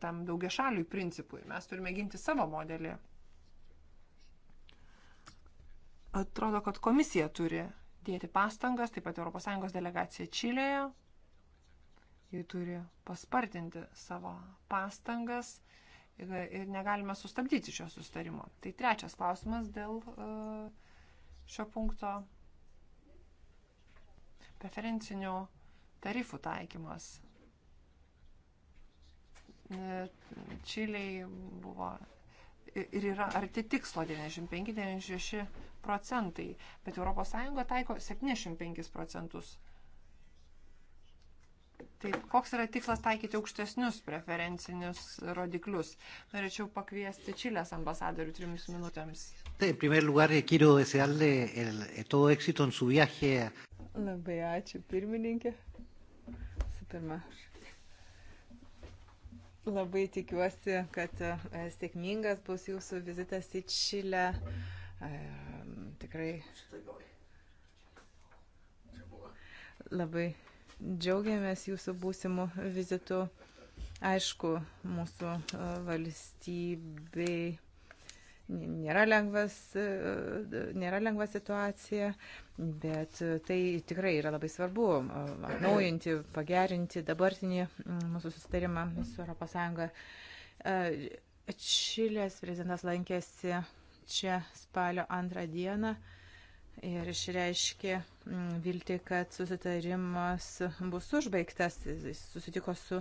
tam daugia šaliui principui. Mes turime ginti savo modelį. Atrodo, kad komisija turi dėti pastangas, taip pat ES delegacija Čilėje Ji turi paspartinti savo pastangas ir negalime sustabdyti šio sustarimo. Tai trečias klausimas dėl e, šio punkto preferencinių tarifų taikymas. E, Čiliai buvo ir yra arti tikslo 95-96 procentai, bet ES taiko 75 procentus. Taip, koks yra tikslas taikyti aukštesnius preferencinius rodiklius? Norėčiau pakviesti Čilės ambasadorių trims minutėms. Taip, primer lugar, eh, quiero desearle el, eh, todo éxito en su viaje. Labai ačiū, pirmininkė. Su pirma. Labai tikiuosi, kad eh, sėkmingas bus jūsų vizitas į Čilę. Ehm, tikrai. Labai džiaugiamės jūsų būsimų vizitų. Aišku, mūsų e, valstybei nėra, lengvas, e, nėra lengva situacija, bet e, tai tikrai yra labai svarbu atnaujinti, pagerinti dabartinį mūsų susitarimą su ES. Čilės prezidentas lankėsi čia spalio antrą dieną ir išreiškė mm, vilti, kad susitarimas bus užbaigtas. Jis susitiko su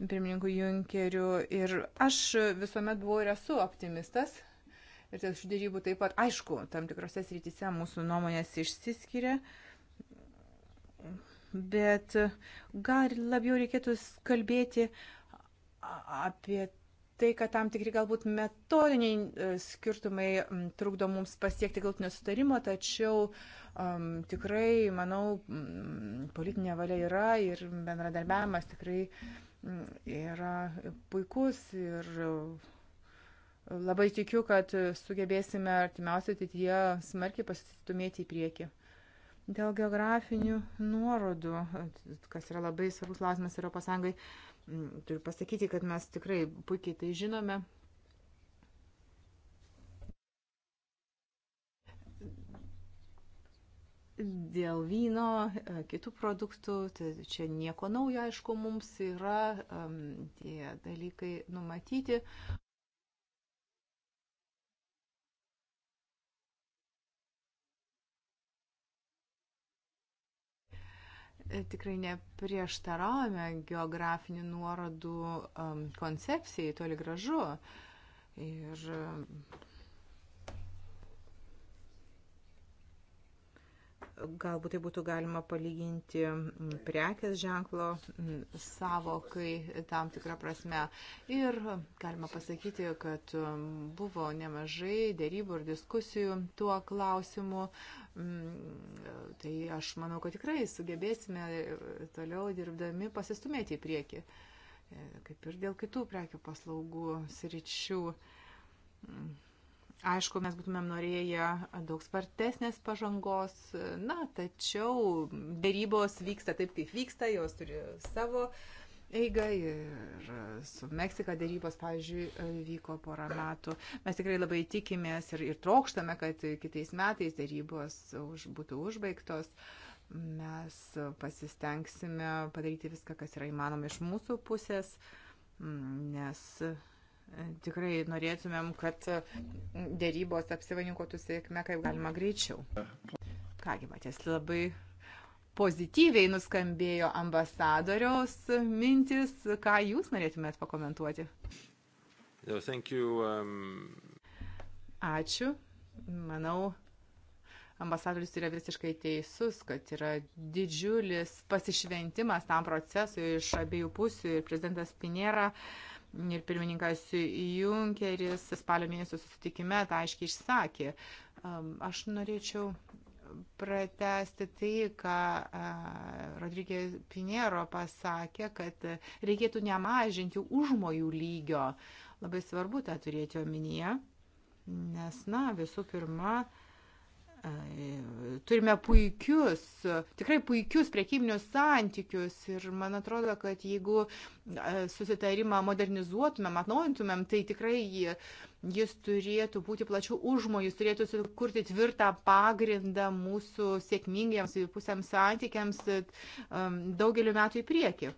pirmininku Junkeriu ir aš visuomet buvau ir esu optimistas. Ir dėl šių dėrybų taip pat, aišku, tam tikrose srityse mūsų nuomonės išsiskiria. Bet gal labiau reikėtų kalbėti apie tai, kad tam tikri galbūt metodiniai e, skirtumai trukdo mums pasiekti galtinio sutarimo, tačiau um, tikrai, manau, politinė valia yra ir bendradarbiavimas tikrai yra puikus ir e, labai tikiu, kad sugebėsime artimiausiai ateityje smarkiai pasistumėti į priekį. Dėl geografinių nuorodų, kas yra labai svarbus klausimas Europos Sąjungai, uh, Mm, turiu pasakyti, kad mes tikrai puikiai tai žinome. Dėl vyno, e, kitų produktų, tai čia nieko naujo, aišku, mums yra um, tie dalykai numatyti. E, tikrai neprieštaravome geografinių nuorodų um, koncepcijai, toli gražu. Ir um, galbūt tai būtų galima palyginti mm, prekės ženklo mm, savokai tam tikrą prasme. Ir um, galima pasakyti, kad um, buvo nemažai dėrybų ir diskusijų tuo klausimu Mm, tai aš manau, kad tikrai sugebėsime toliau dirbdami pasistumėti į priekį, e, kaip ir dėl kitų prekių paslaugų sričių. Mm, aišku, mes būtumėm norėję daug spartesnės pažangos, na, tačiau dėrybos vyksta taip, kaip vyksta, jos turi savo uh, eigą ir e, su Meksika dėrybos, pavyzdžiui, e, vyko porą metų. Mes tikrai labai tikimės ir, ir trokštame, kad kitais metais dėrybos už, būtų užbaigtos. Mes pasistengsime padaryti viską, kas yra įmanoma iš mūsų pusės, nes e, tikrai norėtumėm, kad dėrybos apsivainikuotų sėkme kaip galima greičiau. Kągi, matės, labai pozityviai nuskambėjo ambasadoriaus mintis. Ką jūs norėtumėt pakomentuoti? No, you, um... Ačiū. Manau, ambasadorius yra visiškai teisus, kad yra didžiulis pasišventimas tam procesui iš abiejų pusių ir prezidentas Pinėra. Ir pirmininkas Junkeris spalio mėnesio susitikime tą aiškiai išsakė. Um, aš norėčiau pratesti tai, ką Rodrygė Pinero pasakė, kad reikėtų nemažinti užmojų lygio. Labai svarbu tą turėti omenyje, nes, na, visų pirma, uh, Turime puikius, tikrai puikius priekybinius santykius ir man atrodo, kad jeigu susitarimą modernizuotumėm, atnaujintumėm, tai tikrai jis turėtų būti plačių užmojų, jis turėtų sukurti tvirtą pagrindą mūsų sėkmingiems pusėms santykiams daugeliu metų į priekį.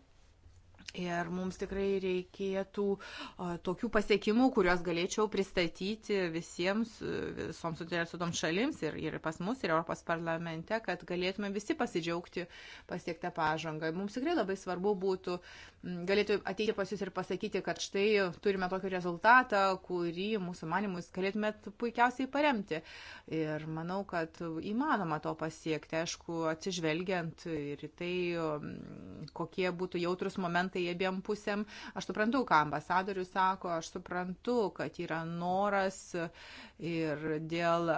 Ir mums tikrai reikėtų o, tokių pasiekimų, kuriuos galėčiau pristatyti visiems, e, visoms suinteresuotoms šalims ir, ir pas mus, ir Europos parlamente, kad galėtume visi pasidžiaugti pasiektą pažangą. Mums tikrai labai svarbu būtų, galėtų ateiti pas jūs ir pasakyti, kad štai turime tokį rezultatą, kurį mūsų manimus galėtumėt puikiausiai paremti. Ir manau, kad įmanoma to pasiekti, aišku, atsižvelgiant ir tai, kokie būtų jautrus momentai tai abiem pusėm, aš suprantu, ką ambasadorius sako, aš suprantu, kad yra noras ir dėl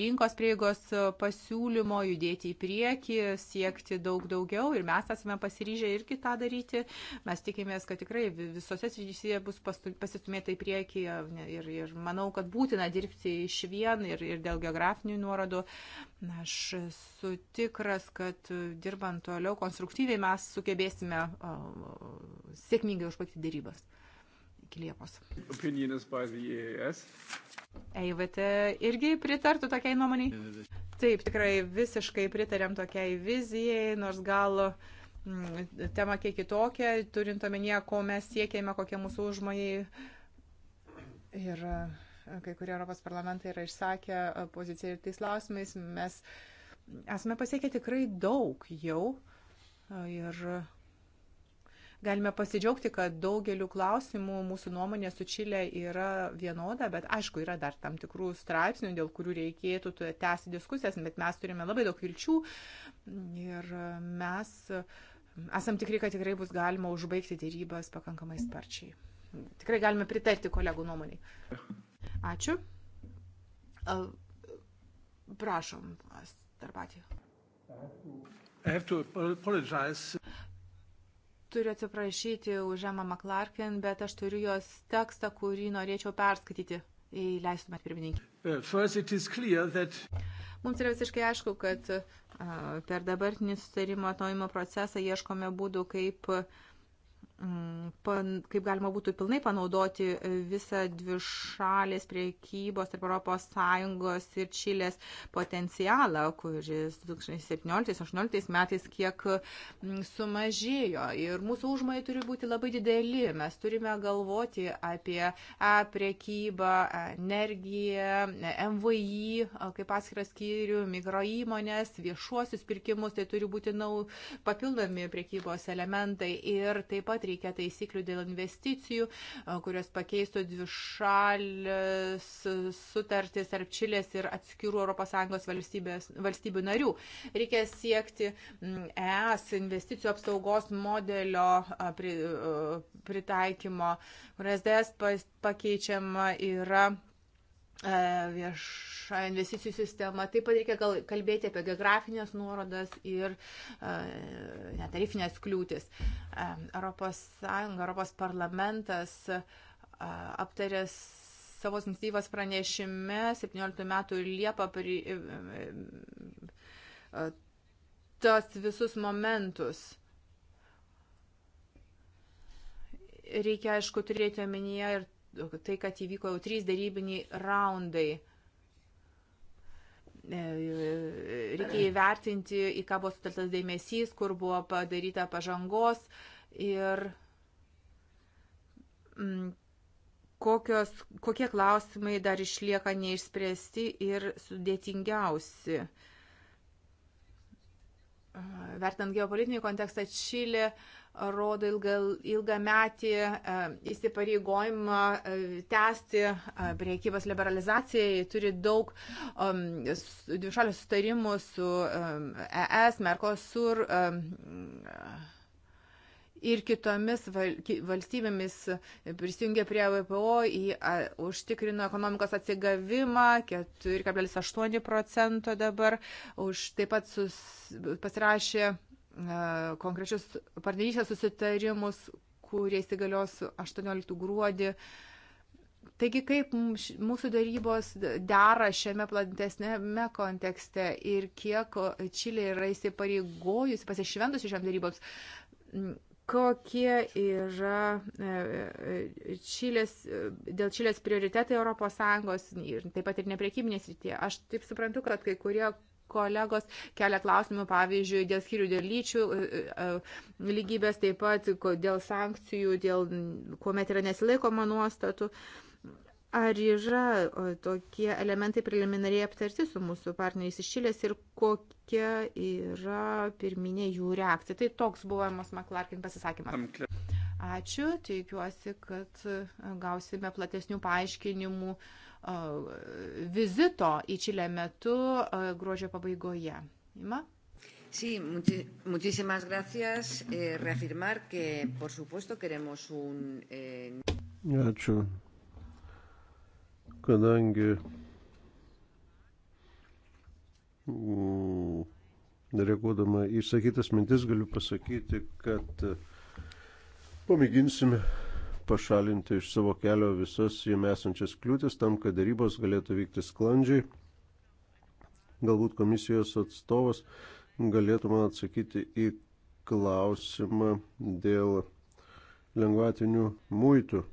rinkos prieigos pasiūlymo judėti į priekį, siekti daug daugiau ir mes esame pasiryžę irgi tą daryti. Mes tikimės, kad tikrai visose srityse bus pasistumėta į priekį ir, ir manau, kad būtina dirbti iš vien ir, ir dėl geografinių nuorodų. Aš esu tikras, kad dirbant toliau konstruktyviai mes sugebėsime sėkmingai užbaigti dėrybas iki Liepos. EIVT e e irgi pritartų tokiai nuomoniai? Taip, tikrai visiškai pritarėm tokiai vizijai, nors gal mm, tema kiek kitokia, turint omenyje, ko mes siekėme, kokie mūsų užmojai. Ir e, kai kurie Europos parlamentai yra išsakę poziciją ir tais klausimais, mes esame pasiekę tikrai daug jau. Ir Galime pasidžiaugti, kad daugeliu klausimų mūsų nuomonė su Čilė yra vienoda, bet aišku, yra dar tam tikrų straipsnių, dėl kurių reikėtų tęsti diskusijas, bet mes turime labai daug vilčių ir mes esam tikri, kad tikrai bus galima užbaigti dėrybas pakankamai sparčiai. Tikrai galime pritarti kolegų nuomonį. Ačiū. Prašom, Starbatį turiu atsiprašyti už Emma McClarkin, bet aš turiu jos tekstą, kurį norėčiau perskaityti. Jei leistumėt pirmininkį. Uh, that... Mums yra visiškai aišku, kad uh, per dabartinį sustarimo atnaujimo procesą ieškome būdų, kaip uh, Mm, kaip galima būtų pilnai panaudoti e, visą dvišalės priekybos tarp ES ir Čilės potencialą, kuris 2017-2018 metais kiek mm, sumažėjo. Ir mūsų užmai turi būti labai dideli. Mes turime galvoti apie e, priekybą, e, energiją, MVI kaip atskiras skyrių, mikroįmonės, viešuosius pirkimus. Tai turi būti nau, papildomi priekybos elementai. Ir taip pat reikia taisyklių dėl investicijų, kurios pakeistų dvišalės sutartis tarp Čilės ir atskirų ES valstybių narių. Reikia siekti ES investicijų apsaugos modelio pritaikymo, kurias DS pakeičiama yra E, viešą investicijų sistemą. Taip pat reikia gal kalbėti apie geografinės nuorodas ir e, netarifinės kliūtis. E, Europos Sąjunga, Europos parlamentas aptarė savo iniciatyvas pranešime 17 metų Liepą pri, tas visus momentus. Reikia, aišku, turėti omenyje ir tai, kad įvyko jau trys darybiniai raundai. E, reikia įvertinti, į ką buvo suteltas dėmesys, kur buvo padaryta pažangos ir mm, kokios, kokie klausimai dar išlieka neišspręsti ir sudėtingiausi vertinant geopolitinį kontekstą, Čilė rodo ilgą, ilgą metį e, įsipareigojimą e, tęsti e, priekybos liberalizaciją, turi daug um, dvišalių sustarimų su um, ES, Merkosur. Um, ir kitomis valstybėmis prisijungė prie VPO, į, a, užtikrino ekonomikos atsigavimą 4,8 procento dabar, už taip pat sus, pasirašė a, konkrečius partnerystės susitarimus, kurie įsigalios 18 gruodį. Taigi kaip mūsų darybos dera šiame platesnėme kontekste ir kiek Čilė yra įsipareigojusi pasišventusi šiam daryboms, kokie yra e, e, Čilės, e, dėl Čilės prioritetai ES ir taip pat ir nepriekybinės rytie. Aš taip suprantu, kad kai kurie kolegos kelia klausimų, pavyzdžiui, dėl skirių dėl lyčių lygybės, taip pat dėl sankcijų, dėl kuomet yra nesilaikoma nuostatų. Uh, Ar yra tokie elementai preliminariai aptarti su mūsų partneriais iš Čilės ir kokia yra pirminė jų reakcija? Tai toks buvo Emos McLarkin pasisakymas. Ačiū, tikiuosi, kad e, gausime platesnių paaiškinimų e, vizito į Čilę metu e, gruodžio pabaigoje. Ima? Sí, muchi muchísimas gracias. Eh, reafirmar que, por supuesto, queremos un. Eh... Ačiū kadangi mm, reaguodama į sakytas mintis galiu pasakyti, kad e, pamėginsime pašalinti iš savo kelio visas jame esančias kliūtis tam, kad darybos galėtų vykti sklandžiai. Galbūt komisijos atstovas galėtų man atsakyti į klausimą dėl lengvatinių muitų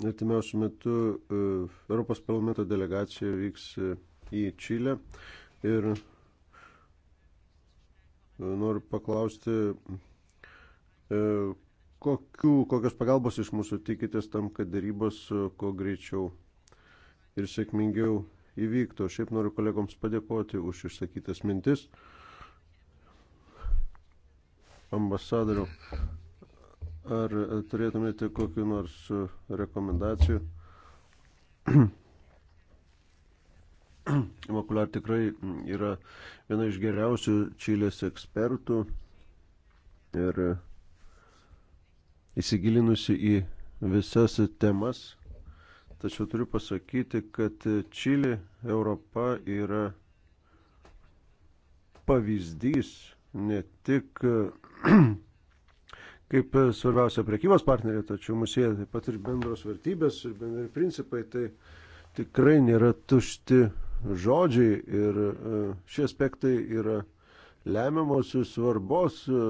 Artimiausiu metu e, Europos parlamento delegacija vyks e, į Čilę ir e, noriu paklausti, kokių, kokios pagalbos iš mūsų tikitės tam, kad darybos kuo greičiau ir sėkmingiau įvyktų. Šiaip noriu kolegoms padėkoti už išsakytas mintis. Ambasadoriu, Ar turėtumėte kokiu nors rekomendacijų? [CLEARS THROAT] Makular tikrai yra viena iš geriausių Čilės ekspertų ir įsigilinusi į visas temas. Tačiau turiu pasakyti, kad Čilė Europa yra pavyzdys ne tik [CLEARS THROAT] kaip svarbiausia prekybos partnerė, tačiau mūsų jie taip pat ir bendros vertybės ir bendri principai, tai tikrai nėra tušti žodžiai ir e, šie aspektai yra lemiamosios svarbos e,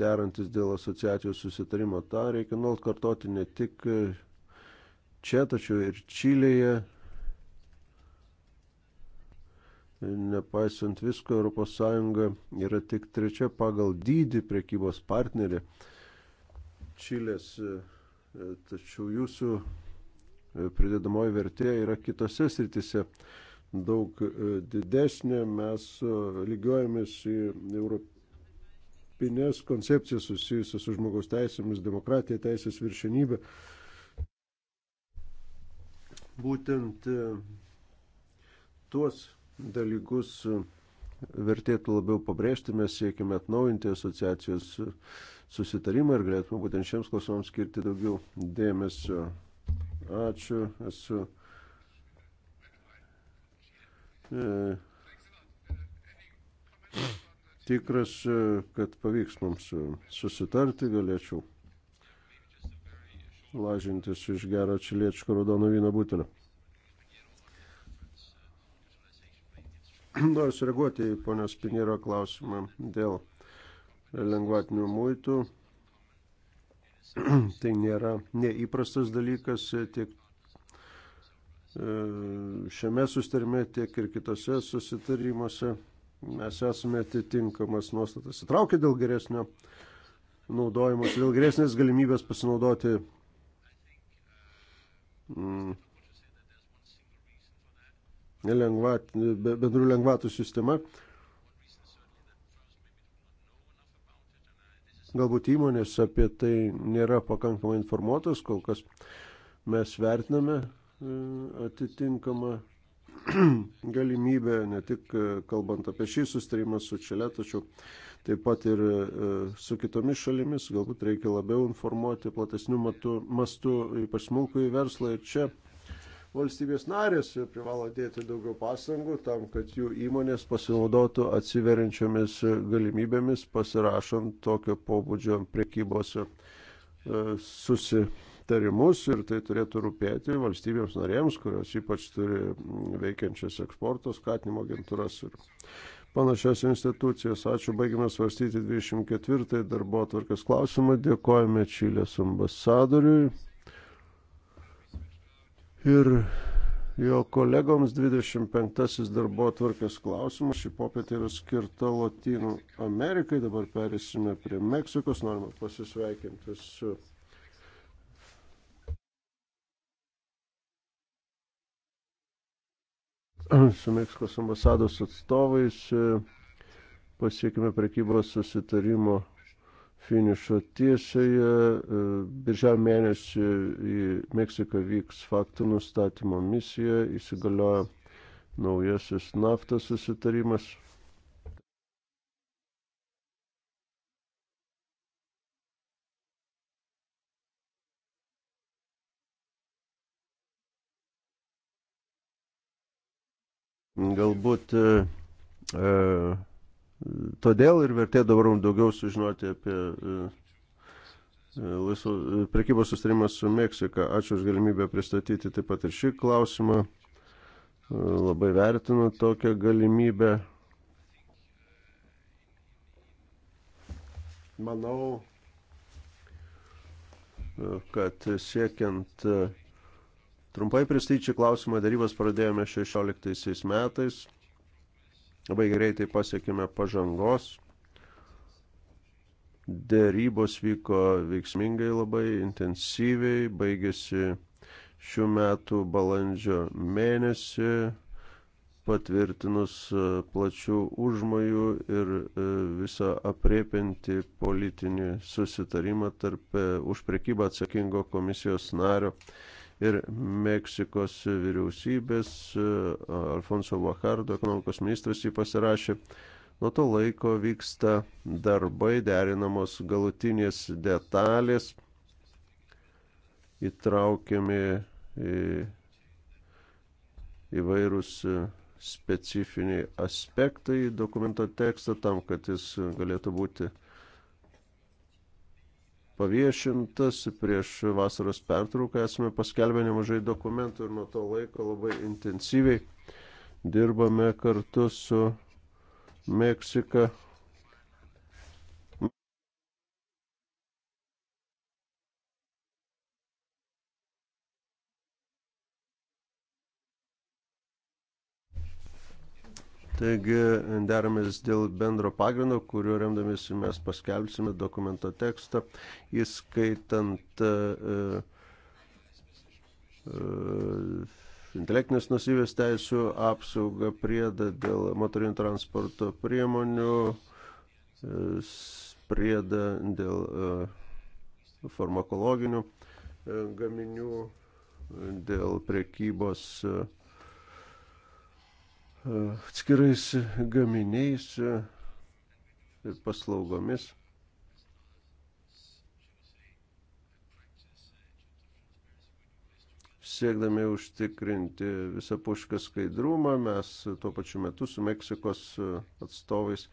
derantis dėl asociacijos susitarimo. Ta reikia nuolat kartoti ne tik e, čia, tačiau ir Čilėje. Nepaisant visko, ES yra tik trečia pagal dydį prekybos partnerė. Čilės, e, e, tačiau jūsų e, pridedamoji vertė yra kitose sritise daug didesnė. Mes lygiuojamės į europinės koncepcijas susijusias su žmogaus teisėmis, demokratija, teisės viršenybė. Būtent tuos dalykus vertėtų labiau pabrėžti, mes siekime atnaujinti asociacijos susitarimą ir galėtume būtent šiems klausimams skirti daugiau dėmesio. Ačiū, esu. E, tikras, e, kad pavyks mums susitarti, galėčiau lažintis iš gero čiliečio raudono vyno butelio. Noriu sureaguoti į ponios Pinėro klausimą dėl lengvatinių muitų. [CLEARS THROAT] tai nėra neįprastas dalykas tiek e, šiame susitarime, tiek ir kitose susitarimuose. Mes esame atitinkamas nuostatas įtraukę dėl geresnio naudojimo, dėl geresnės galimybės pasinaudoti mm, lengvat, bendrų lengvatų sistema. Galbūt įmonės apie tai nėra pakankamai informuotos, kol kas mes vertiname e, atitinkamą [CLEARS THROAT] galimybę, ne tik e, kalbant apie šį sustarimą su Čilė, tačiau taip pat ir e, su kitomis šalimis, galbūt reikia labiau informuoti platesnių matų, mastų, ypač smulkų į verslą ir čia valstybės narės privalo dėti daugiau pasangų tam, kad jų įmonės pasinaudotų atsiveriančiomis galimybėmis pasirašant tokio pobūdžio priekybos e, susitarimus ir tai turėtų rūpėti valstybėms narėms, kurios ypač turi veikiančias eksporto skatinimo agentūras ir panašias institucijas. Ačiū, baigime svarstyti 24 darbo atvarkės klausimą. Dėkojame Čilės ambasadoriui ir jo kolegoms 25 darbo atvarkės klausimas. Šį popietę yra skirta Latinų Amerikai. Dabar perėsime prie Meksikos. Norime pasisveikinti su. su Meksikos ambasados atstovais pasiekime prekybos susitarimo finišo tiesioje. E, birželio mėnesį į Meksiką vyks faktų nustatymo misija, įsigalioja naujasis naftos susitarimas. Galbūt e, e Todėl ir vertė dabar mums daugiau sužinoti apie e, e, laisvo, e, prekybos sustarimą su Meksika. Ačiū už galimybę pristatyti taip pat ir šį klausimą. Labai vertinu tokią galimybę. Manau, kad siekiant trumpai pristatyti klausimą, darybas pradėjome 16 metais labai greitai pasiekėme pažangos. Dėrybos vyko veiksmingai labai intensyviai, baigėsi šių metų balandžio mėnesį patvirtinus e, plačių užmojų ir e, visą apriepinti politinį susitarimą tarp e, už prekybą atsakingo komisijos nario ir Meksikos vyriausybės. Alfonso Vakardo ekonomikos ministras jį pasirašė. Nuo to laiko vyksta darbai, derinamos galutinės detalės, įtraukiami į, įvairūs specifiniai aspektai dokumento tekstą tam, kad jis galėtų būti paviešintas. Prieš vasaros pertrauką esame paskelbę nemažai dokumentų ir nuo to laiko labai intensyviai dirbame kartu su Meksika Taigi deramės dėl bendro pagrindo, kuriuo remdamėsi mes paskelbsime dokumento tekstą, įskaitant uh, uh, intelektinės nusivės teisų apsaugą priedą dėl motorinių transporto priemonių, uh, priedą dėl uh, farmakologinių uh, gaminių, uh, dėl prekybos uh, atskirais gaminiais ir e, paslaugomis. Siekdami užtikrinti visapušką skaidrumą, mes tuo pačiu metu su Meksikos e, atstovais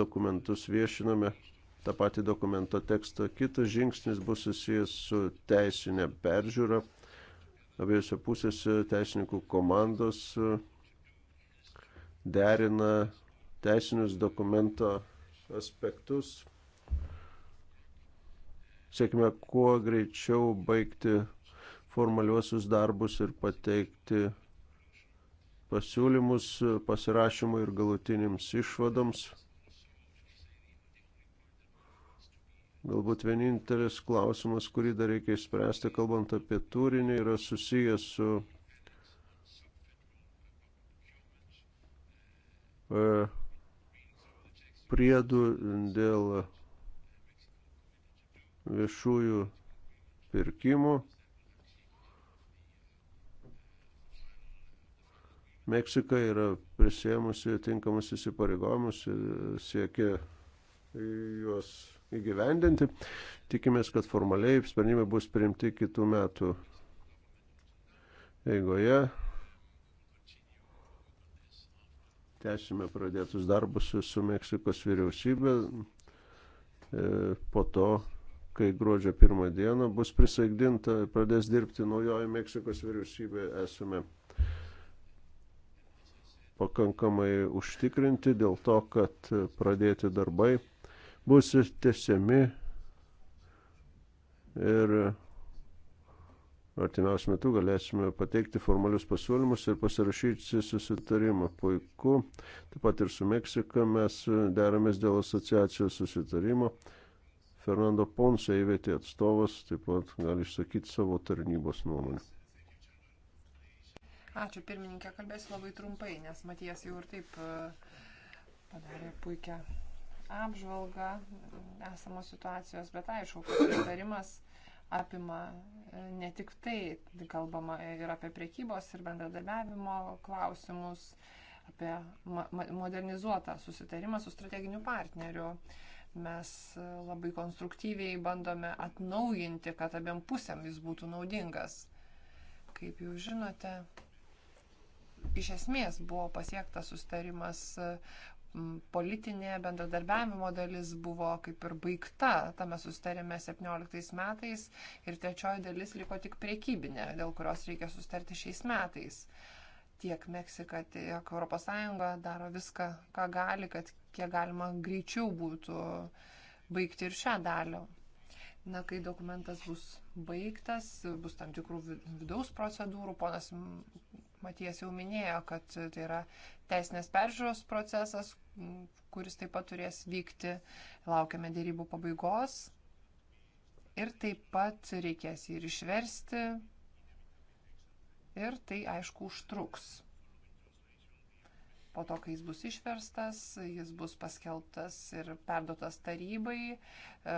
dokumentus viešiname, tą patį dokumento tekstą. Kitas žingsnis bus susijęs su teisinė peržiūra. Abiejose pusėse teisininkų komandos e, derina teisinius dokumento aspektus. Sėkime kuo greičiau baigti formaliuosius darbus ir pateikti pasiūlymus pasirašymui ir galutiniams išvadoms. Galbūt vienintelis klausimas, kurį dar reikia išspręsti, kalbant apie turinį, yra susijęs su E, priedų dėl viešųjų pirkimų. Meksika yra prisėmusi tinkamus įsipareigojimus ir siekia juos įgyvendinti. Tikimės, kad formaliai sprendimai bus priimti kitų metų eigoje. Ja, Tęsime pradėtus darbus su Meksikos vyriausybė. E, po to, kai gruodžio pirmą dieną bus prisaigdinta, pradės dirbti naujoji Meksikos vyriausybė, esame pakankamai užtikrinti dėl to, kad pradėti darbai bus tesiami ir artimiausiu metu galėsime pateikti formalius pasiūlymus ir pasirašyti susitarimą. Puiku. Taip pat ir su Meksika mes deramės dėl asociacijos susitarimo. Fernando Ponce įvietė atstovas, taip pat gali išsakyti savo tarnybos nuomonę. Ačiū pirmininkė, kalbėsiu labai trumpai, nes Matijas jau ir taip e, padarė puikią apžvalgą esamos situacijos, bet aišku, kad pritarimas apima e, ne tik tai, kalbama ir apie priekybos ir bendradarbiavimo klausimus, apie modernizuotą susitarimą su strateginiu partneriu. Mes e, labai konstruktyviai bandome atnaujinti, kad abiem pusėm jis būtų naudingas. Kaip jūs žinote, iš esmės buvo pasiektas sustarimas, e, politinė bendradarbiavimo dalis buvo kaip ir baigta tame sustarime 17 metais ir trečioji dalis liko tik priekybinė, dėl kurios reikia sustarti šiais metais. Tiek Meksika, tiek ES daro viską, ką gali, kad kiek galima greičiau būtų baigti ir šią dalį. Na, kai dokumentas bus baigtas, bus tam tikrų vidaus procedūrų, ponas Matijas jau minėjo, kad tai yra teisinės peržiūros procesas, kuris taip pat turės vykti. Laukiame dėrybų pabaigos. Ir taip pat reikės ir išversti. Ir tai aišku užtruks. Po to, kai jis bus išverstas, jis bus paskelbtas ir perdotas tarybai, e,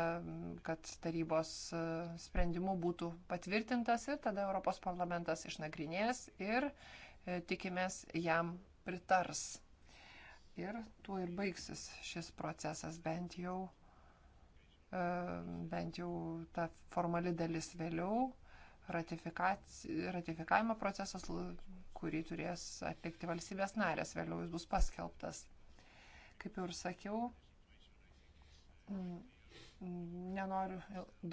kad tarybos e, sprendimu būtų patvirtintas ir tada Europos parlamentas išnagrinės ir e, tikimės jam pritars. Ir tuo ir baigsis šis procesas bent jau bent jau ta formali dalis vėliau, ratifikavimo procesas kurį turės atlikti valstybės narės, vėliau jis bus paskelbtas. Kaip jau ir sakiau, nenoriu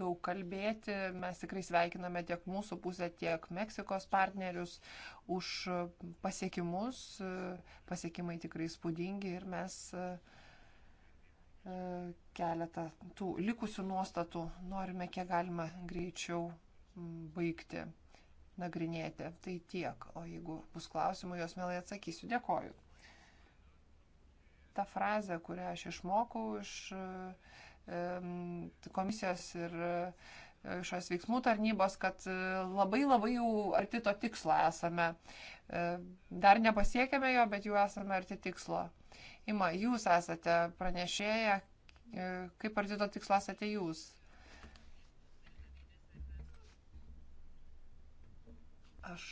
daug kalbėti, mes tikrai sveikiname tiek mūsų pusę, tiek Meksikos partnerius už pasiekimus, pasiekimai tikrai spūdingi ir mes keletą tų likusių nuostatų norime kiek galima greičiau baigti nagrinėti. Tai tiek. O jeigu bus klausimų, juos mielai atsakysiu. Dėkoju. Ta frazė, kurią aš išmokau iš komisijos ir e, šios veiksmų tarnybos, kad e, labai labai jau arti to tikslo esame. E, dar nepasiekėme jo, bet jau esame arti tikslo. Ima, jūs esate pranešėję, kaip arti to tikslo esate jūs? Aš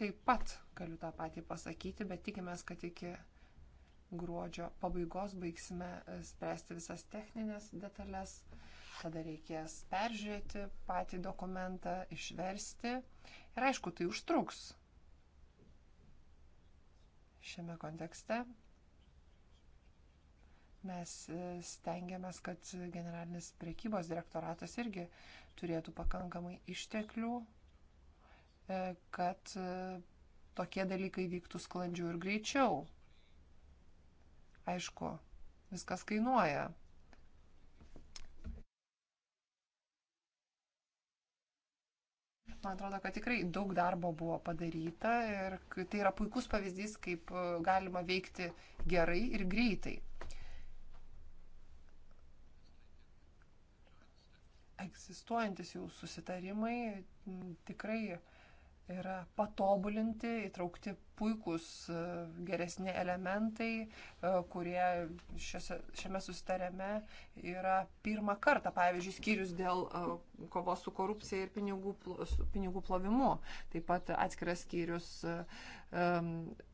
taip pat galiu tą patį pasakyti, bet tikimės, kad iki gruodžio pabaigos baigsime e, spręsti visas techninės detalės, tada reikės peržiūrėti patį dokumentą, išversti ir aišku, tai užtruks šiame kontekste. Mes e, stengiamės, kad generalinis priekybos direktoratas irgi turėtų pakankamai išteklių E, kad e, tokie dalykai vyktų sklandžiau ir greičiau. Aišku, viskas kainuoja. Man atrodo, kad tikrai daug darbo buvo padaryta ir tai yra puikus pavyzdys, kaip e, galima veikti gerai ir greitai. Egzistuojantis jau susitarimai tikrai yra patobulinti, įtraukti puikūs e, geresni elementai, e, kurie šiose, šiame susitarėme yra pirmą kartą, pavyzdžiui, skyrius dėl e, kovos su korupcija ir pinigų, pinigų plovimu. Taip pat atskiras skyrius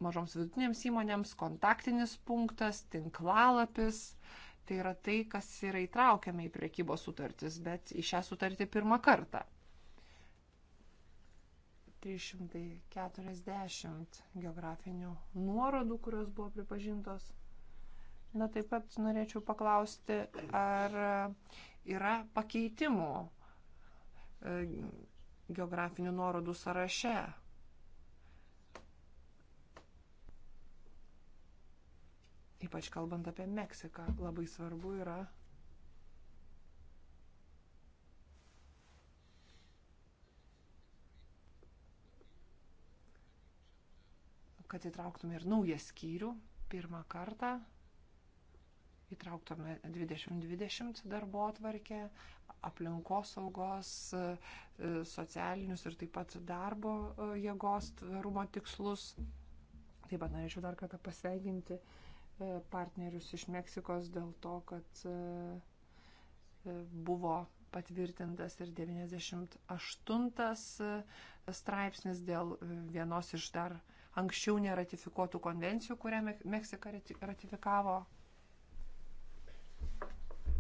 mažoms vidutinėms įmonėms, kontaktinis punktas, tinklalapis. Tai yra tai, kas yra įtraukiama į priekybos sutartis, bet į šią sutartį pirmą kartą. 340 geografinių nuorodų, kurios buvo pripažintos. Na taip pat norėčiau paklausti, ar yra pakeitimų e, geografinių nuorodų sąraše. Ypač kalbant apie Meksiką, labai svarbu yra kad įtrauktume ir naują skyrių pirmą kartą. Įtrauktume 2020 darbo atvarkę, aplinkosaugos, e, socialinius ir taip pat darbo e, jėgos tvarumo tikslus. Taip pat norėčiau dar kartą pasveikinti e, partnerius iš Meksikos dėl to, kad buvo patvirtintas ir 98 straipsnis dėl vienos iš dar anksčiau neratifikuotų konvencijų, kurią Meksika ratifikavo.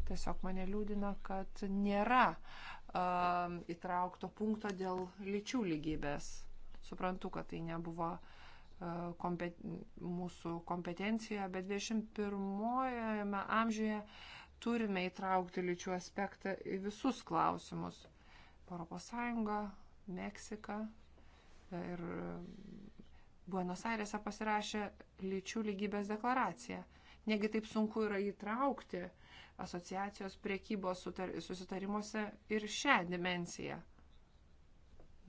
Tiesiog mane liūdina, kad nėra uh, įtraukto punkto dėl lyčių lygybės. Suprantu, kad tai nebuvo uh, kompet mūsų kompetencija, bet 21-ojame amžiuje turime įtraukti lyčių aspektą į visus klausimus. Europos Sąjunga, Meksika e, ir Buenos Airėse pasirašė lyčių lygybės deklaraciją. Negi taip sunku yra įtraukti asociacijos priekybos susitarimuose ir šią dimenciją.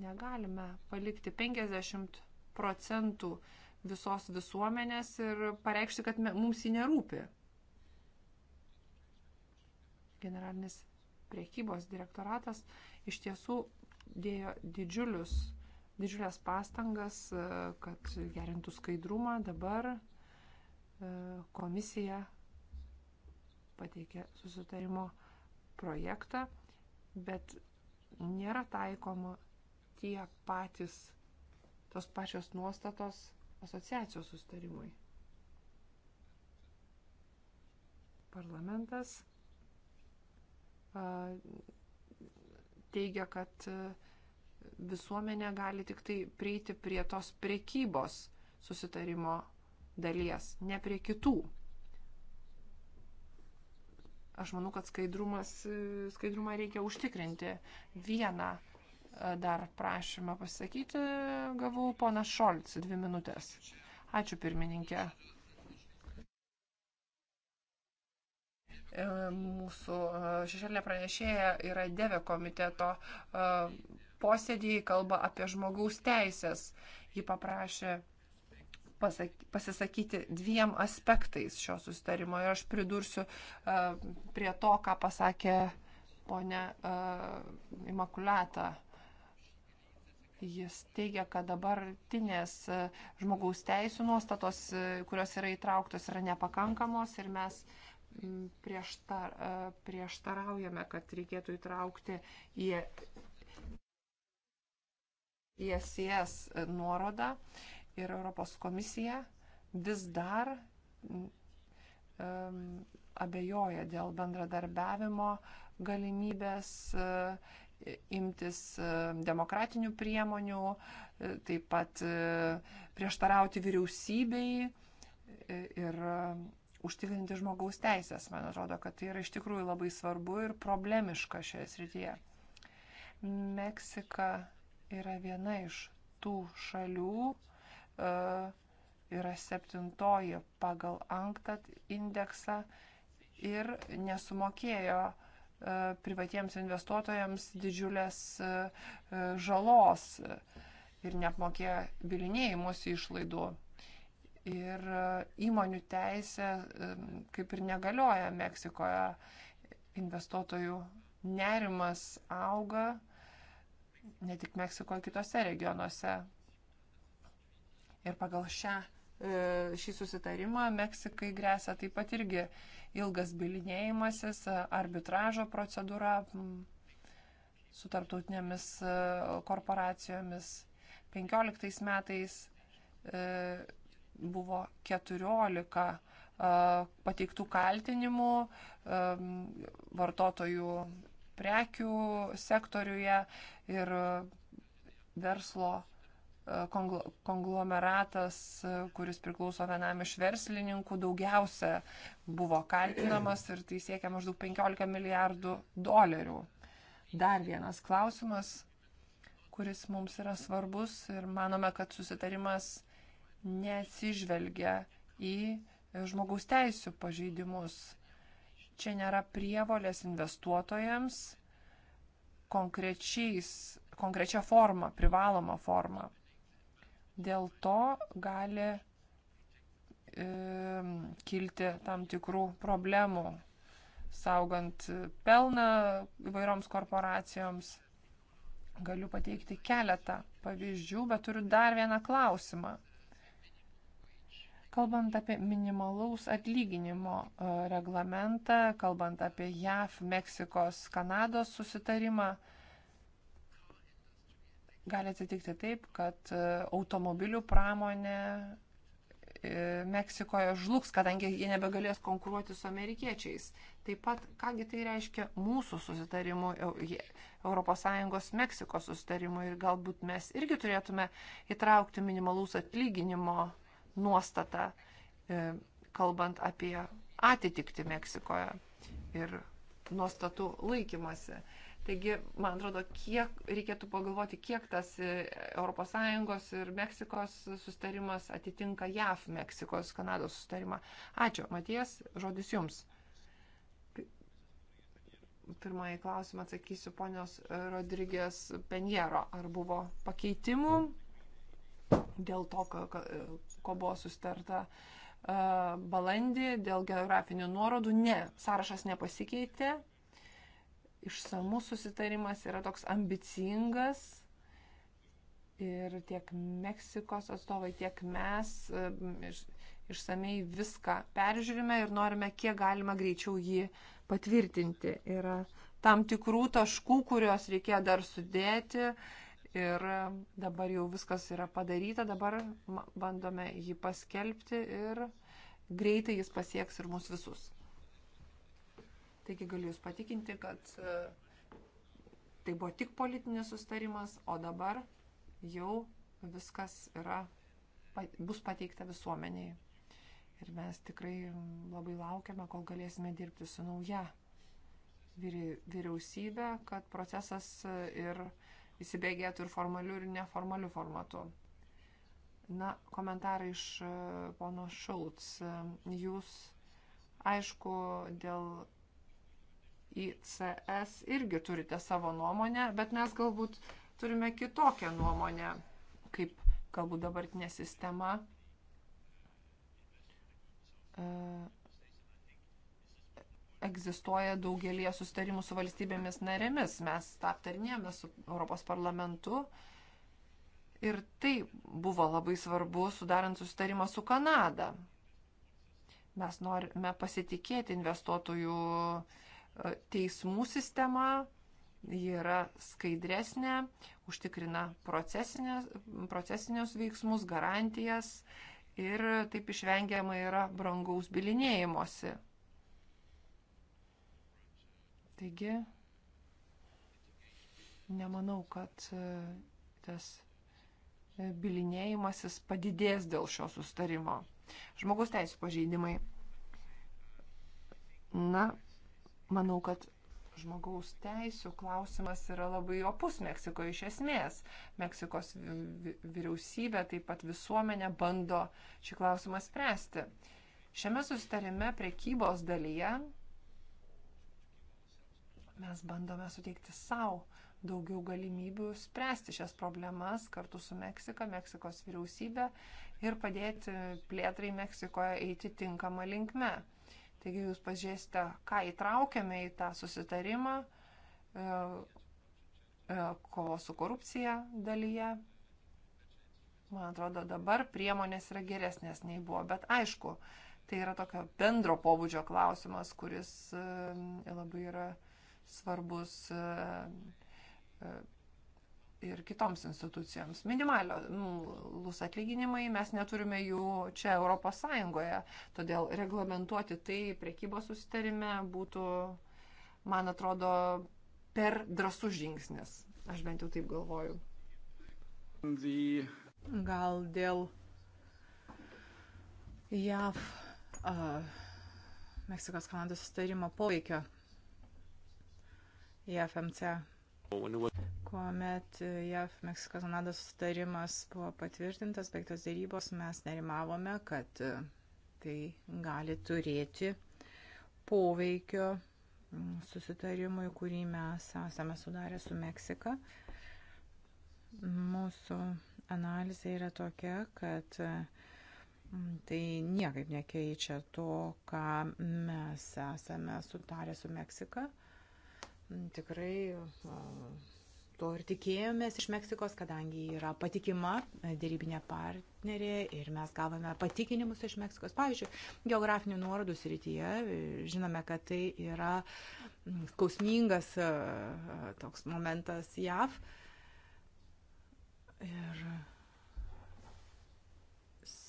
Negalime palikti 50 procentų visos visuomenės ir pareikšti, kad mums jį nerūpi. Generalinis priekybos direktoratas iš tiesų dėjo didžiulius didžiulės pastangas, e, kad gerintų skaidrumą. Dabar e, komisija pateikė susitarimo projektą, bet nėra taikoma tie patys, tos pačios nuostatos asociacijos sustarimui. Parlamentas e, teigia, kad uh, visuomenė gali tik tai prieiti prie tos priekybos susitarimo dalies, ne prie kitų. Aš manau, kad skaidrumą reikia užtikrinti. Vieną e, dar prašymą pasakyti gavau pona Šolc, dvi minutės. Ačiū pirmininkė. E, mūsų e, šešėlė pranešėja yra Deve komiteto posėdį, kalba apie žmogaus teisės. Ji paprašė pasisakyti dviem aspektais šio sustarimo ir aš pridursiu uh, prie to, ką pasakė ponia uh, e, Imakulata. Jis teigia, kad dabartinės e, žmogaus teisų nuostatos, kurios yra įtrauktos, yra nepakankamos ir mes prieštar, prieštaraujame, kad reikėtų įtraukti į ISIS nuorodą ir Europos komisija vis dar um, abejoja dėl bendradarbiavimo galimybės uh, imtis uh, demokratinių priemonių, uh, taip pat uh, prieštarauti vyriausybei ir uh, užtikrinti žmogaus teisės. Man atrodo, kad tai yra iš tikrųjų labai svarbu ir problemiška šioje srityje. Meksika yra viena iš tų šalių, e, yra septintoji pagal Anktat indeksą ir nesumokėjo e, privatiems investuotojams didžiulės e, žalos ir neapmokėjo bilinėjimuose išlaidų. Ir įmonių teisė kaip ir negalioja Meksikoje. Investuotojų nerimas auga, ne tik Meksikoje, kitose regionuose. Ir pagal šią, e, šį susitarimą Meksikai grėsia taip pat irgi ilgas bilinėjimasis, e, arbitražo procedūra su tarptautinėmis e, korporacijomis. 15 metais buvo 14 pateiktų kaltinimų vartotojų prekių sektoriuje ir verslo e, konglomeratas, e, kuris priklauso vienam iš verslininkų, daugiausia buvo kaltinamas ir tai siekia maždaug 15 milijardų dolerių. Dar vienas klausimas, kuris mums yra svarbus ir manome, kad susitarimas neatsižvelgia į žmogaus teisų pažeidimus. Čia nėra prievolės investuotojams konkrečia forma, privaloma forma. Dėl to gali e, kilti tam tikrų problemų, saugant pelną įvairioms korporacijoms. Galiu pateikti keletą pavyzdžių, bet turiu dar vieną klausimą. Kalbant apie minimalaus atlyginimo e, reglamentą, kalbant apie JAV, Meksikos, Kanados susitarimą, gali atsitikti taip, kad e, automobilių pramonė e, Meksikoje žlugs, kadangi jie nebegalės konkuruoti su amerikiečiais. Taip pat, kągi tai reiškia mūsų susitarimų, ES Meksikos susitarimų ir galbūt mes irgi turėtume įtraukti minimalaus atlyginimo nuostatą, e, kalbant apie atitikti Meksikoje ir nuostatų laikymasi. Taigi, man atrodo, kiek reikėtų pagalvoti, kiek tas ES ir Meksikos sustarimas atitinka JAF, Meksikos, Kanados sustarimą. Ačiū, Matijas, žodis Jums. Pirmąjį klausimą atsakysiu ponios Rodrygės Penjero. Ar buvo pakeitimų? Mm dėl to, ko buvo sustarta e, balandį, dėl geografinių nuorodų. Ne, sąrašas nepasikeitė. Išsamus susitarimas yra toks ambicingas. Ir tiek Meksikos atstovai, tiek mes e, išsamei viską peržiūrime ir norime kiek galima greičiau jį patvirtinti. Yra tam tikrų taškų, kuriuos reikėjo dar sudėti Ir dabar jau viskas yra padaryta, dabar bandome jį paskelbti ir greitai jis pasieks ir mus visus. Taigi galiu Jūs patikinti, kad e, tai buvo tik politinis sustarimas, o dabar jau viskas yra, bus pateikta visuomeniai. Ir mes tikrai labai laukiame, kol galėsime dirbti su nauja vyriausybė, kad procesas ir įsibėgėtų ir formaliu, ir neformaliu formatu. Na, komentarai iš e, pono Šulc. E, jūs, aišku, dėl ICS irgi turite savo nuomonę, bet mes galbūt turime kitokią nuomonę, kaip galbūt dabartinė sistema e, egzistuoja daugelie sustarimų su valstybėmis narėmis. Mes tą aptarnėjome su Europos parlamentu. Ir tai buvo labai svarbu sudarant sustarimą su Kanada. Mes norime pasitikėti investuotojų e, teismų sistema, ji yra skaidresnė, užtikrina procesinius veiksmus, garantijas ir taip išvengiama yra brangaus bilinėjimosi. Taigi, nemanau, kad e, tas e, bilinėjimasis padidės dėl šio sustarimo. Žmogus teisų pažeidimai. Na, manau, kad žmogaus teisų klausimas yra labai opus Meksikoje iš esmės. Meksikos vyriausybė, taip pat visuomenė bando šį klausimą spręsti. Šiame sustarime prekybos dalyje mes bandome suteikti savo daugiau galimybių spręsti šias problemas kartu su Meksika, Meksikos vyriausybė ir padėti plėtrai Meksikoje eiti tinkamą linkmę. Taigi jūs pažiūrėsite, ką įtraukėme į tą susitarimą e, e, kovo su korupcija dalyje. Man atrodo, dabar priemonės yra geresnės nei buvo, bet aišku, tai yra tokio bendro pobūdžio klausimas, kuris e, labai yra svarbus e, e, ir kitoms institucijoms. Minimalus nu, atlyginimai, mes neturime jų čia Europos Sąjungoje, todėl reglamentuoti tai priekybos susitarime būtų, man atrodo, per drasus žingsnis. Aš bent jau taip galvoju. Gal dėl JAV uh, Meksikos kanados susitarimo poveikio JFMC. Kuomet JAV Meksikos Kanados sutarimas buvo patvirtintas, baigtos dėrybos, mes nerimavome, kad e, tai gali turėti poveikio susitarimui, kurį mes esame sudarę su Meksika. Mūsų analizė yra tokia, kad e, tai niekaip nekeičia to, ką mes esame sutarę su Meksika. Tikrai to ir tikėjomės iš Meksikos, kadangi yra patikima dėrybinė partnerė ir mes gavome patikinimus iš Meksikos. Pavyzdžiui, geografinių nuorodų srityje e, žinome, kad tai yra skausmingas toks momentas JAV. Ir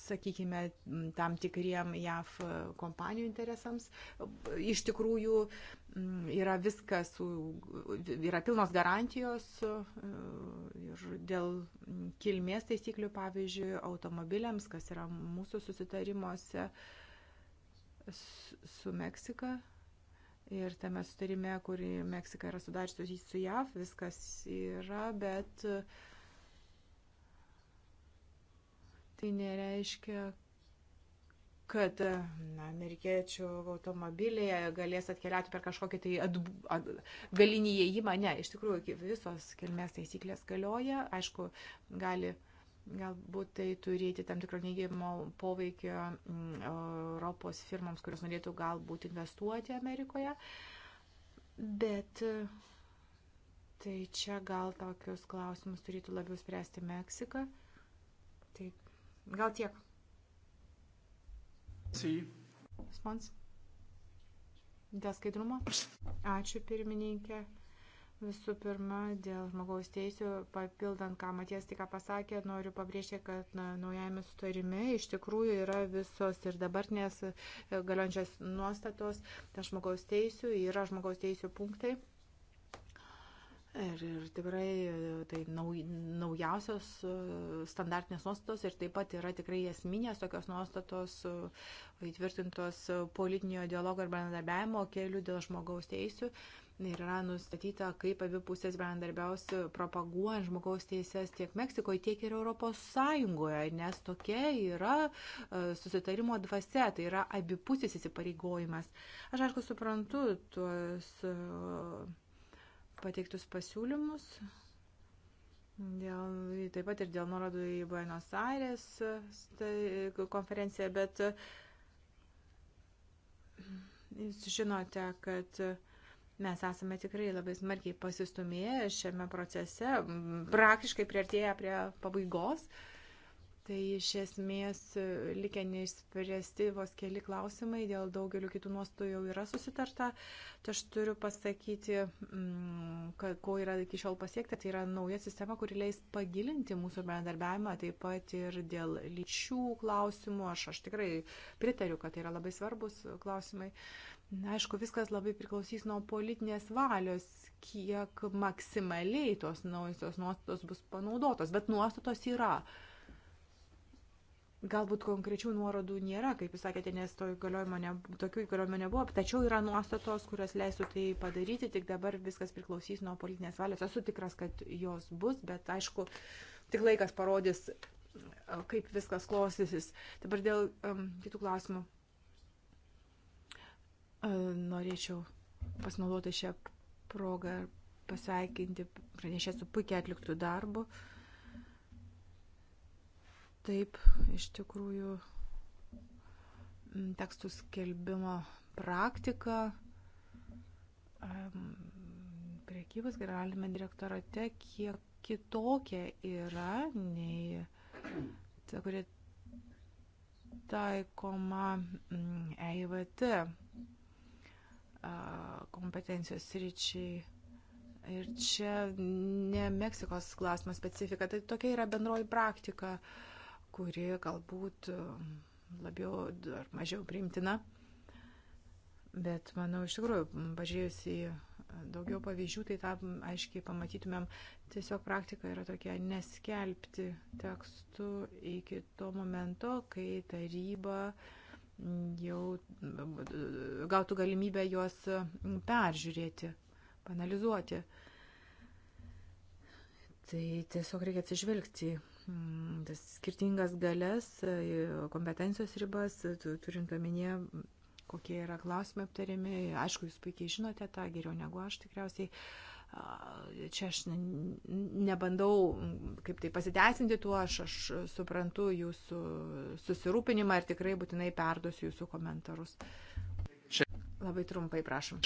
sakykime, tam tikriem JAV e, kompanijų interesams. Iš tikrųjų yra viskas, yra pilnos garantijos e, ir dėl kilmės taisyklių, pavyzdžiui, automobiliams, kas yra mūsų susitarimuose su Meksika. Ir tame sutarime, kurį Meksika yra sudariusi su JAV, viskas yra, bet uh, tai nereiškia, kad na, amerikiečių automobiliai galės atkeliauti per kažkokį tai at, at, galinį įėjimą. Ne, iš tikrųjų visos kilmės taisyklės galioja. Aišku, gali galbūt tai turėti tam tikro neigiamo poveikio mm, Europos firmoms, kurios norėtų galbūt investuoti Amerikoje. Bet tai čia gal tokius klausimus turėtų labiau spręsti Meksika. Taip Gal tiek. Spons. Dėl skaidrumo. Ačiū pirmininkė. Visų pirma, dėl žmogaus teisų, papildant, ką Matės tik pasakė, noriu pabrėžti, kad na, naujame sutarime iš tikrųjų yra visos ir dabartinės e, galiojančios nuostatos, ten žmogaus teisų yra žmogaus teisų punktai Ir, ir tikrai e, tai nauj, naujausios e, standartinės nuostatos ir taip pat yra tikrai esminės tokios nuostatos e, įtvirtintos politinio dialogo ir bendradarbiavimo keliu dėl žmogaus teisių. Ir yra nustatyta, kaip abi pusės bendarbiaus propaguojant žmogaus teises tiek Meksikoje, tiek ir Europos Sąjungoje, nes tokia yra susitarimo dvasia, tai yra abipusis įsipareigojimas. Aš aišku suprantu tuos. Uh, pateiktus pasiūlymus, dėl, taip pat ir dėl nuorodų į Buenos Aires tai, konferenciją, bet jūs žinote, kad mes esame tikrai labai smarkiai pasistumėję šiame procese, praktiškai priartėję prie pabaigos. Uh, Tai iš esmės e, likę neišspręsti vos keli klausimai, dėl daugelių kitų nuostų jau yra susitarta. Tai aš turiu pasakyti, mm, kad, ko yra iki šiol pasiekta, tai yra nauja sistema, kuri leis pagilinti mūsų bendarbiavimą, taip pat ir dėl lyčių klausimų. Aš, aš tikrai pritariu, kad tai yra labai svarbus klausimai. Na, aišku, viskas labai priklausys nuo politinės valios, kiek maksimaliai tos naujusios nuostatos bus panaudotos, bet nuostatos yra. Uh, Galbūt konkrečių nuorodų nėra, kaip jūs sakėte, nes to įgaliojimo ne, tokių įgaliojimų nebuvo, tačiau yra nuostatos, kurios leistų tai padaryti, tik dabar viskas priklausys nuo politinės valios. Esu tikras, kad jos bus, bet aišku, tik laikas parodys, kaip viskas klostysis. Dabar dėl um, kitų klausimų. Uh, norėčiau pasinaudoti šią progą ir pasveikinti pranešę su puikiai atliktų darbų. Uh, Taip, iš tikrųjų, mm, tekstų skelbimo praktika priekybos generalinėme direktorate kiek kitokia yra nei ta, kuri taikoma mm, EIVT kompetencijos ryčiai. Ir čia ne Meksikos klausimas specifika, tai tokia yra bendroji praktika. Uh, kuri galbūt mm, labiau ar mažiau priimtina. Bet, manau, iš tikrųjų, mm, pažiūrėjus į e, daugiau pavyzdžių, tai tą mm, aiškiai pamatytumėm. Tiesiog praktika yra tokia neskelbti tekstų iki to momento, kai taryba jau gautų galimybę juos peržiūrėti, panalizuoti. Tai tiesiog reikia atsižvelgti Mm, tas skirtingas galės, e, kompetencijos ribas, e, turint omenyje, kokie yra klausimai aptariami. Aišku, jūs puikiai žinote tą, geriau negu aš tikriausiai. Čia aš nebandau mm, kaip tai pasiteisinti tuo, aš, aš suprantu jūsų susirūpinimą ir tikrai būtinai perduosiu jūsų komentarus. Labai trumpai, prašom.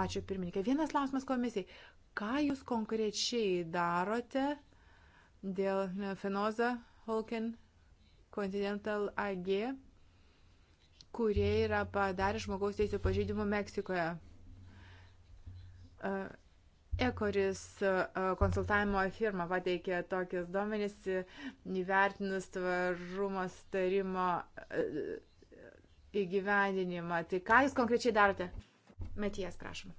Ačiū pirmininkė. Vienas klausimas komisijai. Ką jūs konkrečiai darote dėl Fenoza Holken Continental AG, kurie yra padarę žmogaus teisų pažeidimų Meksikoje. Uh, Ekoris uh, konsultavimo firma pateikė tokius duomenys, įvertinus tvarumo starimo uh, įgyvendinimą. Tai ką jūs konkrečiai darote? Matijas, prašom.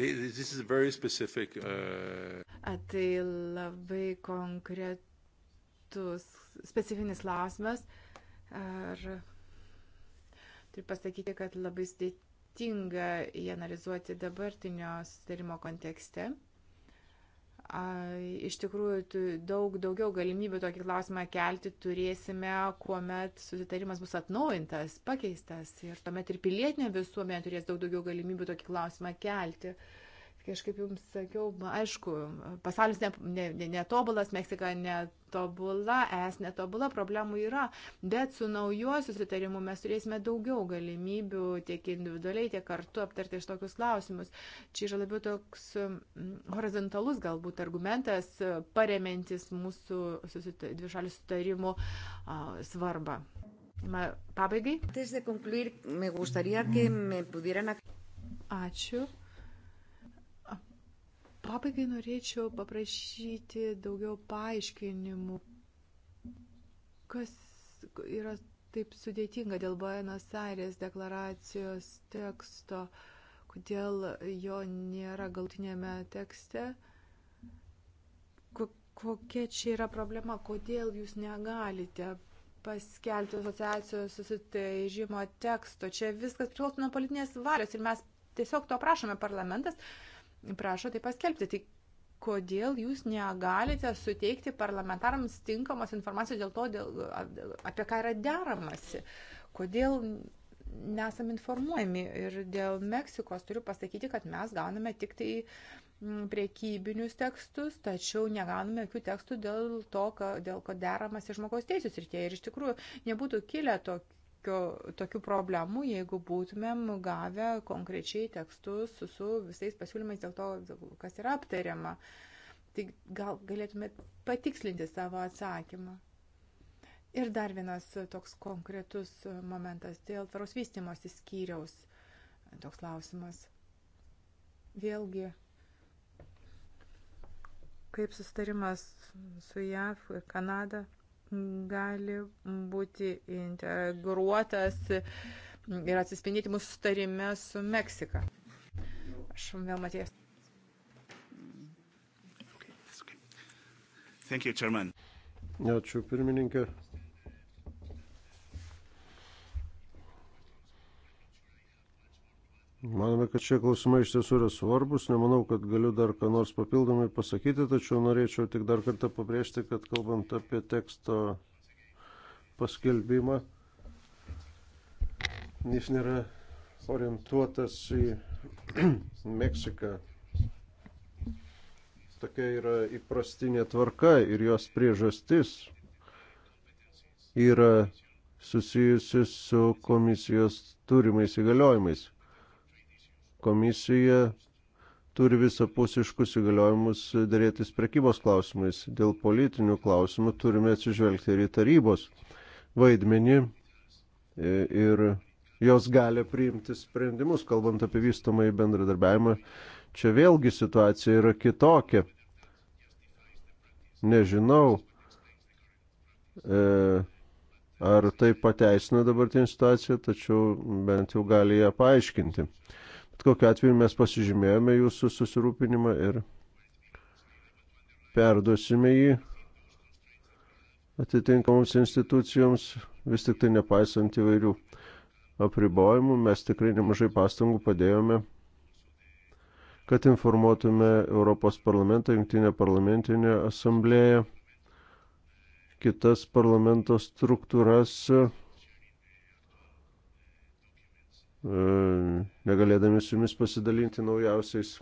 They, this is very specific. Uh... A, tai labai konkretus, specifinis klausimas. Ar turiu pasakyti, kad labai sudėtinga jį analizuoti dabartinio sutarimo kontekste. Iš tikrųjų, daug daugiau galimybių tokį klausimą kelti turėsime, kuomet susitarimas bus atnaujintas, pakeistas. Ir tuomet ir pilietinė visuomenė turės daug daugiau galimybių tokį klausimą kelti. Uh, Kažkaip jums sakiau, aišku, pasaulis netobulas, ne, ne, ne Meksika netobula, es netobula, problemų yra, bet su naujuoju susitarimu mes turėsime daugiau galimybių tiek individualiai, tiek kartu aptarti iš tokius klausimus. Čia yra labiau toks horizontalus galbūt argumentas, paremintis mūsų susita, dvišalių susitarimų svarbą. Pabaigai. Ačiū. Pabaigai norėčiau paprašyti daugiau paaiškinimų, kas yra taip sudėtinga dėl Buenos Aires deklaracijos teksto, kodėl jo nėra galtinėme tekste, kokia čia yra problema, kodėl jūs negalite paskelbti asociacijos susitažimo teksto. Čia viskas priklauso nuo politinės valios ir mes tiesiog to prašome parlamentas prašo tai paskelbti. Tai kodėl jūs negalite suteikti parlamentarams tinkamos informacijos dėl to, dėl, apie ką yra deramasi? Kodėl nesam informuojami? Ir dėl Meksikos turiu pasakyti, kad mes gauname tik tai mm, priekybinius tekstus, tačiau negauname jokių tekstų dėl to, ka, dėl ko deramasi žmogaus teisės ir tie. Ir iš tikrųjų nebūtų kilę tokių tokio, tokių problemų, jeigu būtumėm gavę konkrečiai tekstus su, su visais pasiūlymais dėl to, kas yra aptariama. Tai gal galėtumėt patikslinti savo atsakymą. Ir dar vienas toks konkretus momentas dėl tvaros vystimosi skyriaus. Toks klausimas. Vėlgi, kaip sustarimas su JAV ir Kanada gali būti integruotas ir atsispindėti mūsų sutarime su Meksika. Aš vėl matės. Okay, okay. Thank you, Chairman. Ačiū pirmininkė. Manome, kad šie klausimai iš tiesų yra svarbus. Nemanau, kad galiu dar ką nors papildomai pasakyti, tačiau norėčiau tik dar kartą pabrėžti, kad kalbant apie teksto paskelbimą, jis nėra orientuotas į [CLEARS THROAT] Meksiką. Tokia yra įprastinė tvarka ir jos priežastis yra susijusi su komisijos turimais įgaliojimais. Komisija turi visapusiškus įgaliojimus dėrėtis prekybos klausimais. Dėl politinių klausimų turime atsižvelgti ir į tarybos vaidmenį e, ir jos gali priimti sprendimus, kalbant apie vystomą į bendradarbiavimą. Čia vėlgi situacija yra kitokia. Nežinau, e, ar tai pateisina dabartinį situaciją, tačiau bent jau gali ją paaiškinti kokiu atveju mes pasižymėjome jūsų susirūpinimą ir perduosime jį atitinkamoms institucijoms, vis tik tai nepaisant įvairių apribojimų, mes tikrai nemažai pastangų padėjome, kad informuotume Europos parlamentą, Junktinę parlamentinę asamblėją, kitas parlamento struktūras E, negalėdami su jumis pasidalinti naujausiais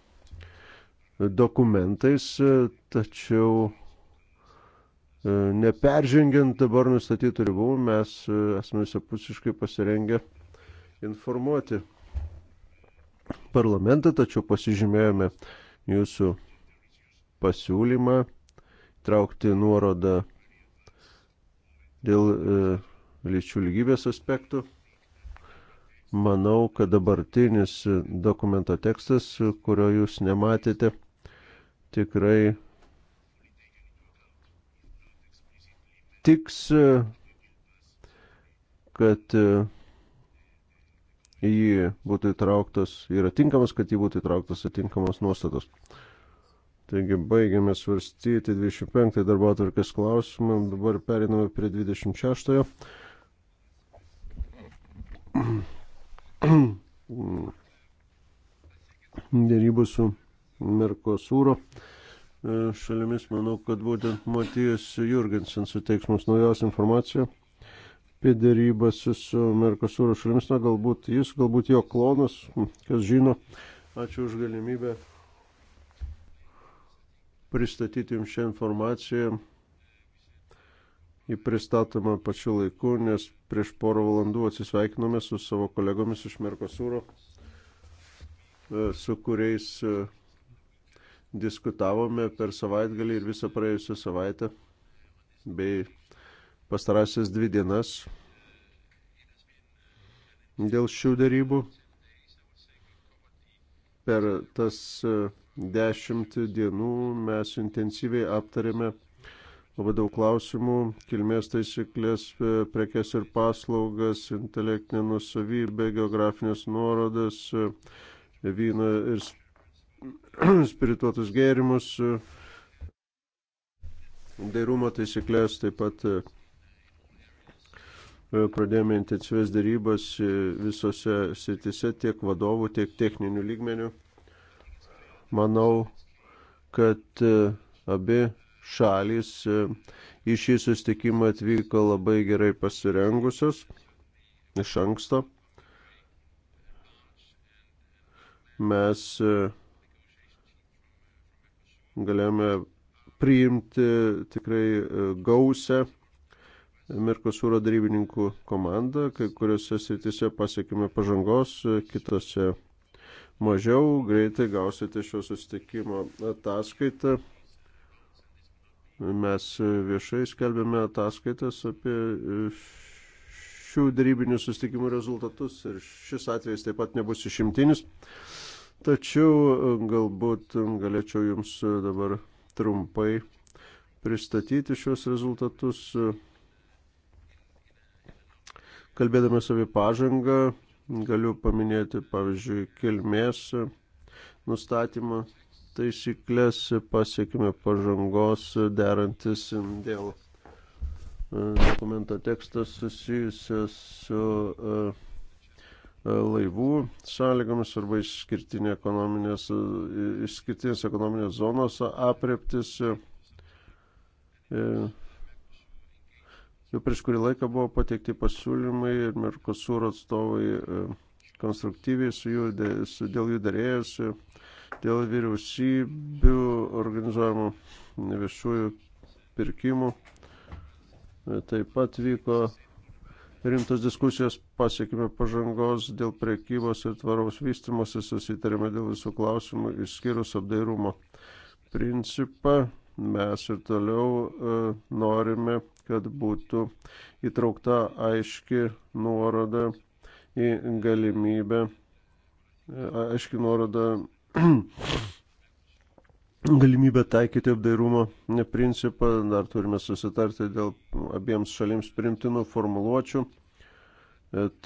dokumentais, e, tačiau e, neperžengiant dabar nustatytų ribų, mes esame visapusiškai pasirengę informuoti parlamentą, tačiau pasižymėjome jūsų pasiūlymą traukti nuorodą dėl lyčių lygybės aspektų manau, kad dabartinis dokumento tekstas, kurio jūs nematėte, tikrai tiks, kad į jį būtų įtrauktos, yra tinkamas, kad jį būtų įtrauktos atitinkamos nuostatos. Taigi baigiame svarstyti 25 darbo atvarkės klausimą, dabar periname prie 26. -ojo. [CLEARS THROAT] dėrybų su Merkosūro e, šalimis. Manau, kad būtent Matijas Jurgensen suteiks mums naujausią informaciją apie dėrybas su Merkosūro šalimis. Na, galbūt jis, galbūt jo klonas, kas žino. Ačiū už galimybę pristatyti jums šią informaciją ji pristatoma pačiu laiku, nes prieš porą valandų atsisveikinome su savo kolegomis iš Merkosūro, e, su kuriais e, diskutavome per savaitgalį ir visą praėjusią savaitę bei pastarąsias dvi dienas dėl šių darybų. Per tas e, dešimt dienų mes intensyviai aptarėme labai daug klausimų, kilmės taisyklės, e, prekes ir paslaugas, intelektinė nusavybė, geografinės nuorodas, e, vyną ir [CLEARS THROAT] spirituotus gėrimus, e, dairumo taisyklės, taip pat pradėjome intensyves darybas visose sritise tiek vadovų, tiek techninių lygmenių. Manau, kad abi šalys e, į šį sustikimą atvyko labai gerai pasirengusios iš anksto. Mes e, galėjome priimti tikrai e, gausią Mirkosūro darybininkų komandą, kai kuriuose sritise pasiekime pažangos, kitose mažiau. Greitai gausite šio sustikimo ataskaitą. Mes viešai skelbėme ataskaitas apie e, šių darybinių sustikimų rezultatus ir šis atvejs taip pat nebus išimtinis. Tačiau e, galbūt galėčiau Jums e, dabar trumpai pristatyti šios rezultatus. Kalbėdamas apie pažangą, galiu paminėti, pavyzdžiui, kilmės nustatymą taisyklės pasiekime pažangos derantis dėl e, dokumento tekstas susijusios su e, e, laivų sąlygomis arba išskirtinė ekonominės, išskirtinės ekonominės zonos apreptis. Jau prieš kurį laiką buvo pateikti pasiūlymai ir Merkosūro atstovai konstruktyviai su jų, su dėl jų darėjosi dėl vyriausybių organizuojamų viešųjų pirkimų. Taip pat vyko rimtos diskusijos, pasiekime pažangos dėl prekybos ir tvaraus vystimosi, susitarėme dėl visų klausimų, išskyrus apdairumo principą. Mes ir toliau e, norime, kad būtų įtraukta aiški nuoroda į galimybę, e, aiški nuoroda [CLEARS THROAT] galimybę taikyti apdairumo principą, dar turime susitarti dėl abiems šalims primtinų formuluočių. E,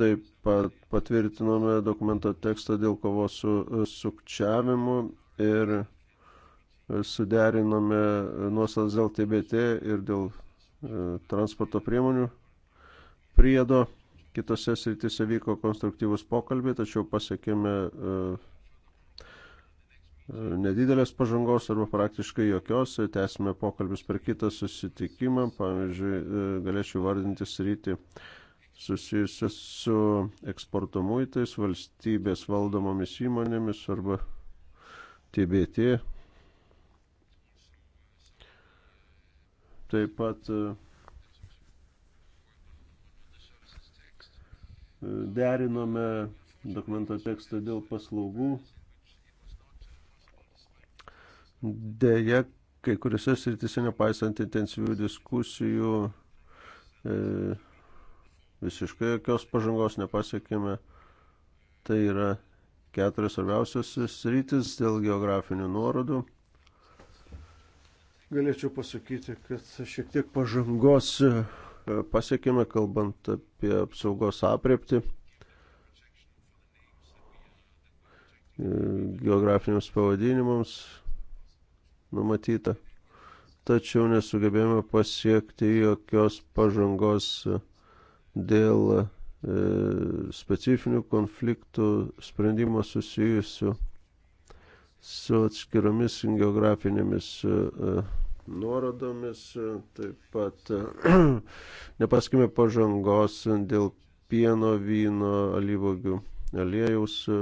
taip pat patvirtinome dokumento tekstą dėl kovos su e, sukčiavimu ir e, suderinome nuostatas dėl TBT ir dėl transporto priemonių priedo. Kitose srityse vyko konstruktyvus pokalbiai, tačiau pasiekėme uh, nedidelės pažangos arba praktiškai jokios. Tęsime pokalbius per kitą susitikimą. Pavyzdžiui, e, galėčiau vardinti sritį susijusias su eksporto muitais, valstybės valdomomis įmonėmis arba TBT. Taip pat e, derinome dokumento tekstą dėl paslaugų Deja, kai kuriuose sritise, nepaisant intensyvių diskusijų, e, visiškai jokios pažangos nepasiekėme. Tai yra keturios svarbiausios sritis dėl geografinių nuorodų. Galėčiau pasakyti, kad šiek tiek pažangos e, pasiekėme, kalbant apie apsaugos apriepti. E, geografiniams pavadinimams numatyta, tačiau nesugebėjome pasiekti jokios pažangos dėl e, specifinių konfliktų sprendimo susijusių su atskiromis geografinėmis e, nuorodomis, taip pat [CLEARS THROAT] nepaskime pažangos dėl pieno, vyno, alyvogių, aliejaus e,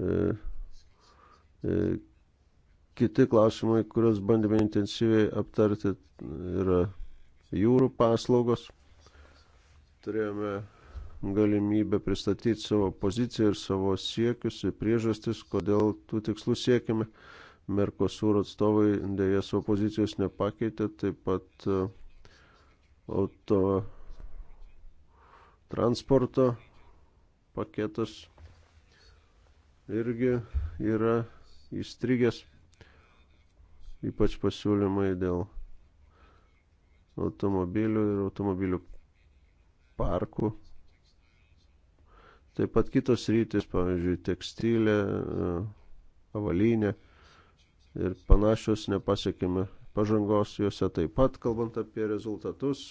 e, Kiti klausimai, kuriuos bandėme intensyviai aptarti, yra jūrų paslaugos. Turėjome galimybę pristatyti savo poziciją ir savo siekius ir priežastis, kodėl tų tikslų siekime. Merkosūro atstovai dėja savo pozicijos nepakeitė, taip pat e, auto transporto paketas irgi yra įstrigęs ypač pasiūlymai dėl automobilių ir automobilių parkų. Taip pat kitos rytis, pavyzdžiui, tekstilė, e, avalynė ir panašios nepasiekime pažangos juose taip pat, kalbant apie rezultatus.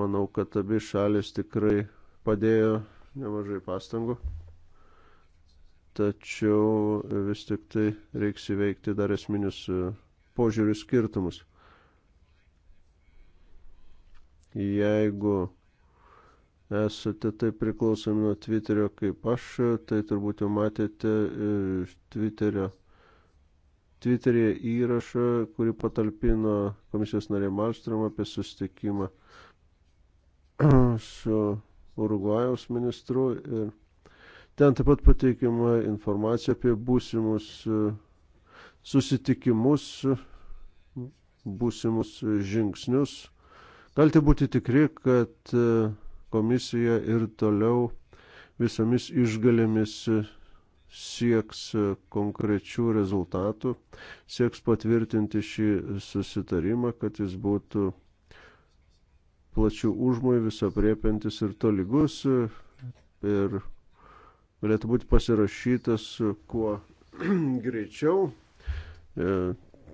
Manau, kad abi šalis tikrai padėjo nemažai pastangų tačiau e, vis tik tai reiks įveikti dar esminius e, požiūrių skirtumus. Jeigu esate taip priklausomi nuo Twitterio kaip aš, tai turbūt jau matėte e, Twitterio. Twitter'e įrašą, kurį patalpino komisijos narė Malstrom apie sustikimą [CLEARS THROAT] su Urugvajaus ministru ir Ten taip pat pateikiama informacija apie būsimus e, susitikimus, būsimus žingsnius. Galite būti tikri, kad e, komisija ir toliau visomis išgalėmis e, sieks konkrečių rezultatų, sieks patvirtinti šį susitarimą, kad jis būtų plačių užmojų, visapriepintis ir tolygus. Ir galėtų būti pasirašytas kuo [CLEARS THROAT] greičiau. E,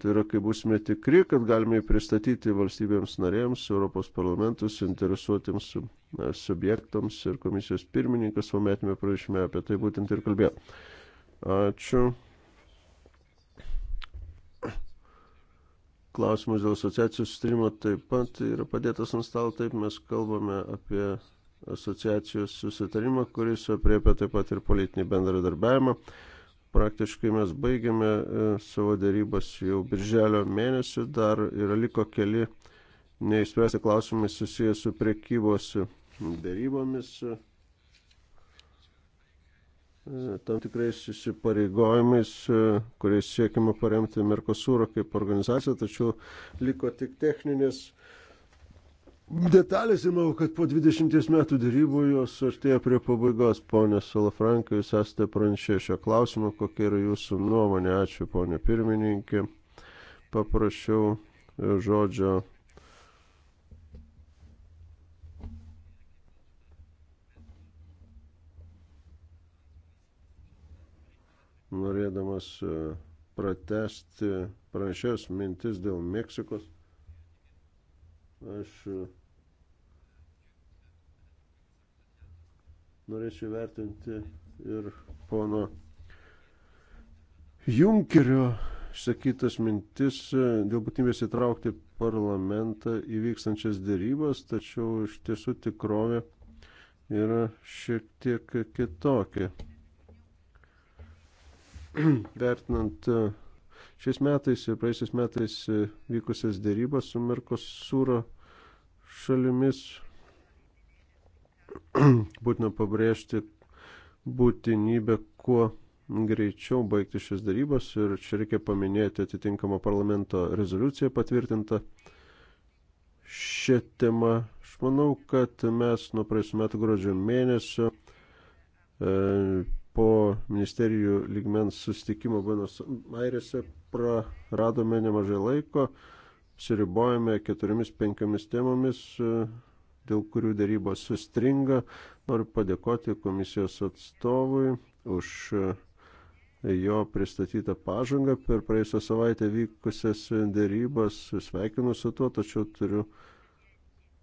tai yra, kai būsime tikri, kad galime jį pristatyti valstybėms narėms, Europos parlamentus, interesuotiems e, subjektams ir komisijos pirmininkas, o metime pranešime apie tai būtent ir kalbėjo. Ačiū. Klausimas dėl asociacijos sustrimo taip pat yra padėtas ant stalo, taip mes kalbame apie asociacijos susitarimą, kuris apriepia taip pat ir politinį bendradarbiavimą. Praktiškai mes baigėme e, savo dėrybas jau birželio mėnesį, dar yra liko keli neįspręsti klausimai susijęs su priekybos dėrybomis, e, tam tikrais įsipareigojimais, e, kuriais siekime paremti Merkosūrą kaip organizaciją, tačiau liko tik techninės detalės ir manau, kad po 20 metų dėrybų jos artėja prie pabaigos. Pone Salafrankai, jūs esate pranešę šio klausimo, kokia yra jūsų nuomonė. Ačiū, ponė pirmininkė. Paprašiau e, žodžio. Norėdamas e, pratesti pranešėjos mintis dėl Meksikos, aš e, norėčiau vertinti ir pono Junkerio išsakytas mintis dėl būtinybės įtraukti parlamentą įvykstančias dėrybas, tačiau iš tiesų tikrovė yra šiek tiek kitokia. Vertinant eh, šiais metais ir praeisiais metais eh, vykusias dėrybas su Merkosūro šalimis [CLEARS THROAT] būtina pabrėžti būtinybę kuo greičiau baigti šias darybas ir čia reikia paminėti atitinkamą parlamento rezoliuciją patvirtintą šią temą. Aš manau, kad mes nuo praėjusiu metu gruodžio mėnesio e, po ministerijų lygmens sustikimo Buenos Airėse praradome nemažai laiko, siribojame keturiomis penkiomis temomis. E, dėl kurių darybos sustringa. Noriu padėkoti komisijos atstovui už e, jo pristatytą pažangą per praėjusią savaitę vykusias darybas. Sveikinu su tuo, tačiau turiu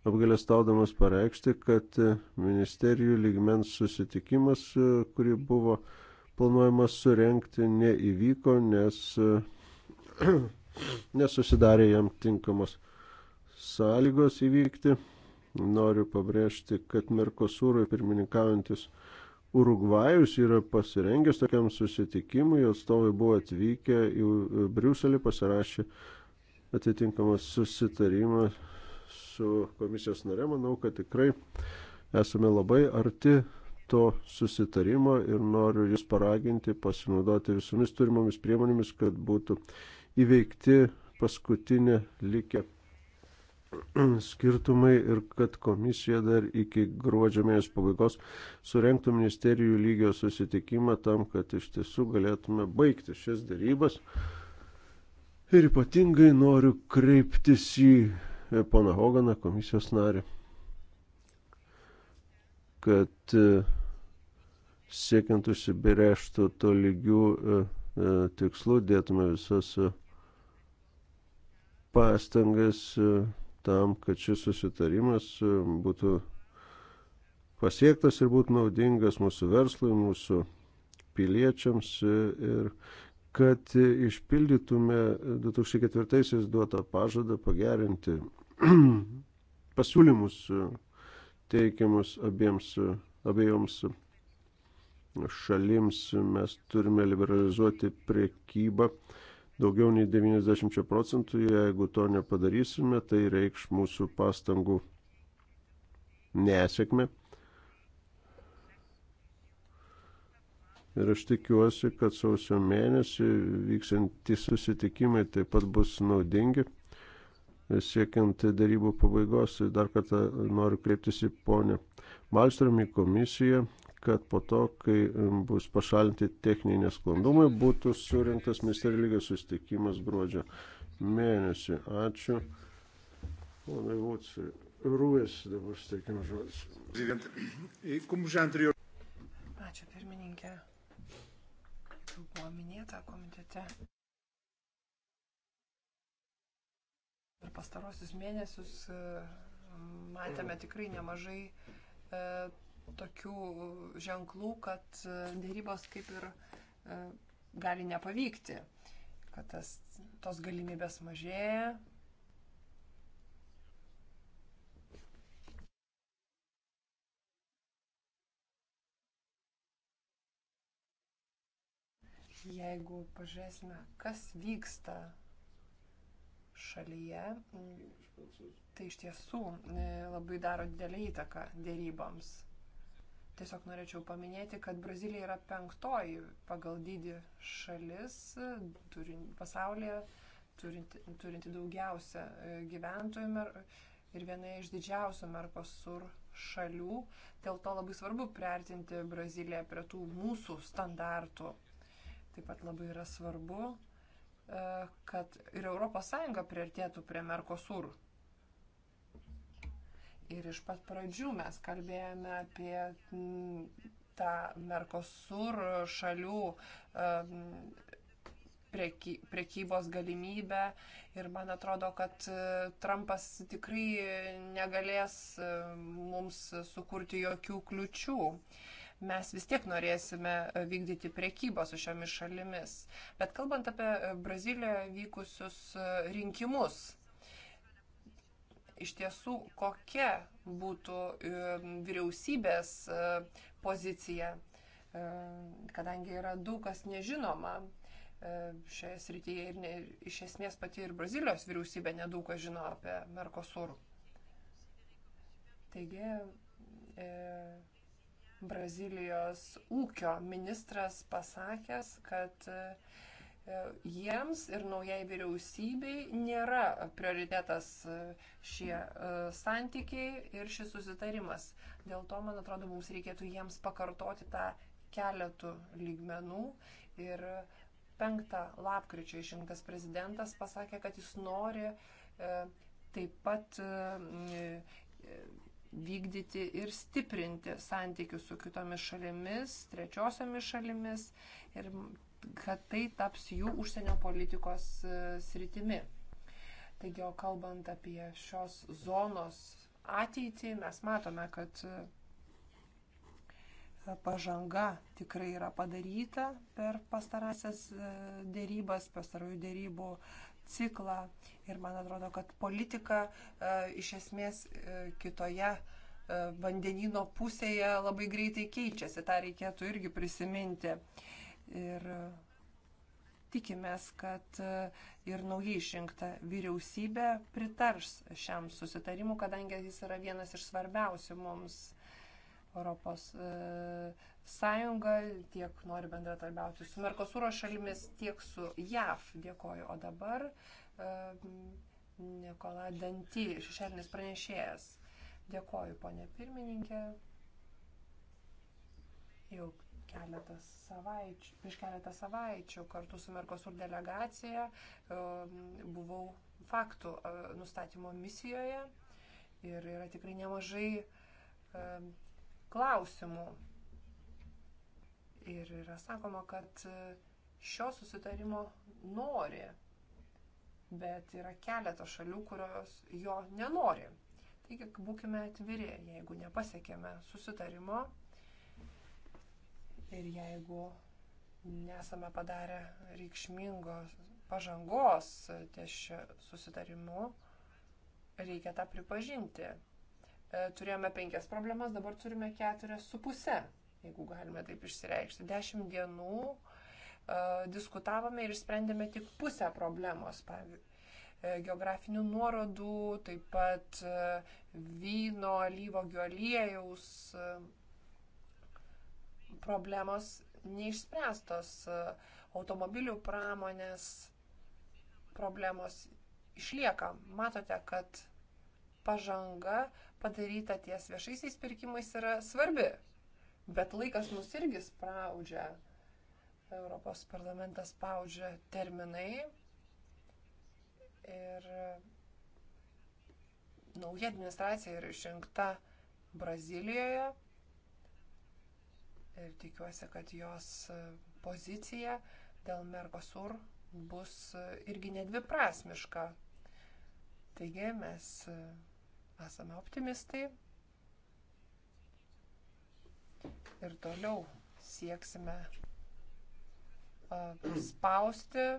apgalėstaudamas pareikšti, kad e, ministerijų lygmens susitikimas, e, kurį buvo planuojamas surenkti, neįvyko, nes [CLEARS THROAT] nesusidarė jam tinkamos sąlygos įvykti. Noriu pabrėžti, kad Merkosūrui pirmininkaujantis Urugvajus yra pasirengęs tokiam susitikimui, atstovai buvo atvykę į Briuselį, pasirašė atitinkamą susitarimą su komisijos nare. Manau, kad tikrai esame labai arti to susitarimo ir noriu Jūs paraginti pasinaudoti visomis turimomis priemonėmis, kad būtų įveikti paskutinė likę skirtumai ir kad komisija dar iki gruodžio mėnesio pabaigos surenktų ministerijų lygio susitikimą tam, kad iš tiesų galėtume baigti šias darybas. Ir ypatingai noriu kreiptis į e, poną Hoganą, komisijos narį, kad e, siekiant užsibrėžtų to lygių e, tikslų dėtume visas pastangas tam, kad šis susitarimas e, būtų pasiektas ir būtų naudingas mūsų verslui, mūsų piliečiams e, ir kad išpildytume 2004-aisiais duotą pažadą pagerinti [CLEARS THROAT] pasiūlymus e, teikiamus abiems, abiejoms šalims. Mes turime liberalizuoti priekybą daugiau nei 90 procentų. Jeigu to nepadarysime, tai reikš mūsų pastangų nesėkmė. Ir aš tikiuosi, kad sausio mėnesį vyksantys susitikimai taip pat bus naudingi siekiant darybų pabaigos, dar kartą noriu kreiptis į ponę Malstrom į komisiją, kad po to, kai bus pašalinti techniniai nesklandumai, būtų surinktas ministerijų lygio susitikimas gruodžio mėnesį. Ačiū. Labai Vutsui. Rūvės dabar suteikiam žodžius. Ačiū pirmininkė. Jau buvo minėta komitete. Per pastarosius mėnesius e, matėme tikrai nemažai e, tokių ženklų, kad e, dėrybos kaip ir e, gali nepavykti, kad tas, tos galimybės mažėja. Jeigu pažiūrėsime, kas vyksta šalyje, tai iš tiesų e, labai daro didelį įtaką dėryboms. Tiesiog norėčiau paminėti, kad Brazilija yra penktoji pagal dydį šalis turin, pasaulyje, turinti, turinti daugiausia e, gyventojų ir viena iš didžiausių Mercosur šalių. Dėl to labai svarbu priartinti Braziliją prie tų mūsų standartų. Taip pat labai yra svarbu, e, kad ir ES priartėtų prie Mercosur Ir iš pat pradžių mes kalbėjome apie tą Merkosur šalių prekybos galimybę ir man atrodo, kad e, Trumpas tikrai negalės e, mums sukurti jokių kliučių mes vis tiek norėsime e, vykdyti priekybą su šiomis šalimis. Bet kalbant apie Brazilijoje vykusius rinkimus, iš tiesų, kokia būtų vyriausybės e, pozicija, e, kadangi yra daug kas nežinoma e, šioje srityje ir ne, iš esmės pati ir Brazilijos vyriausybė nedaug ką žino apie Mercosur. Taigi, e, Brazilijos ūkio ministras pasakęs, kad e, E, jiems ir naujai vyriausybei nėra prioritetas e, šie e, santykiai ir šis susitarimas. Dėl to, man atrodo, mums reikėtų jiems pakartoti tą keletų lygmenų. Ir 5 lapkričio išrinktas prezidentas pasakė, kad jis nori taip pat vykdyti ir stiprinti santykius su kitomis šalimis, trečiosiomis šalimis. Ir kad tai taps jų užsienio politikos e, sritimi. Taigi, o kalbant apie šios zonos ateitį, mes matome, kad e, pažanga tikrai yra padaryta per pastarąsias e, dėrybas, pastarųjų dėrybų ciklą. Ir man atrodo, kad politika iš esmės kitoje vandenino pusėje labai greitai keičiasi. Ta reikėtų irgi prisiminti. Uh, Ir e, tikimės, kad e, ir naujai išrinkta vyriausybė pritars šiam susitarimu, kadangi jis yra vienas iš svarbiausių mums Europos e, Sąjunga, tiek nori bendratarbiauti su Merkosūro šalimis, tiek su JAV. Dėkoju. O dabar Nikola Danty, šešėlinis pranešėjas. Dėkoju, ponė pirmininkė. Jau keletą savaičių, prieš keletą savaičių kartu su Merkosur delegacija um, buvau faktų nustatymo misijoje ir yra tikrai nemažai um, klausimų. Ir yra sakoma, kad e, šio susitarimo nori, bet yra keletas šalių, kurios jo nenori. Taigi būkime atviri, jeigu nepasiekėme susitarimo, Ir jeigu nesame padarę reikšmingos pažangos ties susitarimu, reikia tą pripažinti. E, turėjome penkias problemas, dabar turime keturias su pusė, jeigu galime taip išsireikšti. Dešimt dienų e, diskutavome ir sprendėme tik pusę problemos, pavyzdžiui, e, geografinių nuorodų, taip pat vyno, lyvogių aliejaus problemos neišspręstos, automobilių pramonės problemos išlieka. Matote, kad pažanga padaryta ties viešaisiais pirkimais yra svarbi, bet laikas mus irgi spaudžia. Europos parlamentas spaudžia terminai ir nauja administracija yra išrinkta Brazilijoje ir tikiuosi, kad jos e, pozicija dėl Mercosur bus e, irgi nedviprasmiška. Taigi mes e, esame optimistai ir toliau sieksime spausti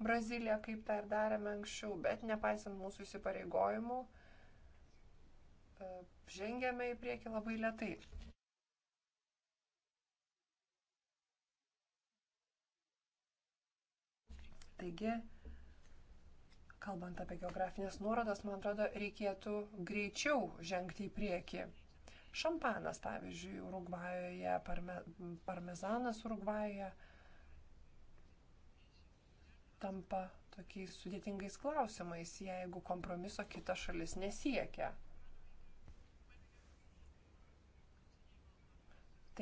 Braziliją, kaip tą ir darėme anksčiau, bet nepaisant mūsų įsipareigojimų, žengėme į priekį labai lietai. Taigi, kalbant apie geografinės nuorodas, man atrodo, reikėtų greičiau žengti į priekį. Šampanas, pavyzdžiui, Urugvajoje, parme, parmezanas Urugvajoje tampa tokiais sudėtingais klausimais, jeigu kompromiso kita šalis nesiekia.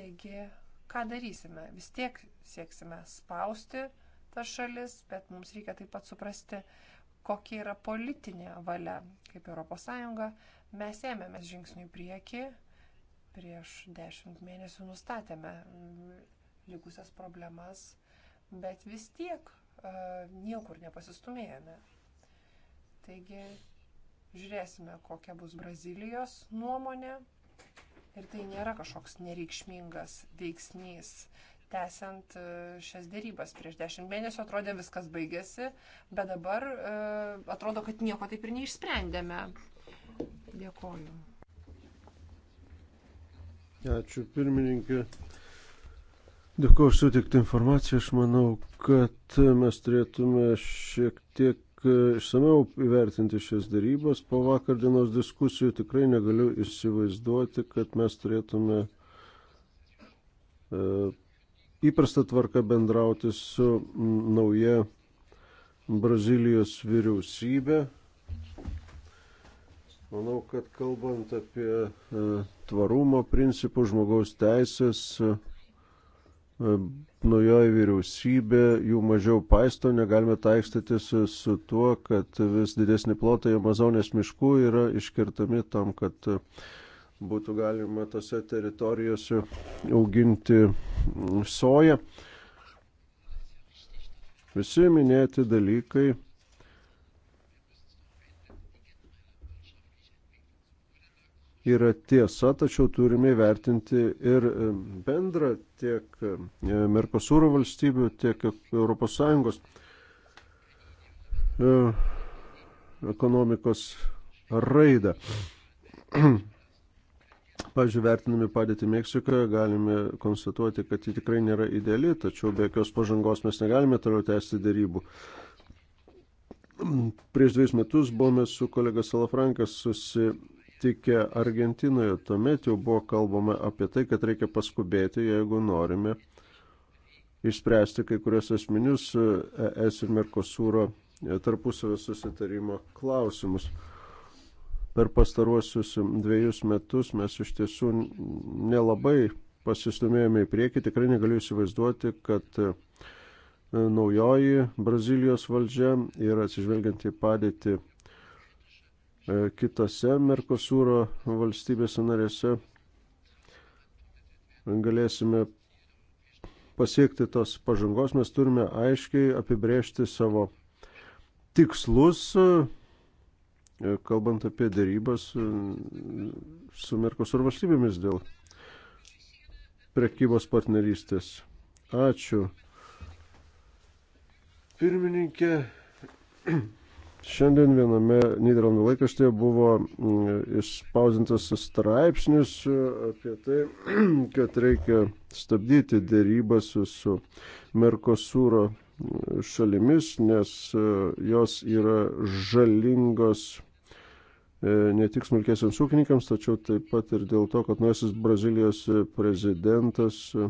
Taigi, ką darysime? Vis tiek sieksime spausti tas šalis, bet mums reikia taip pat suprasti, kokia yra politinė valia, kaip ES. Mes ėmėmės žingsnių į priekį, prieš dešimt mėnesių nustatėme likusias problemas, bet vis tiek uh, niekur nepasistumėjome. Taigi žiūrėsime, kokia bus Brazilijos nuomonė. Ir tai nėra kažkoks nereikšmingas veiksnys, tęsiant e, šias dėrybas. Prieš dešimt mėnesių atrodė viskas baigėsi, bet dabar e, atrodo, kad nieko taip ir neišsprendėme. Dėkoju. Ačiū pirmininkė. Dėkuoju už sutiktą informaciją. Aš manau, kad mes turėtume šiek tiek e, išsameu įvertinti šias darybas. Po vakar dienos diskusijų tikrai negaliu įsivaizduoti, kad mes turėtume e, įprasta tvarka bendrauti su nauja Brazilijos vyriausybė. Manau, kad kalbant apie e, tvarumo principų žmogaus teisės, e, e, naujoji vyriausybė jų mažiau paisto, negalime taikstytis su, su tuo, kad vis didesni plotai Amazonės miškų yra iškirtami tam, kad uh, būtų galima tose teritorijose auginti soją. Visi minėti dalykai yra tiesa, tačiau turime įvertinti ir bendrą tiek Merkosūro valstybių, tiek ES e, ekonomikos raidą. [CLEARS THROAT] Pavyzdžiui, vertinami padėti Meksikoje, galime konstatuoti, kad ji tikrai nėra ideali, tačiau be jokios pažangos mes negalime toliau tęsti dėrybų. Prieš dviejus metus buvome su kolega Salafrankas susitikę Argentinoje. Tuomet jau buvo kalbama apie tai, kad reikia paskubėti, jeigu norime išspręsti kai kurias asmenius e, ES ir Merkosūro tarpusavio susitarimo klausimus per pastaruosius dviejus metus mes iš tiesų nelabai pasistumėjome į priekį. Tikrai negaliu įsivaizduoti, kad e, naujoji Brazilijos valdžia ir atsižvelgiant į padėtį e, kitose Merkosūro valstybėse narėse galėsime pasiekti tos pažangos, mes turime aiškiai apibrėžti savo tikslus, E, kalbant apie dėrybas e, su Merkosur valstybėmis dėl prekybos partnerystės. Ačiū. Pirmininkė, [CLEARS THROAT] šiandien viename Niderlandų laikraštėje buvo mm, išspausintas straipsnis e, apie tai, [CLEARS THROAT] kad reikia stabdyti dėrybas su Merkosūro mm, šalimis, nes jos yra žalingos E, ne tik smulkėsiams ūkininkams, tačiau taip pat ir dėl to, kad nuosis Brazilijos prezidentas e,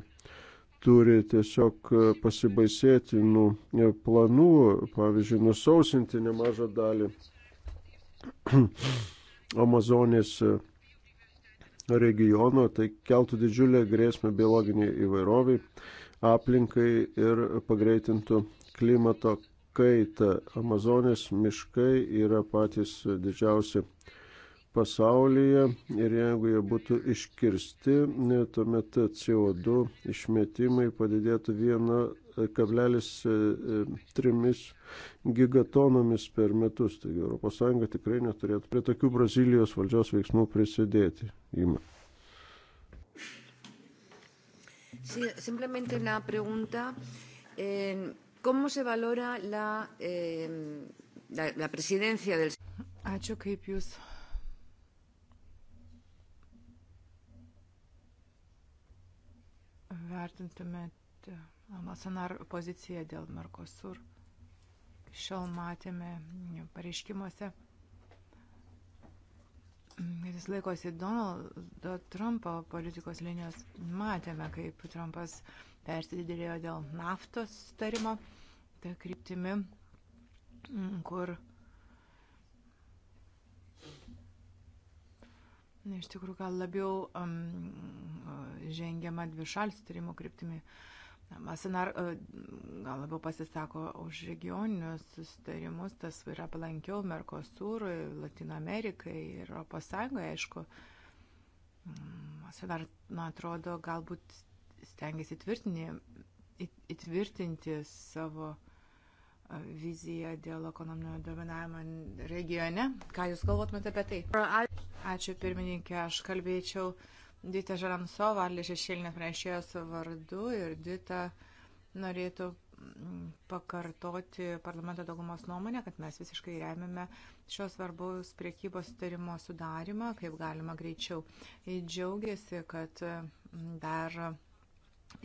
turi tiesiog e, pasibaisėtinų planų, pavyzdžiui, nusausinti nemažą dalį [CLEARS THROAT] Amazonės regiono, tai keltų didžiulę grėsmę biologiniai įvairoviai, aplinkai ir pagreitintų klimato kaitą. Amazonės miškai yra patys didžiausi pasaulyje ir jeigu jie būtų iškirsti, tuomet CO2 išmetimai padidėtų 1,3 e, e, gigatonomis per metus. Taigi ES tikrai neturėtų prie tokių Brazilijos valdžios veiksmų prisidėti. Ima. Sí, simplemente una pregunta. Eh, ¿Cómo se valora la, eh, la, la presidencia del. Ačiū, kaip jūs. Vertintumėte Amasonar poziciją dėl Mercosur. Šiol matėme pareiškimuose, kad jis laikosi Donaldo Trumpo politikos linijos. Matėme, kaip Trumpas uh, persidėrėjo dėl naftos tarimo, ta kryptimi, mm, kur iš tikrųjų gal labiau um, žengiama dvišalis tarimo kryptimi. Masinar gal labiau pasisako už regioninius sustarimus, tas yra palankiau Merkosūrui, Latino Amerikai ir Europos Sąjungoje, aišku. Mm, Masinar, man atrodo, galbūt stengiasi įtvirtinti savo viziją dėl ekonominio dominavimo regione. Ką Jūs galvotumėte apie tai? Ačiū pirmininkė, aš kalbėčiau Dita Žaramsova, Arlė Šešėlinė pranešėjos vardu ir Dita norėtų mm, pakartoti parlamento daugumos nuomonę, kad mes visiškai remiame šios svarbaus priekybos sutarimo sudarimą, kaip galima greičiau. Jis džiaugiasi, kad mm, dar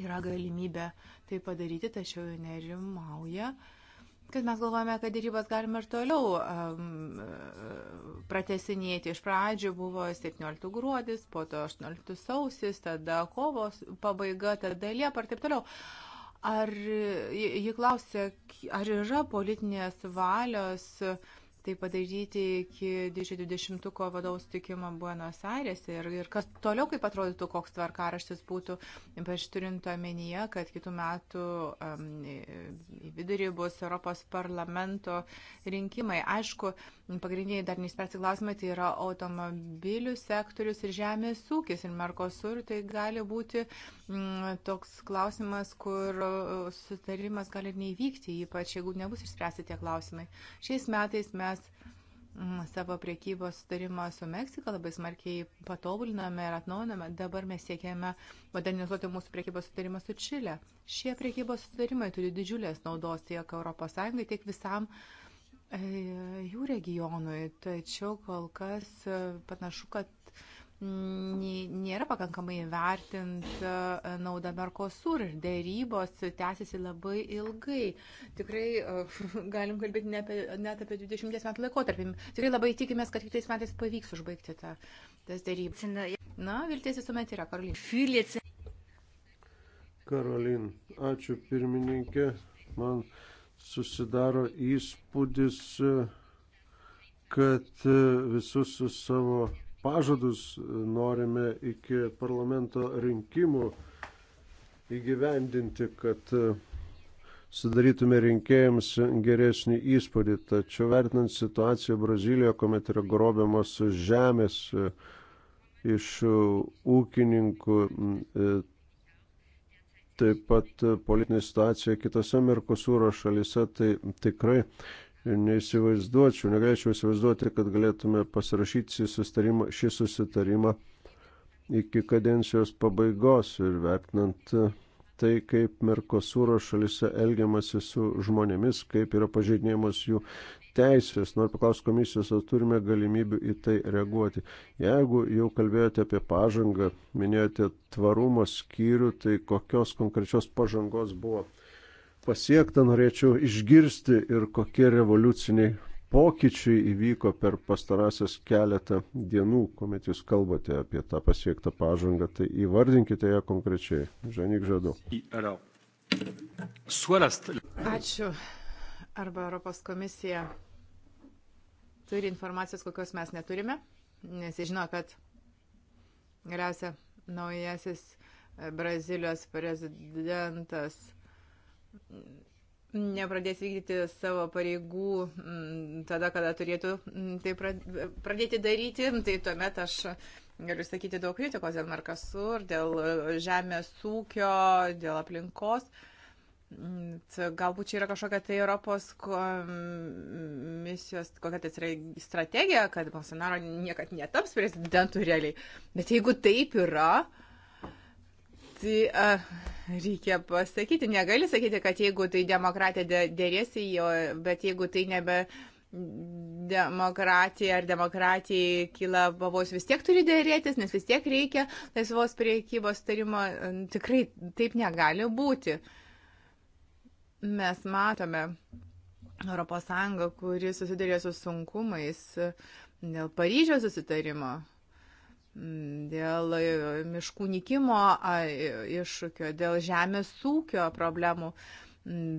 Yra galimybė tai padaryti, tačiau nerimauja, kad mes galvojame, kad dėrybas galime ir toliau um, pratesinėti. Iš pradžių buvo 17 gruodis, po to 18 sausis, tada kovos pabaiga, tada liepa ir taip toliau. Ar ji klausė, ar yra politinės valios uh, tai padaryti iki 2020-ko vadovų sutikimo Buenos Airėse ir, ir kas toliau, kaip atrodytų, koks tvarkaraštis būtų, ypač turint omenyje, kad kitų metų um, vidurį bus Europos parlamento rinkimai. Aišku, pagrindiniai dar neįspręsti klausimai tai yra automobilių sektorius ir žemės ūkis ir Merkosur, tai gali būti m, mm, toks klausimas, kur sutarimas gali neįvykti, ypač jeigu nebus išspręsti tie klausimai. Šiais metais mes savo priekybos sutarimą su Meksika labai smarkiai patobuliname ir atnaujiname. Dabar mes siekiame modernizuoti mūsų priekybos sutarimą su Čilė. Šie priekybos sutarimai turi didžiulės naudos tiek ES, tiek visam e, jų regionui. Tačiau kol kas e, panašu, kad nėra pakankamai vertinta e, nauda Merkosur ir dėrybos tęsiasi labai ilgai. Tikrai e, [LAUGHS] galim kalbėti ne apie, net apie 20 metų laikotarpį. Tikrai labai tikimės, kad kitais metais pavyks užbaigti tą, tas dėrybas. Na, vilties visuomet yra, Karolin. Karolin, ačiū pirmininkė. Man susidaro įspūdis, e, kad visus su savo pažadus norime iki parlamento rinkimų įgyvendinti, kad e, sudarytume rinkėjams geresnį įspūdį. Tačiau vertinant situaciją Brazilijoje, kuomet yra grobiamas žemės e, iš ūkininkų, e, taip pat politinė situacija kitose Merkosūro šalise, tai tikrai neįsivaizduočiau, negalėčiau įsivaizduoti, kad galėtume pasirašyti šį susitarimą, šį susitarimą iki kadencijos pabaigos ir vertinant tai, kaip Merkosūro šalise elgiamasi su žmonėmis, kaip yra pažeidinėjamos jų teisės. Noriu paklausti komisijos, ar turime galimybių į tai reaguoti. Jeigu jau kalbėjote apie pažangą, minėjote tvarumo skyrių, tai kokios konkrečios pažangos buvo pasiekta, norėčiau išgirsti ir kokie revoliuciniai pokyčiai įvyko per pastarąsias keletą dienų, kuomet jūs kalbate apie tą pasiektą pažangą, tai įvardinkite ją konkrečiai. Žanik žadu. Ačiū. Arba Europos komisija turi informacijos, kokios mes neturime, nes jis žino, kad galiausia naujasis Brazilijos prezidentas nepradės vykdyti savo pareigų mm, tada, kada turėtų mm, tai pradėti daryti, tai tuomet aš galiu sakyti daug kritikos dėl Markasur, dėl žemės ūkio, dėl aplinkos. Mm, galbūt čia yra kažkokia tai Europos komisijos, kokia tai yra strategija, kad Bolsonaro niekad netaps prezidentu realiai. Bet jeigu taip yra, uh, Tai a, reikia pasakyti, negali sakyti, kad jeigu tai demokratija dėrėsi jo, bet jeigu tai nebe demokratija ar demokratijai kyla pavojus, vis tiek turi dėrėtis, nes vis tiek reikia laisvos priekybos tarimo. Tikrai taip negali būti. Mes matome ES, kuri susidarė su sunkumais dėl Paryžiaus susitarimo dėl e, miškų nikimo iššūkio, dėl žemės ūkio problemų,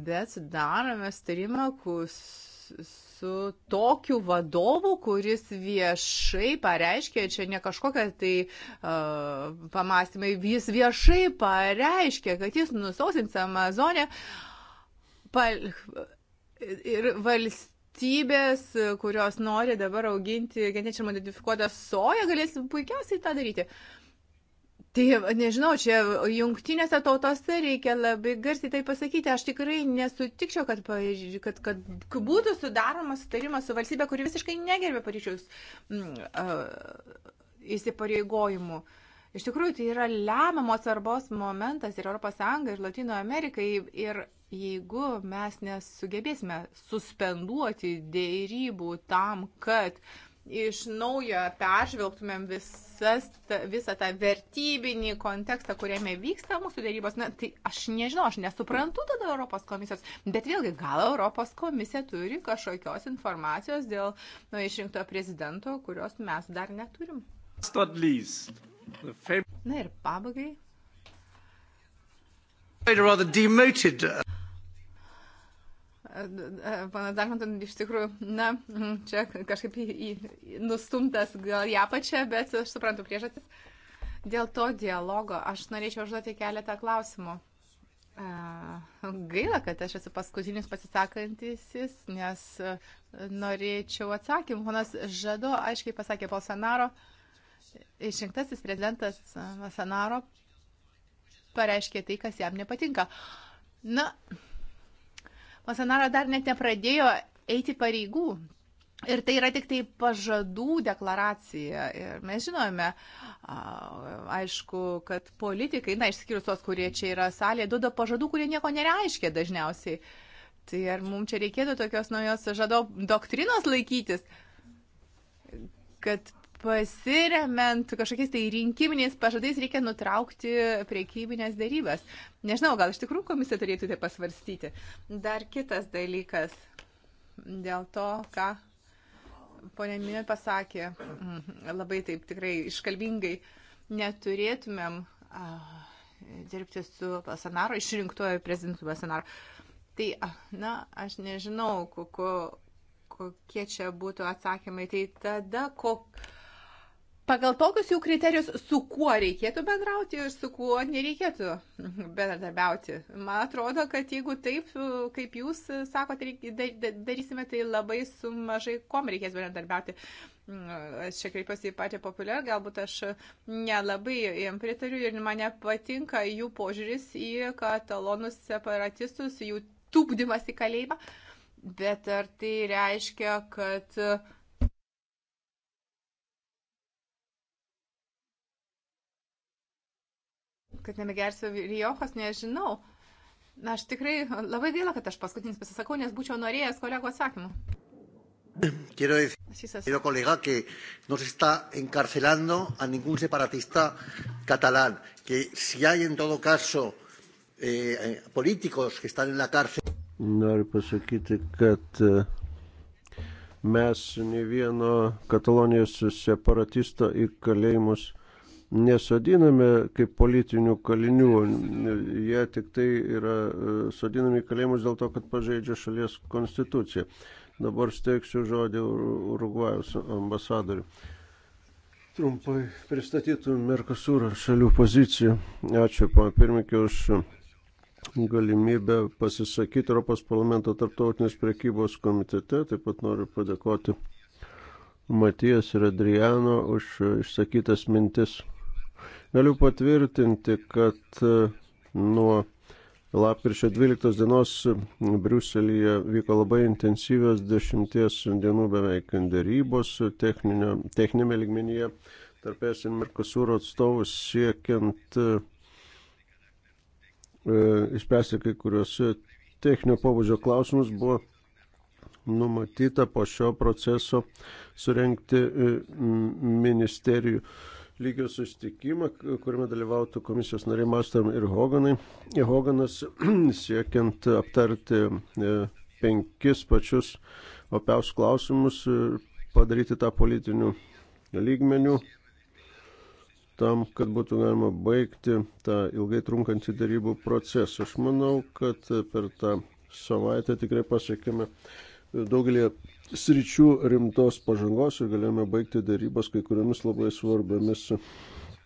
bet darome starimą su tokiu vadovu, kuris viešai pareiškė, čia ne kažkokia tai uh, pamastymai, jis viešai pareiškė, kad jis nusausins Amazonę. Pal ir valstybė valstybės, kurios nori dabar auginti genetiškai modifikuotą soją, galės puikiausiai tą daryti. Tai nežinau, čia jungtinėse tautose reikia labai garsiai tai pasakyti. Aš tikrai nesutikčiau, kad, kad, kad, kad būtų sudaromas sutarimas su valstybė, kuri visiškai negerbė Paryžiaus uh, įsipareigojimų. Uh, Iš tikrųjų, tai yra lemiamos svarbos momentas ir ES, ir Latino Amerikai. Ir jeigu mes nesugebėsime suspenduoti dėrybų tam, kad iš naujo peržvelgtumėm visas, ta, visą tą vertybinį kontekstą, kuriame vyksta mūsų dėrybos, na, tai aš nežinau, aš nesuprantu tada Europos komisijos, bet vėlgi gal Europos komisija turi kažkokios informacijos dėl nu, išrinkto prezidento, kurios mes dar neturim. Not least. Na ir pabaigai. Uh, e, Panas Darmantan iš tikrųjų, na, čia kažkaip į, į, nustumtas gal ją pačią, bet aš suprantu priežastis. Dėl to dialogo aš norėčiau užduoti keletą klausimų. E, gaila, kad aš esu paskutinis pasisakantisis, nes e, norėčiau atsakymų. Ponas Žado aiškiai pasakė Polsanaro. Po išrinktasis prezidentas Masanaro pareiškė tai, kas jam nepatinka. Na, Masanaro dar net nepradėjo eiti pareigų. Ir tai yra tik tai pažadų deklaracija. Ir mes žinome, aišku, kad politikai, na, išskyrus tos, kurie čia yra salėje, duoda pažadų, kurie nieko nereiškia dažniausiai. Tai ar mums čia reikėtų tokios naujos žado doktrinos laikytis, kad pasiremiant kažkokiais tai rinkiminiais pažadais reikia nutraukti priekybinės darybas. Nežinau, gal iš tikrųjų komisija turėtų tai pasvarstyti. Dar kitas dalykas dėl to, ką ponė Minė pasakė, mhm, labai taip tikrai iškalbingai, neturėtumėm uh, dirbti su Basanaro, išrinktuoju prezidentu Basanaro. Tai, na, aš nežinau, kuku, kokie čia būtų atsakymai. Tai tada kok pagal tokius jų kriterijus, su kuo reikėtų bendrauti ir su kuo nereikėtų bendradarbiauti. Man atrodo, kad jeigu taip, kaip jūs sakote, darysime, tai labai su mažai kom reikės bendradarbiauti. Aš čia kreipiuosi į pačią populiarą, galbūt aš nelabai jam pritariu ir mane patinka jų požiūris į katalonus separatistus, jų tupdymas į kalėjimą. Bet ar tai reiškia, kad uh, kad nebegersiu Riojos, nežinau. Na, aš tikrai labai gaila, kad aš paskutinis pasisakau, nes būčiau norėjęs kolego atsakymų. Quiero decir, querido colega, que no se está encarcelando a ningún separatista catalán, que si hay en todo caso eh, eh políticos que están en la cárcel. Noriu pasakyti, kad e, mes ne vieno Katalonijos separatisto į kalėjimus nesodiname kaip politinių kalinių, jie tik tai yra e, sodinami į kalėjimus dėl to, kad pažeidžia šalies konstituciją. Dabar steiksiu žodį Urugvajos ambasadoriui. Trumpai pristatytų Merkasūro šalių poziciją. Ačiū, pana pirmininkė, už galimybę pasisakyti Europos parlamento tarptautinės priekybos komitete. Taip pat noriu padėkoti Matijas ir Adriano už išsakytas mintis. Galiu patvirtinti, kad e, nuo lapkričio 12 dienos Briuselėje vyko labai intensyvios dešimties dienų beveik darybos techninio, techninėme ligmenyje tarp es ir Merkosūro atstovus siekiant e, e, išspręsti kai kurios techninio pobūdžio klausimus buvo numatyta po šio proceso surenkti e, ministerijų lygio sustikimą, kuriame dalyvautų komisijos nariai Mastam ir Hoganai. Hoganas [CLEARS THROAT] siekiant aptarti e, penkis pačius opiaus klausimus ir padaryti tą politinių lygmenių tam, kad būtų galima baigti tą ilgai trunkantį darybų procesą. Aš manau, kad per tą savaitę tikrai pasiekėme daugelį sričių rimtos pažangos ir galėjome baigti darybas kai kuriomis labai svarbiamis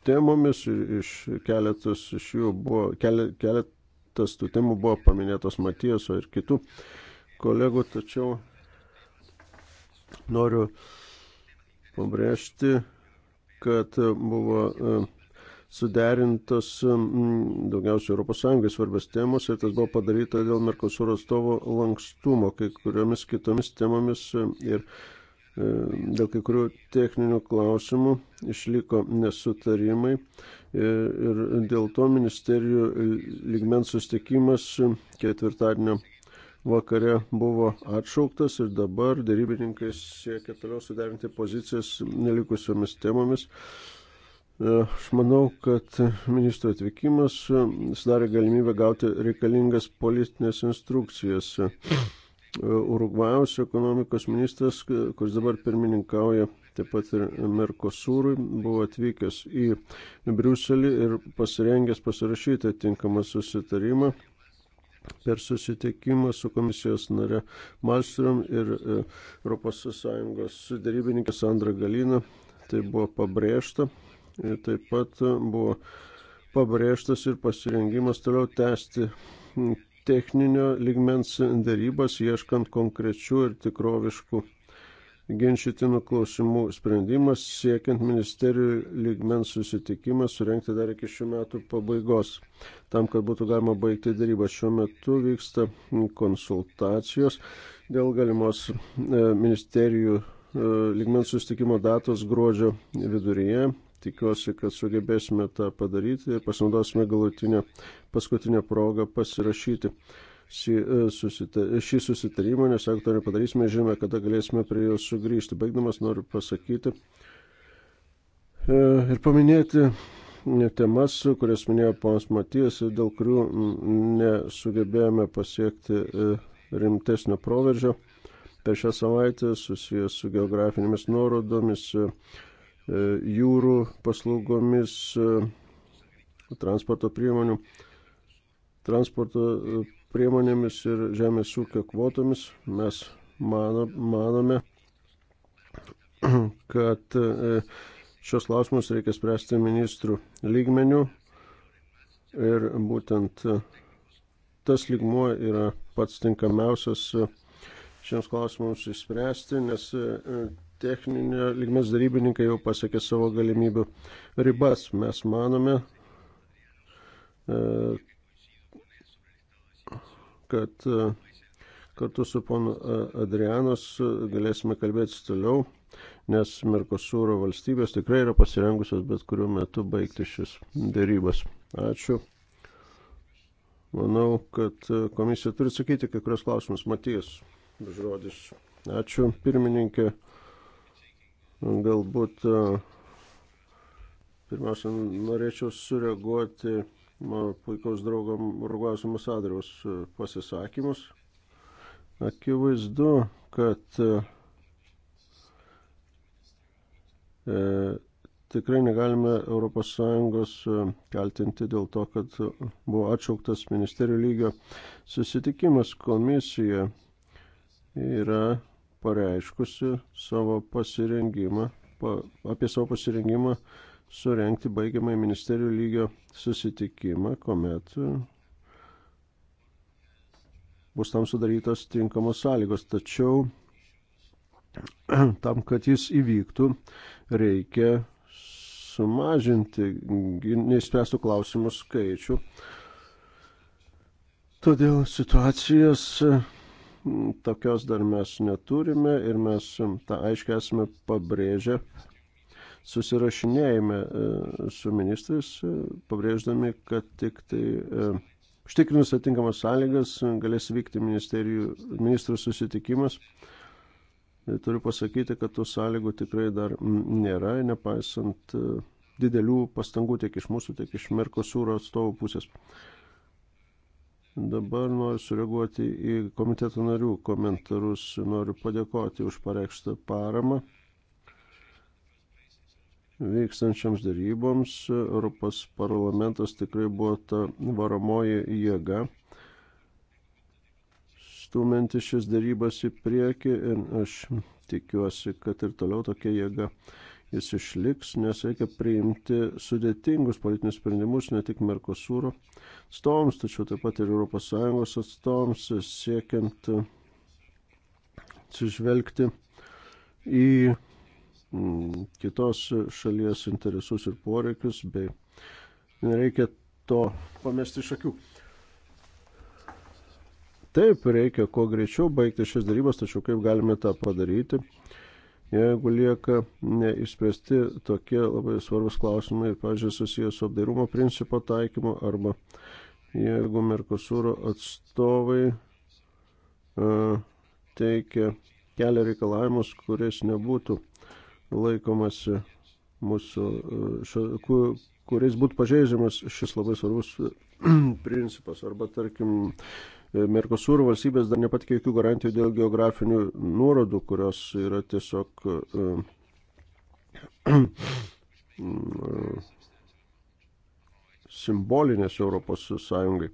temomis. Iš keletas iš jų buvo, keletas tų temų buvo paminėtos Matijaso ir kitų kolegų, tačiau noriu pabrėžti, kad buvo e, suderintos daugiausiai ES svarbios temos ir tas buvo padaryta dėl Merkosūro atstovo lankstumo, kai kuriomis kitomis temomis ir e, dėl kai kurių techninių klausimų išliko nesutarimai e, ir dėl to ministerijų lygmens sustikimas ketvirtadienio vakare buvo atšauktas ir dabar darybininkai siekia toliau suderinti pozicijas nelikusiomis temomis. Aš manau, kad ministro atvykimas sudarė galimybę gauti reikalingas politinės instrukcijas. Urugvajaus ekonomikos ministras, kuris dabar pirmininkauja taip pat ir Merkosūrui, buvo atvykęs į Briuselį ir pasirengęs pasirašyti atinkamą susitarimą per susitikimą su komisijos nare Malstrom ir ES sudarybininkė Sandra Galina. Tai buvo pabrėžta Ir taip pat e, buvo pabrėžtas ir pasirengimas toliau tęsti techninio ligmens darybas, ieškant konkrečių ir tikroviškų ginčytinų klausimų sprendimas, siekiant ministerijų ligmens susitikimą surenkti dar iki šių metų pabaigos, tam, kad būtų galima baigti darybą. Šiuo metu vyksta konsultacijos dėl galimos e, ministerijų e, ligmens susitikimo datos gruodžio viduryje. Tikiuosi, kad sugebėsime tą padaryti ir pasinaudosime galutinę paskutinę progą pasirašyti e, šį susitarimą, nes jeigu to nepadarysime, žinome, kada galėsime prie jo sugrįžti. Baigdamas noriu pasakyti e, ir paminėti temas, kurias minėjo ponas Matijas, dėl kurių nesugebėjome pasiekti e, rimtesnio proveržio per šią savaitę susijęs su geografinėmis nuorodomis, E, jūrų paslaugomis, e, transporto priemonių, transporto e, priemonėmis ir žemės ūkio kvotomis. Mes mano, manome, [CLEARS THROAT] kad šios lausimus reikia spręsti ministrų lygmenių ir būtent tas lygmuo yra pats tinkamiausias šiems klausimams išspręsti, nes techninio lygmens darybininkai jau pasiekė savo galimybių ribas. Mes manome, e, kad e, kartu su ponu e, Adrianos galėsime kalbėtis toliau, nes Merkosūro valstybės tikrai yra pasirengusios bet kuriuo metu baigti šis darybas. Ačiū. Manau, kad komisija turi atsakyti kai kurios klausimus. Matijas, žodis. Ačiū, pirmininkė. Galbūt e, pirmiausia, norėčiau sureaguoti mano puikaus draugo Urugvajos ambasadoriaus e, pasisakymus. Akivaizdu, kad e, e tikrai negalime ES kaltinti dėl to, kad buvo atšauktas ministerijų lygio susitikimas komisija yra pareiškusi savo pasirengimą, pa, apie savo pasirengimą surenkti baigiamai ministerijų lygio susitikimą, kuomet bus tam sudarytos tinkamos sąlygos. Tačiau [CLEARS THROAT] tam, kad jis įvyktų, reikia sumažinti neįspręstų klausimų skaičių. Todėl situacijos tokios dar mes neturime ir mes tą aiškiai esame pabrėžę, susirašinėjame e, su ministrais, e, pabrėždami, kad tik tai e, užtikrinus atinkamas sąlygas galės vykti ministrų susitikimas. Turiu pasakyti, kad tų sąlygų tikrai dar nėra, nepaisant didelių pastangų tiek iš mūsų, tiek iš Merkosūro atstovų pusės. Dabar noriu sureaguoti į komiteto narių komentarus. Noriu padėkoti už pareikštą paramą vykstančiams daryboms. Europos parlamentas tikrai buvo ta varomoji jėga stuminti šis darybas į priekį ir aš tikiuosi, kad ir toliau tokia jėga jis išliks, nes reikia priimti sudėtingus politinius sprendimus ne tik Merkosūro atstovams, tačiau taip pat ir ES atstovams, siekiant atsižvelgti į mm, kitos šalies interesus ir poreikius, bei nereikia to pamesti iš akių. Taip, reikia kuo greičiau baigti šias darybas, tačiau kaip galime tą padaryti? Jeigu lieka neišspręsti tokie labai svarbus klausimai, pažiūrėjau, susijęs su apdairumo principo taikymu arba jeigu Merkosūro atstovai e, teikia kelia reikalavimus, kuriais nebūtų laikomasi mūsų, e, šio, kuriais būtų pažeidžiamas šis labai svarbus e, [CLEARS THROAT] principas. Arba, tarkim, E, Merkosūro valstybės dar nepatikė jokių garantijų dėl geografinių nuorodų, kurios yra tiesiog e, [CLEARS THROAT] simbolinės Europos Sąjungai e,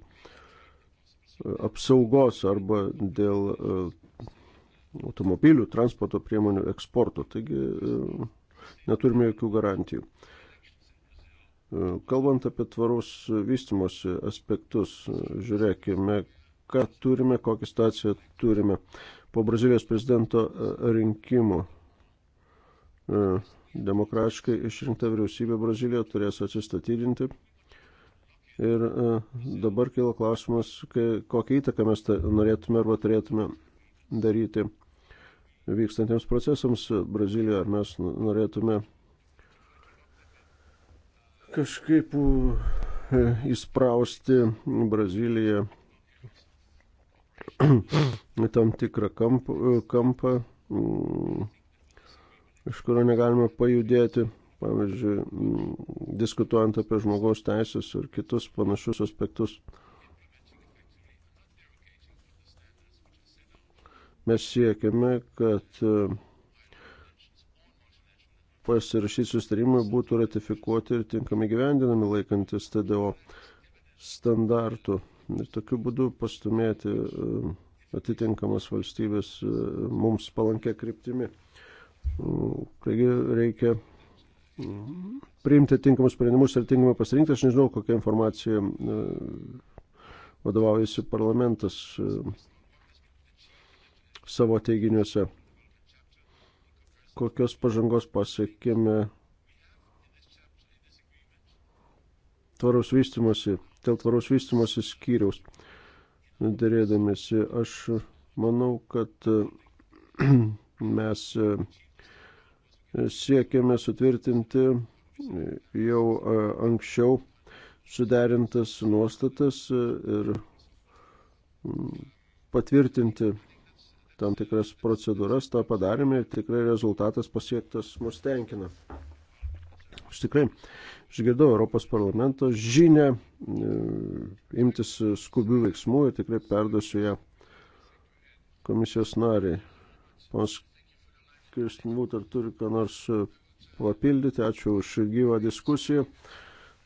apsaugos arba dėl automobilių, transporto priemonių eksporto. Taigi neturime jokių garantijų. Kalbant apie tvaros vystimosi aspektus, žiūrėkime, ką turime, kokią situaciją turime po Brazilijos prezidento e, rinkimų. E, demokratiškai išrinkta vyriausybė Brazilijoje turės atsistatydinti. Ir e, dabar kilo klausimas, kokią įtaką mes norėtume arba turėtume daryti vykstantiems procesams Brazilijoje. Ar mes norėtume kažkaip įsprausti Braziliją [CLEARS THROAT] tam tikrą kampą, kampą mm, iš kurio negalima pajudėti. Pavyzdžiui, mm, diskutuojant apie žmogaus teisės ir kitus panašius aspektus, mes siekiame, kad e, pasirašyti sustarimai būtų ratifikuoti ir tinkamai gyvendinami laikantis TDO standartų ir tokiu būdu pastumėti e, atitinkamas valstybės e, mums palankia kryptimi. E, taigi reikia priimti tinkamus sprendimus ir tinkamai pasirinkti. Aš nežinau, kokią informaciją vadovaujasi parlamentas savo teiginiuose. Kokios pažangos pasiekime tvaraus vystimosi dėl tvaros vystimosi skyriaus dėrėdamėsi. Aš manau, kad [CLEARS THROAT] mes e, siekėme sutvirtinti jau e, anksčiau suderintas nuostatas e, ir patvirtinti tam tikras procedūras, tą padarėme ir tikrai rezultatas pasiektas mus tenkina. Aš tikrai išgirdau Europos parlamento žinę e, imtis skubių veiksmų ir tikrai perduosiu ją komisijos nariai. Pons Kristinbūt, ar turi ką nors e, papildyti? Ačiū už gyvą diskusiją.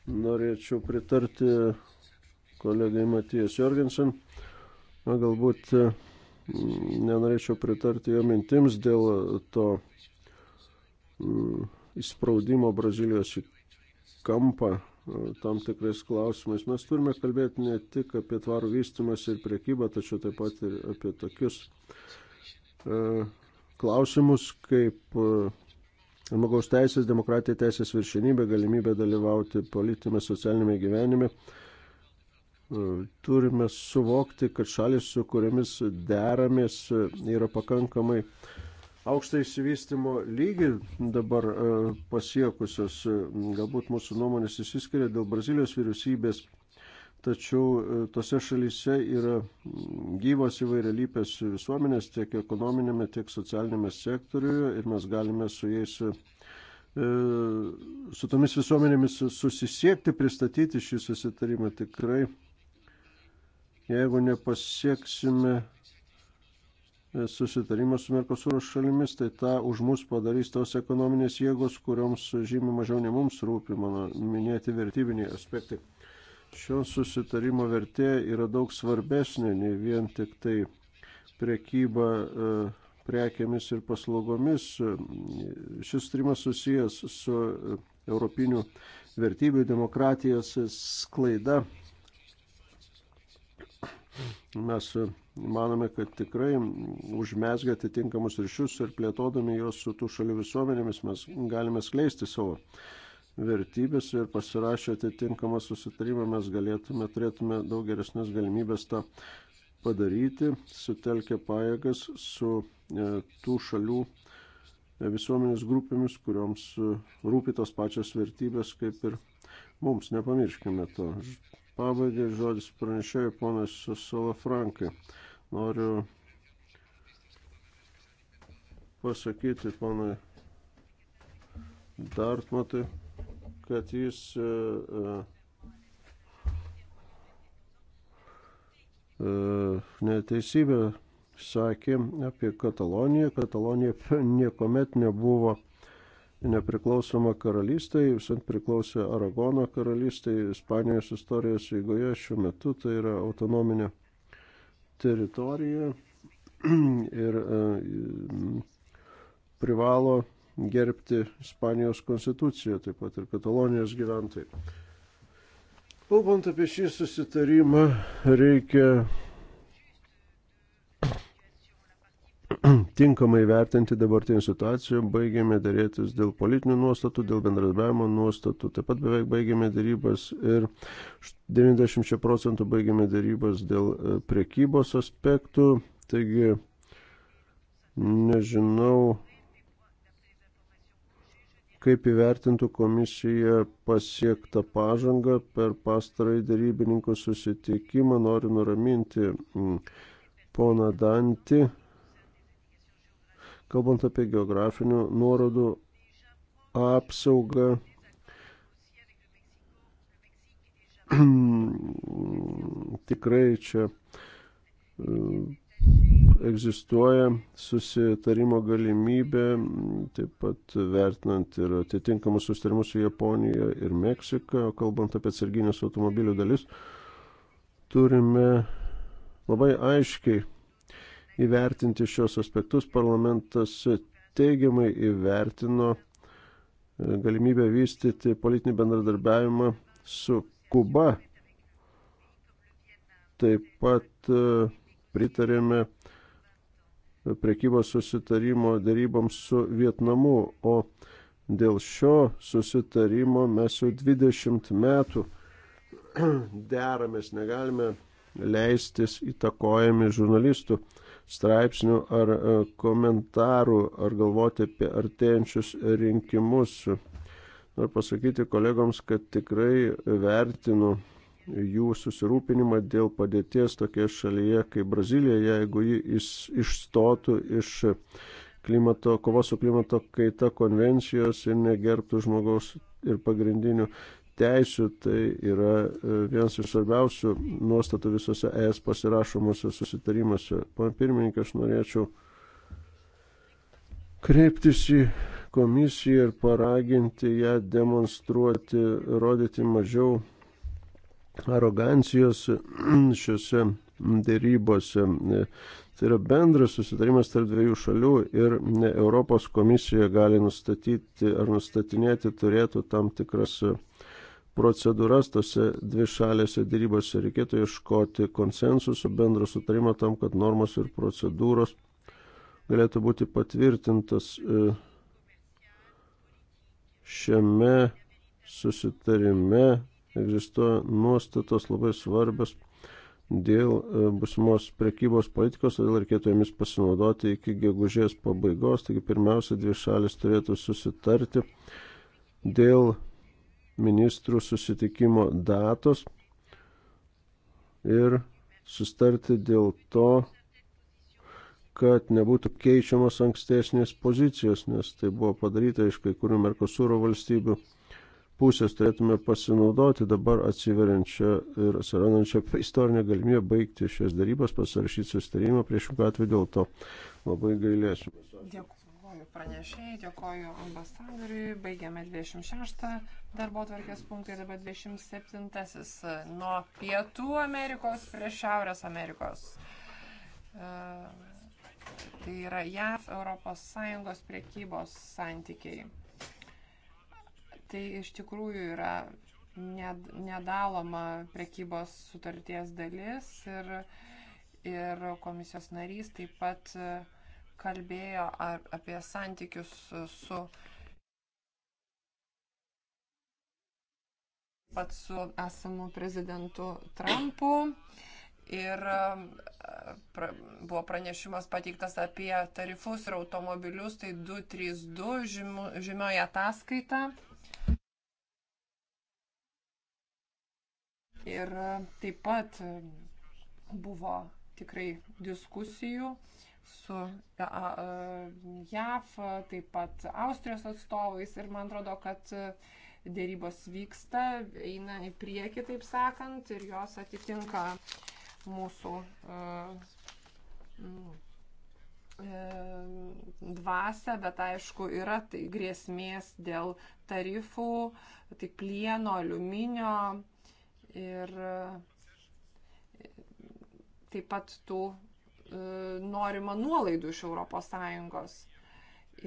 Norėčiau pritarti kolegai Matijas Jorgensen. Na, galbūt e, nenorėčiau pritarti jo mintims dėl to mm, įspraudimo Brazilijos į kampą e, tam tikrais klausimais. Mes turime kalbėti ne tik apie tvarų vystimas ir priekybą, tačiau taip pat ir apie tokius e, klausimus kaip e, žmogaus teisės, demokratija, teisės viršinybė, galimybė dalyvauti politinėme, socialinėme gyvenime. Turime suvokti, kad šalis, su kuriamis deramės, yra pakankamai uh, aukštą įsivystimo lygį dabar e, pasiekusios. E, galbūt mūsų nuomonės įsiskiria dėl Brazilijos vyriausybės, tačiau e, tose šalyse yra gyvos įvairialypės visuomenės tiek ekonominėme, tiek socialinėme sektoriuje ir mes galime su jais su tomis visuomenėmis susisiekti, pristatyti šį susitarimą tikrai. Jeigu nepasieksime E, susitarimas su Merkosūros šalimis, tai tą už mus padarys tos ekonominės jėgos, kurioms žymiai mažiau ne mums rūpi, mano minėti vertybiniai aspektai. Šio susitarimo vertė yra daug svarbesnė nei vien tik tai prekyba e, prekiamis ir paslaugomis. Šis sutarimas susijęs su e, europinių vertybių demokratijos sklaida mes manome, kad tikrai užmesgę atitinkamus ryšius ir plėtodami juos su tų šalių visuomenėmis mes galime skleisti savo vertybės ir pasirašę atitinkamą susitarimą mes galėtume, turėtume daug geresnės galimybės tą padaryti, sutelkę pajėgas su e, tų šalių e, visuomenės grupėmis, kurioms e, rūpi tos pačios vertybės kaip ir mums. Nepamirškime to. Pabaigai žodis pranešėjai ponas Salafrankai. Noriu pasakyti ponui Dartmatui, kad jis e, e, e, neteisybę sakė apie Kataloniją. Katalonija [LAUGHS] niekuomet nebuvo nepriklausoma karalystė, visant priklausė Aragono karalystė, Ispanijos istorijos eigoje šiuo metu tai yra autonominė teritorija [CLEARS THROAT] ir e, privalo gerbti Ispanijos konstituciją, taip pat ir Katalonijos gyventojai. Kalbant apie šį susitarimą, reikia [CLEARS THROAT] tinkamai vertinti dabartinį situaciją, baigėme dėrėtis dėl politinių nuostatų, dėl bendradarbiavimo nuostatų, taip pat beveik baigėme dėrybas ir 90 procentų baigėme dėrybas dėl e, priekybos aspektų, taigi nežinau, kaip įvertintų komisija pasiektą pažangą per pastarąjį darybininkų susitikimą, noriu nuraminti poną Dantį, Kalbant apie geografinių nuorodų apsaugą, [CLEARS THROAT] tikrai čia e, egzistuoja susitarimo galimybė, taip pat vertinant ir atitinkamus susitarimus su Japonija ir Meksika, kalbant apie atsarginės automobilių dalis, turime labai aiškiai įvertinti šios aspektus. Parlamentas teigiamai įvertino e, galimybę vystyti politinį bendradarbiavimą su Kuba. Taip pat e, pritarėme prekybos susitarimo daryboms su Vietnamu, o dėl šio susitarimo mes jau 20 metų [CLEARS THROAT] deramės, negalime leistis įtakojami žurnalistų straipsnių ar e, komentarų, ar galvoti apie artėjančius rinkimus. Noriu pasakyti kolegoms, kad tikrai vertinu jų susirūpinimą dėl padėties tokie šalyje kaip Brazilija, jeigu ji išstotų iš klimato, kovos su klimato kaita konvencijos ir negerbtų žmogaus ir pagrindinių teisių, tai yra e, vienas iš svarbiausių nuostatų visose ES pasirašomuose susitarimuose. Pane pirmininkė, aš norėčiau kreiptis į komisiją ir paraginti ją demonstruoti, rodyti mažiau arogancijos [CLEARS THROAT] šiuose dėrybose. Tai yra bendras susitarimas tarp dviejų šalių ir Europos komisija gali nustatyti ar nustatinėti turėtų tam tikras procedūras tose dvi šalėse dėrybose reikėtų ieškoti konsensusų, bendro sutarimo tam, kad normos ir procedūros galėtų būti patvirtintas e, šiame susitarime egzistuoja nuostatos labai svarbios dėl e, busimos prekybos politikos, todėl reikėtų jomis pasinaudoti iki gegužės pabaigos. Taigi pirmiausia, dvi šalis turėtų susitarti dėl ministrų susitikimo datos ir sustarti dėl to, kad nebūtų keičiamos ankstesnės pozicijos, nes tai buvo padaryta iš kai kurių Merkosūro valstybių pusės. Turėtume pasinaudoti dabar atsiveriančią ir atsirandančią istorinę galimybę baigti šias darybas, pasirašyti sustarimą, priešingą atveju dėl to labai gailėsiu. Dėkui. Dėkoju pranešėjai, dėkoju ambasadoriui. Baigiame 26 darbo tvarkės punktą ir dabar 27-asis nuo Pietų Amerikos prie Šiaurės Amerikos. E, tai yra JAV Europos Sąjungos priekybos santykiai. Tai iš tikrųjų yra nedaloma priekybos sutarties dalis ir, ir komisijos narys taip pat uh, kalbėjo ar, apie santykius su pats su esamu prezidentu Trumpu. Ir um, pra, buvo pranešimas pateiktas apie tarifus ir automobilius, tai 232 žymu, žymioja ataskaita. Ir um, taip pat um, buvo tikrai diskusijų. Uh, su JAF, taip pat Austrijos atstovais ir man atrodo, kad dėrybos vyksta, eina į priekį, taip sakant, ir jos atitinka mūsų e, dvasę, bet aišku, yra tai grėsmės dėl tarifų, tai plieno, aliuminio ir e, taip pat tų E, norima nuolaidų iš ES.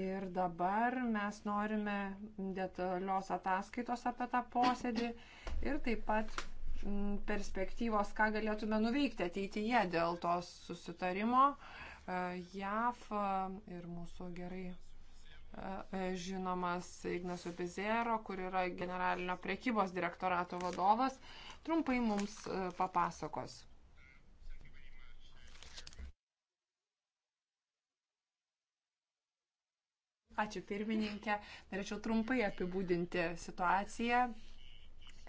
Ir dabar mes norime detalios ataskaitos apie tą posėdį ir taip pat perspektyvos, ką galėtume nuveikti ateityje dėl tos susitarimo e, JAF e, ir mūsų gerai žinomas Ignas Ubizero, kur yra generalinio priekybos direktorato vadovas, trumpai mums papasakos. Ačiū pirmininkė. Norėčiau trumpai apibūdinti situaciją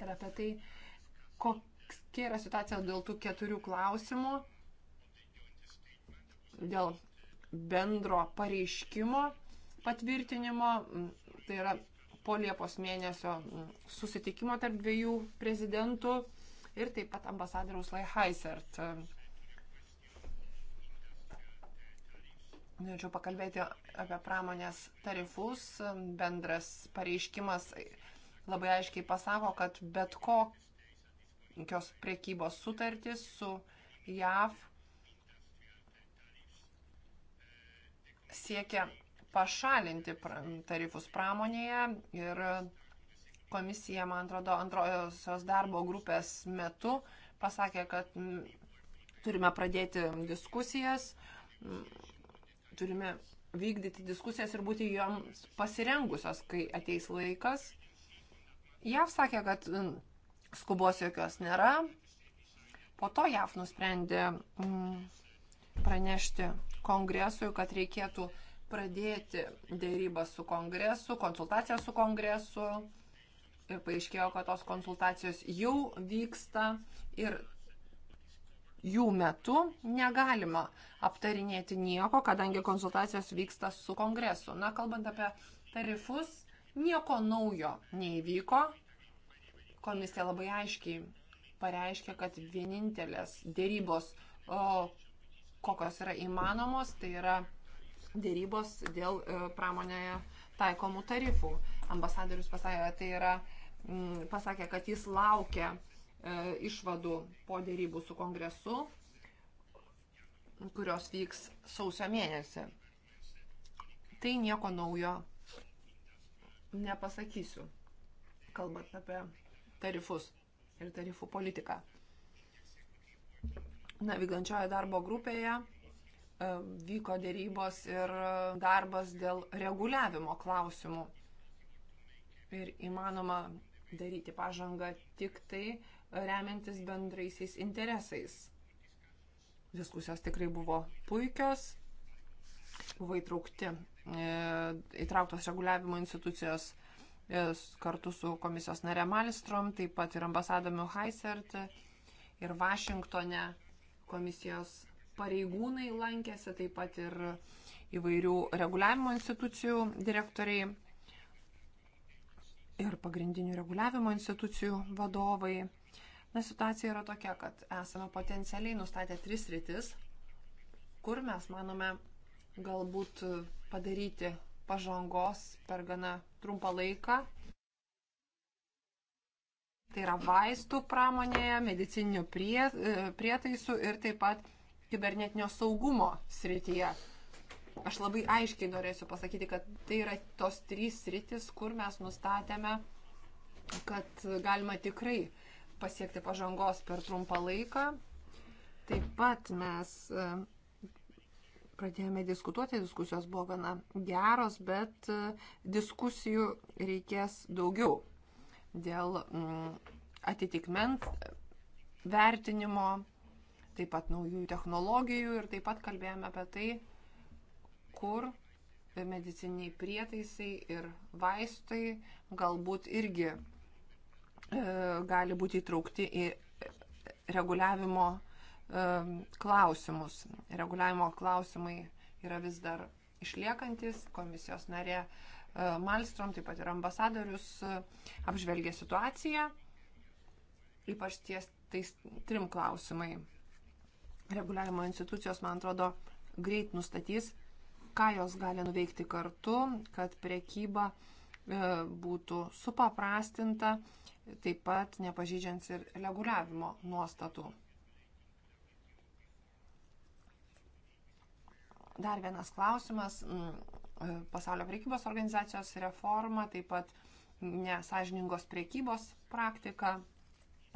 ir apie tai, kokia yra situacija dėl tų keturių klausimų, dėl bendro pareiškimo patvirtinimo. Tai yra po Liepos mėnesio susitikimo tarp dviejų prezidentų ir taip pat ambasadoriaus Laihaisert. Like norėčiau pakalbėti apie pramonės tarifus. Bendras pareiškimas labai aiškiai pasako, kad bet kokios priekybos sutartys su JAV siekia pašalinti tarifus pramonėje ir komisija, man atrodo, antrojosios darbo grupės metu pasakė, kad turime pradėti diskusijas turime vykdyti diskusijas ir būti joms pasirengusios, kai ateis laikas. JAV sakė, kad skubos jokios nėra. Po to JAV nusprendė pranešti kongresui, kad reikėtų pradėti dėrybą su kongresu, konsultaciją su kongresu. Ir paaiškėjo, kad tos konsultacijos jau vyksta ir jų metu negalima aptarinėti nieko, kadangi konsultacijos vyksta su kongresu. Na, kalbant apie tarifus, nieko naujo neįvyko. Komisija labai aiškiai pareiškė, kad vienintelės dėrybos, o, kokios yra įmanomos, tai yra dėrybos dėl e, pramonėje taikomų tarifų. Ambasadorius pasakė, tai yra, pasakė kad jis laukia E, išvadų po dėrybų su kongresu, kurios vyks sausio mėnesį. Tai nieko naujo nepasakysiu, kalbant apie tarifus ir tarifų politiką. Na, vykdančioje darbo grupėje e, vyko dėrybos ir darbas dėl reguliavimo klausimų. Ir įmanoma daryti pažangą tik tai remiantis bendraisiais interesais. Diskusijos tikrai buvo puikios, buvo įtraukti, e, įtrauktos reguliavimo institucijos e, kartu su komisijos nare Malistrom, taip pat ir ambasadoriumi Haisert ir Vašingtone komisijos pareigūnai lankėsi, taip pat ir įvairių reguliavimo institucijų direktoriai ir pagrindinių reguliavimo institucijų vadovai. Na, situacija yra tokia, kad esame potencialiai nustatę tris rytis, kur mes manome galbūt padaryti pažangos per gana trumpą laiką. Tai yra vaistų pramonėje, medicininių prie, e, prietaisų ir taip pat kibernetinio saugumo srityje. Aš labai aiškiai norėsiu pasakyti, kad tai yra tos trys sritis, kur mes nustatėme, kad galima tikrai uh, pasiekti pažangos per trumpą laiką. Taip pat mes e, pradėjome diskutuoti, diskusijos buvo gana geros, bet e, diskusijų reikės daugiau dėl atitikmens vertinimo, taip pat naujų technologijų ir taip pat kalbėjome apie tai, kur mediciniai prietaisai ir vaistai galbūt irgi E, gali būti įtraukti į reguliavimo e, klausimus. Reguliavimo klausimai yra vis dar išliekantis. Komisijos narė e, Malstrom, taip pat ir ambasadorius, apžvelgia situaciją. Ypač ties tais trim klausimai. Reguliavimo institucijos, man atrodo, greit nustatys, ką jos gali nuveikti kartu, kad priekyba uh, E, būtų supaprastinta, taip pat nepažydžiant ir reguliavimo nuostatų. Dar vienas klausimas. Mm, e, pasaulio priekybos organizacijos reforma, taip pat nesažiningos priekybos praktika.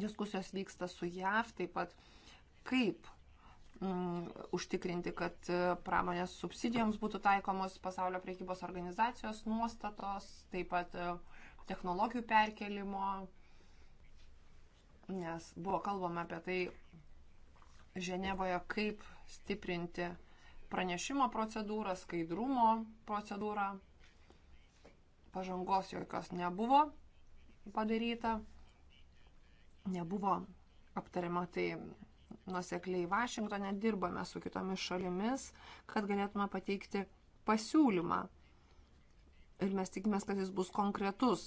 Diskusijos vyksta su JAV, taip pat kaip Mm, užtikrinti, kad e, pramonės subsidijoms būtų taikomos pasaulio priekybos organizacijos nuostatos, taip pat e, technologijų perkelimo, nes buvo kalbama apie tai Ženevoje, kaip stiprinti pranešimo procedūrą, skaidrumo procedūrą. Pažangos jokios nebuvo padaryta, nebuvo aptariama tai nusekliai Vašingtonė, dirbame su kitomis šalimis, kad galėtume pateikti pasiūlymą. Ir mes tikimės, kad jis bus konkretus.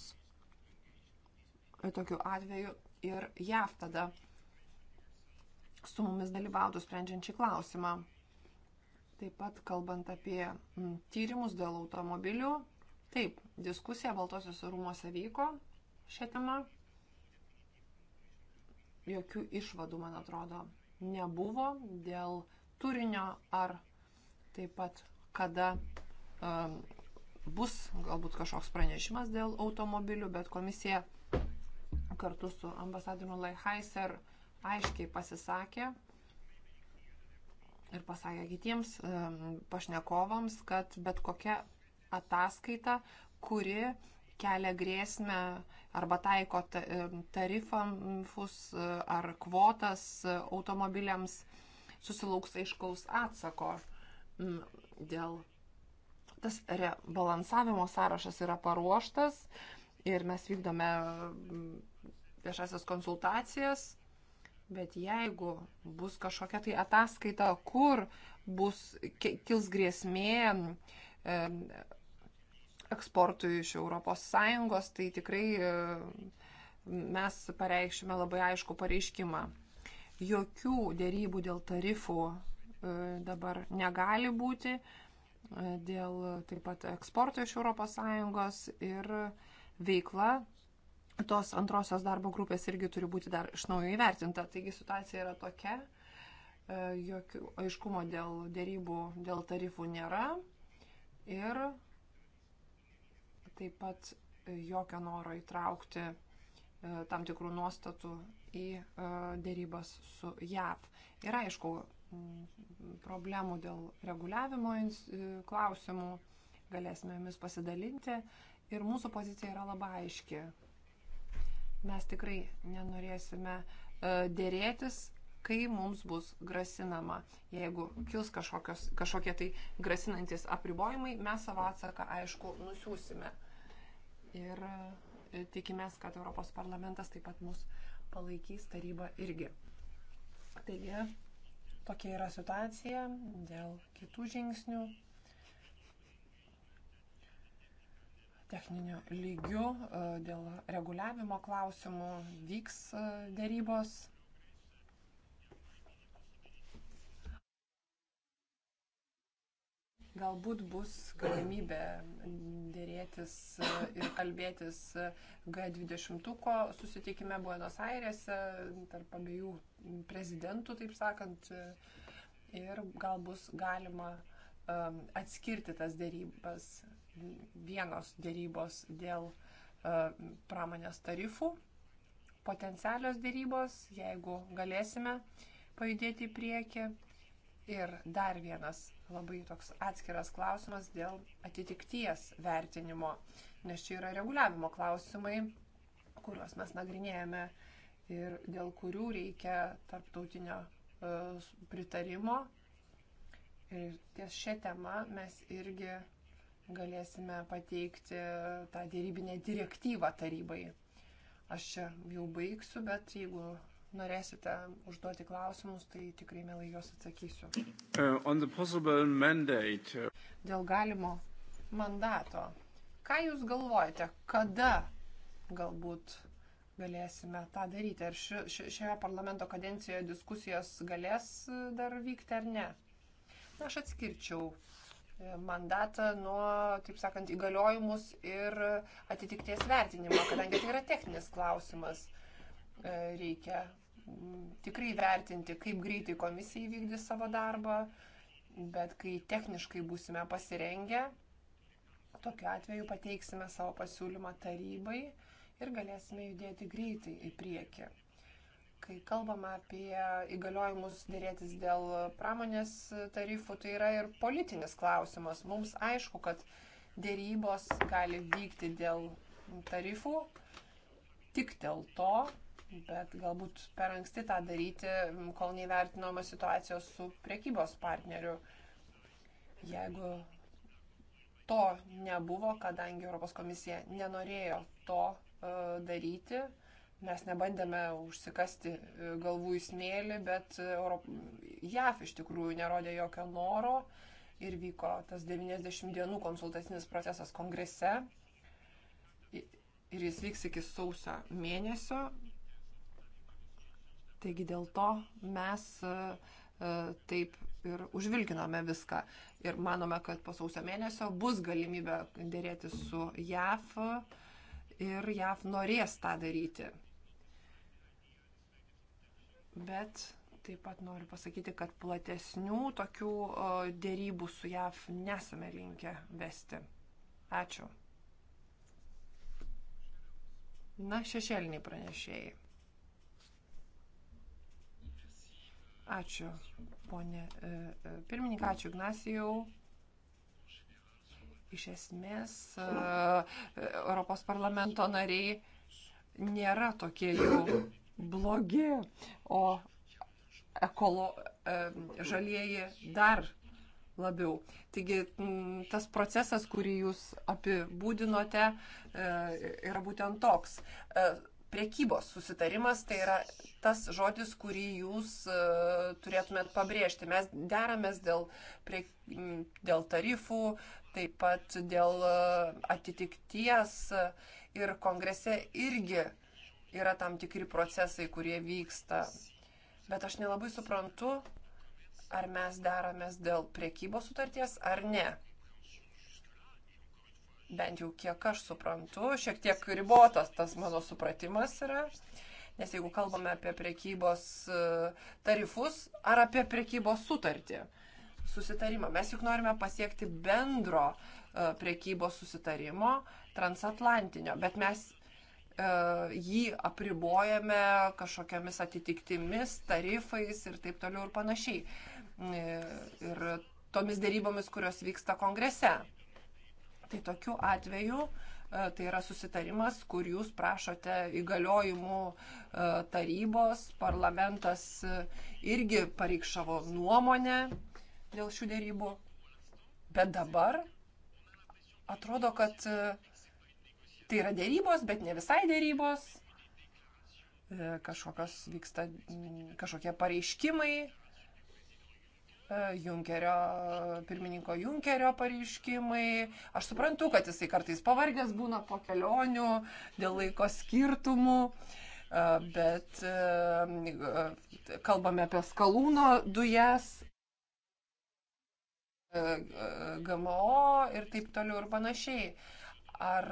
Ir tokiu atveju ir JAV tada su mumis dalyvautų sprendžiant šį klausimą. Taip pat kalbant apie tyrimus dėl automobilių, taip, diskusija Baltosios rūmose vyko šią temą. Jokių išvadų, man atrodo, nebuvo dėl turinio ar taip pat kada um, bus galbūt kažkoks pranešimas dėl automobilių, bet komisija kartu su ambasadoriumi Laihaiser aiškiai pasisakė ir pasakė kitiems um, pašnekovams, kad bet kokia ataskaita, kuri kelia grėsmę arba taiko tarifus e, ar kvotas e, automobiliams, susilauks aiškaus atsako mm, dėl. Tas balansavimo sąrašas yra paruoštas ir mes vykdome mm, viešasias konsultacijas, bet jeigu bus kažkokia tai ataskaita, kur bus, kils grėsmė mm, eksportui iš ES, tai tikrai e, mes pareikšime labai aišku pareiškimą. Jokių dėrybų dėl tarifų e, dabar negali būti, e, dėl taip pat eksporto iš ES ir veikla tos antrosios darbo grupės irgi turi būti dar iš naujo įvertinta. Taigi situacija yra tokia, jokių aiškumo dėl dėrybų, dėl tarifų nėra. Ir taip pat e, jokio noro įtraukti e, tam tikrų nuostatų į e, dėrybas su JAV. Ir aišku, problemų dėl reguliavimo klausimų galėsime jomis pasidalinti. Ir mūsų pozicija yra labai aiški. Mes tikrai nenorėsime dėrėtis, kai mums bus grasinama. Jeigu kils kažkokios, kažkokie tai grasinantis apribojimai, mes savo atsaką aišku nusiūsime ir e, tikimės, kad Europos parlamentas taip pat mus palaikys, taryba irgi. Taigi, tokia yra situacija dėl kitų žingsnių. Techniniu lygiu e, dėl reguliavimo klausimų vyks e, dėrybos Galbūt bus galimybė dėrėtis e, ir kalbėtis e, G20 susitikime Buenos Airėse tarp abiejų prezidentų, taip sakant, e, ir gal bus galima atskirti tas dėrybas, vienos dėrybos dėl pramonės tarifų, potencialios dėrybos, jeigu galėsime pajudėti į priekį. Ir dar vienas labai toks atskiras klausimas dėl atitikties vertinimo, nes čia yra reguliavimo klausimai, kuriuos mes nagrinėjame ir dėl kurių reikia tarptautinio e, pritarimo. Ir ties šią temą mes irgi galėsime pateikti tą dėrybinę direktyvą tarybai. Aš čia jau baigsiu, bet jeigu norėsite užduoti klausimus, tai tikrai mielai juos atsakysiu. Uh, uh, Dėl galimo mandato. Ką Jūs galvojate, kada galbūt galėsime tą daryti? Ar ši, ši, šioje parlamento kadencijoje diskusijos galės uh, dar vykti ar ne? Na, aš atskirčiau uh, mandatą nuo, taip sakant, įgaliojimus ir atitikties vertinimo, kadangi tai yra techninis klausimas. Reikia tikrai vertinti, kaip greitai komisija įvykdys savo darbą, bet kai techniškai būsime pasirengę, tokiu atveju pateiksime savo pasiūlymą tarybai ir galėsime judėti greitai į priekį. Kai kalbame apie įgaliojimus dėrėtis dėl pramonės tarifų, tai yra ir politinis klausimas. Mums aišku, kad dėrybos gali vykti dėl tarifų tik dėl to, bet galbūt per anksti tą daryti, kol neįvertinoma situacijos su priekybos partneriu. Jeigu to nebuvo, kadangi Europos komisija nenorėjo to e, daryti, mes nebandėme užsikasti e, galvų į smėlį, bet e, Europ... JAF iš tikrųjų nerodė jokio noro ir vyko tas 90 dienų konsultacinis procesas kongrese ir jis vyks iki sausio mėnesio. Taigi dėl to mes e, e, taip ir užvilkinome viską. Ir manome, kad po sausio mėnesio bus galimybė dėrėti su JAF ir JAF norės tą daryti. Bet taip pat noriu pasakyti, kad platesnių tokių e, dėrybų su JAF nesame linkę vesti. Ačiū. Na, šešėliniai pranešėjai. Ačiū, ponė e, e, pirmininkė, ačiū Ignacijau. Iš esmės, e, Europos parlamento nariai nėra tokie jau blogi, o ekolo, žalieji dar labiau. Taigi tas procesas, kurį jūs apibūdinote, yra būtent toks prekybos susitarimas tai yra tas žodis, kurį jūs e, turėtumėt pabrėžti. Mes deramės dėl, prie, dėl tarifų, taip pat dėl e, atitikties ir kongrese irgi yra tam tikri procesai, kurie vyksta. Bet aš nelabai suprantu, ar mes deramės dėl prekybos sutarties ar ne bent jau kiek aš suprantu, šiek tiek ribotas tas mano supratimas yra. Nes jeigu kalbame apie priekybos e, tarifus ar apie priekybos sutartį, susitarimą, mes juk norime pasiekti bendro e, priekybos susitarimo, transatlantinio, bet mes e, jį apribojame kažkokiamis atitiktimis, tarifais ir taip toliau ir panašiai. Ir tomis dėrybomis, kurios vyksta kongrese tai tokiu atveju e, tai yra susitarimas, kur jūs prašote įgaliojimų e, tarybos, parlamentas e, irgi pareikš savo nuomonę dėl šių dėrybų. Bet dabar atrodo, kad tai yra dėrybos, bet ne visai dėrybos. Kažkokios vyksta kažkokie pareiškimai, Junkerio, pirmininko Junkerio pareiškimai. Aš suprantu, kad jisai kartais pavargęs būna po kelionių dėl laiko skirtumų, bet kalbame apie skalūno dujas, GMO ir taip toliau ir panašiai. Ar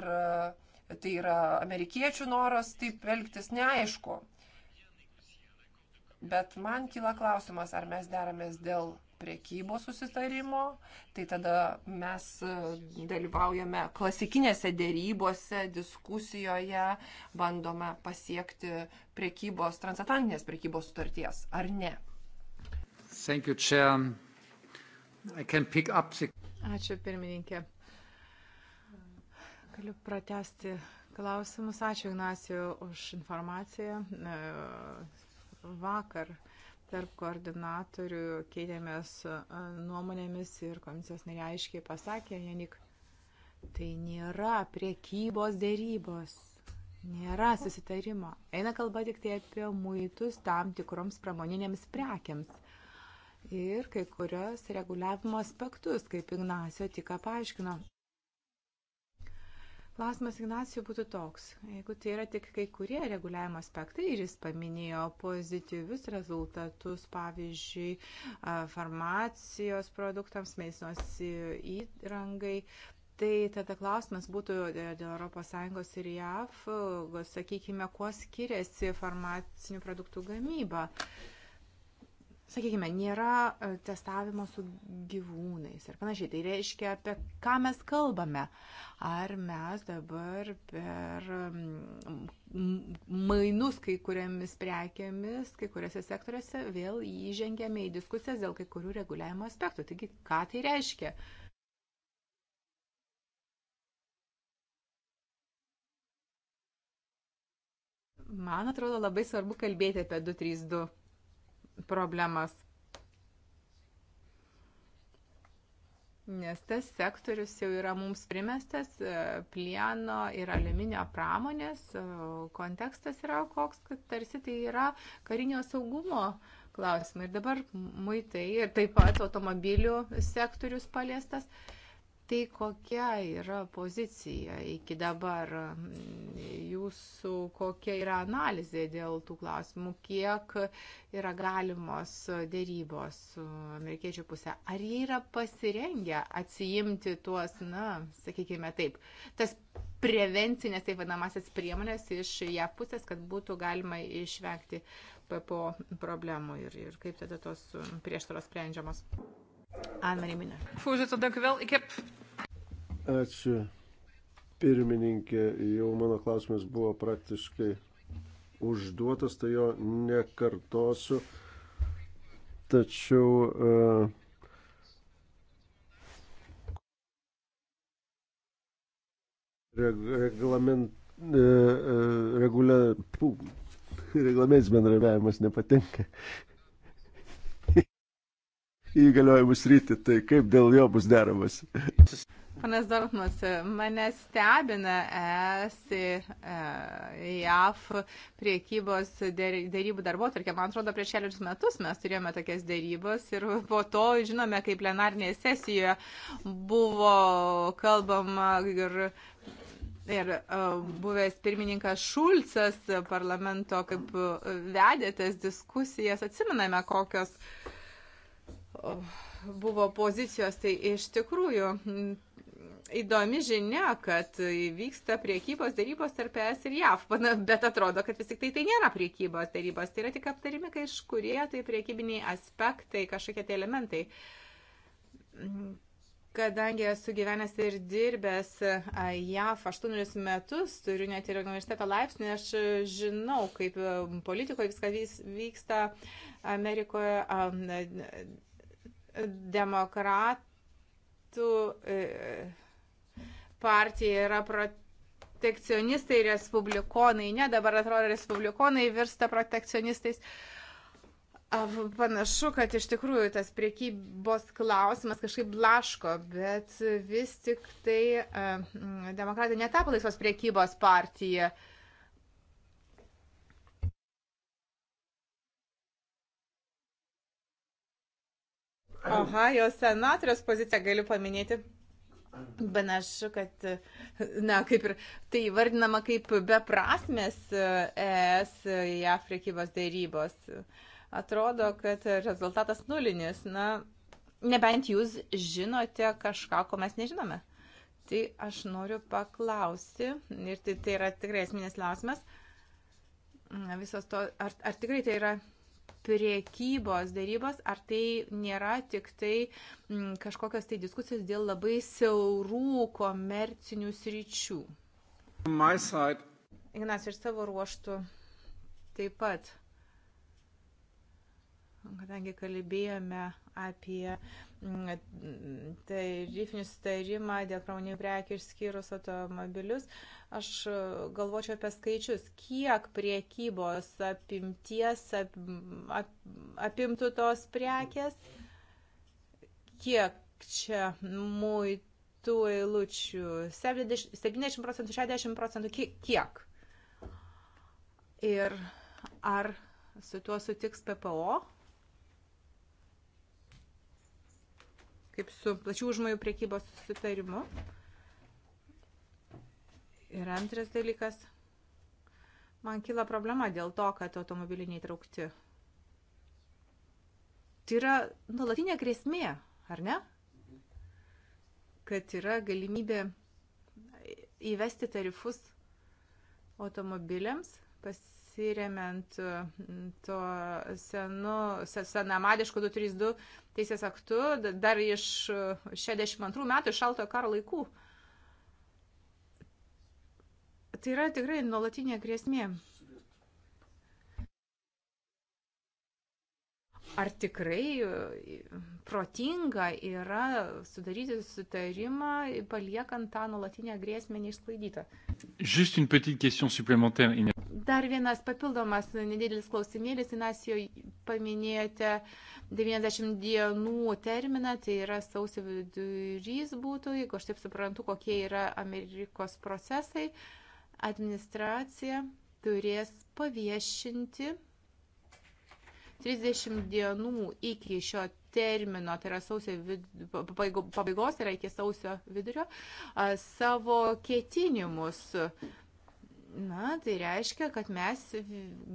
tai yra amerikiečių noras taip elgtis, neaišku. Bet man kyla klausimas, ar mes deramės dėl priekybos susitarimo, tai tada mes e, dalyvaujame klasikinėse dėrybose, diskusijoje, bandome pasiekti priekybos, transatlantinės priekybos sutarties, ar ne? Thank you, Chair. I can pick up the... Ačiū pirmininkė. Galiu pratesti klausimus. Ačiū Ignacijų už informaciją. E, vakar uh, tarp koordinatorių keitėmės nuomonėmis ir komisijos nariai aiškiai pasakė, Janik, tai nėra priekybos dėrybos, nėra susitarimo. Eina kalba tik tai apie muitus tam tikroms pramoninėms prekiams. Ir kai kurios reguliavimo aspektus, kaip Ignacio tik paaiškino. Klausimas Ignacijų būtų toks. Jeigu tai yra tik kai kurie reguliavimo aspektai ir jis paminėjo pozityvius rezultatus, pavyzdžiui, farmacijos produktams, meisnos įrangai, Tai tada klausimas būtų e, dėl ES ir JAV, sakykime, kuo skiriasi farmacinių produktų gamyba. Uh, sakykime, nėra e, testavimo su gyvūnais ir panašiai. Tai reiškia, apie ką mes kalbame. Ar mes dabar per mainus kai kuriamis prekiamis, kai kuriuose sektoriuose vėl įžengėme į diskusijas dėl kai kurių reguliavimo aspektų. Taigi, ką tai reiškia? Man atrodo labai svarbu kalbėti apie 232 problemas. Nes tas sektorius jau yra mums primestas, e, plieno ir aliuminio pramonės e, kontekstas yra koks, kad tarsi tai yra karinio saugumo klausimai. Ir dabar muitai ir taip pat automobilių sektorius paliestas. Uh, tai kokia yra pozicija iki dabar, jūsų kokia yra analizė dėl tų klausimų, kiek yra galimos dėrybos su amerikiečių pusė, ar jie yra pasirengę atsijimti tuos, na, sakykime taip, tas prevencinės, taip vadinamasis priemonės iš ją pusės, kad būtų galima išvengti PPO problemų ir, ir kaip tada tos prieštaros sprendžiamos. Anne-Marie Minner. Voorzitter, dank u wel. Ik heb Ačiū pirmininkė, jau mano klausimas buvo praktiškai užduotas, tai jo nekartosiu. Tačiau. E, reglament, e, e, regulia, reglamentas bendravimas nepatinka įgaliojimus rytį, tai kaip dėl jo bus deramas? Panas Dortmas, mane stebina ES ir e, JAF priekybos dėrybų darbo tarkė. Man atrodo, prieš kelius metus mes turėjome tokias dėrybos ir po to žinome, kaip plenarnėje sesijoje buvo kalbama ir Ir e, buvęs pirmininkas Šulcas parlamento, kaip vedėtės diskusijas, atsiminame, kokios uh, buvo pozicijos, tai iš tikrųjų įdomi žinia, kad vyksta priekybos darybos tarp ES ir JAV, [LAUGHS] bet atrodo, kad vis tik tai tai nėra priekybos darybos, tai yra tik aptarimi kažkurie tai priekybiniai aspektai, kažkokie tai elementai. Kadangi esu gyvenęs ir dirbęs JAF 8 metus, turiu net ir universiteto laipsnį, aš žinau, kaip politikoje viskas vyksta Amerikoje demokratų e, partija yra protekcionistai, respublikonai, ne, dabar atrodo, respublikonai virsta protekcionistais. Panašu, kad iš tikrųjų tas priekybos klausimas kažkaip blaško, bet vis tik tai e, demokratai netapo laisvos priekybos partija. Uh, Ohajo senatoriaus poziciją galiu paminėti. Panašu, kad, na, kaip ir tai vardinama kaip beprasmės e, ES į Afrikybos dėrybos. Atrodo, kad rezultatas nulinis. Na, nebent jūs žinote kažką, ko mes nežinome. Tai aš noriu paklausti, ir tai, tai yra tikrai esminis klausimas, visos to, ar, ar tikrai tai yra priekybos darybos, ar tai nėra tik tai m, mm, kažkokios tai diskusijos dėl labai siaurų komercinių sričių. Ignas ir savo ruoštų taip pat kadangi kalbėjome apie mm, tarifinį sutarimą dėl pramoninių prekių išskyrus automobilius, aš galvočiau apie skaičius, kiek priekybos apimties ap, ap, apimtų tos prekės, kiek čia muitų eilučių, 70 procentų, 60 procentų, kiek. Ir ar su tuo sutiks PPO, kaip su plačių užmojų priekybos susitarimu. Ir antras dalykas, man kyla problema dėl to, kad automobiliai neįtraukti. Tai yra nuolatinė grėsmė, ar ne? Kad yra galimybė įvesti tarifus automobiliams, pas, pasiremiant mm, to senu, senamadišku 232 teisės aktu dar iš 62 metų šaltojo karo laikų. Tai yra tikrai nuolatinė grėsmė. ar tikrai e, protinga yra sudaryti sutarimą, paliekant tą nuolatinę grėsmę neišsklaidytą. Dar vienas papildomas nedidelis klausimėlis. Inasijo paminėjote 90 dienų terminą, tai yra sausio vidurys būtų, jeigu aš taip suprantu, kokie yra Amerikos procesai. Administracija turės paviešinti 30 dienų iki šio termino, tai yra sausio vid... pabaigos, tai yra iki sausio vidurio, savo ketinimus Na, tai reiškia, kad mes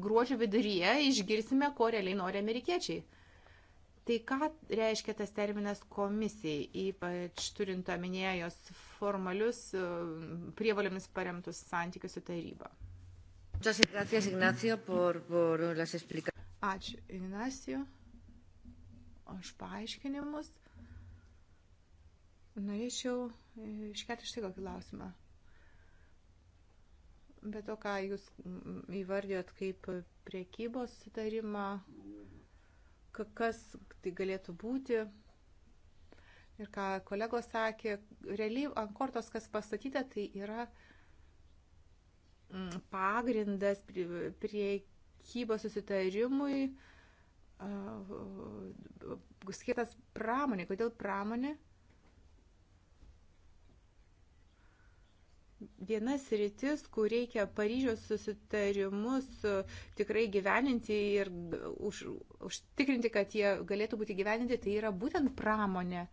gruodžio viduryje išgirsime, ko realiai nori amerikiečiai. Tai ką reiškia tas terminas komisijai, ypač turint omenyje jos formalius e, prievalėmis paremtus santykius su taryba? Ačiū, Ignacio, už paaiškinimus. Norėčiau iškelti štai kokį klausimą. Bet to, ką jūs įvardėjot kaip priekybos sutarimą, kas tai galėtų būti ir ką kolegos sakė, realiai ant kortos, kas pastatyta, tai yra mm, pagrindas priekybos susitarimui skirtas pramonė. Kodėl pramonė? vienas rytis, kur reikia Paryžiaus susitarimus e, tikrai gyveninti ir už, užtikrinti, kad jie galėtų būti gyveninti, tai yra būtent pramonė.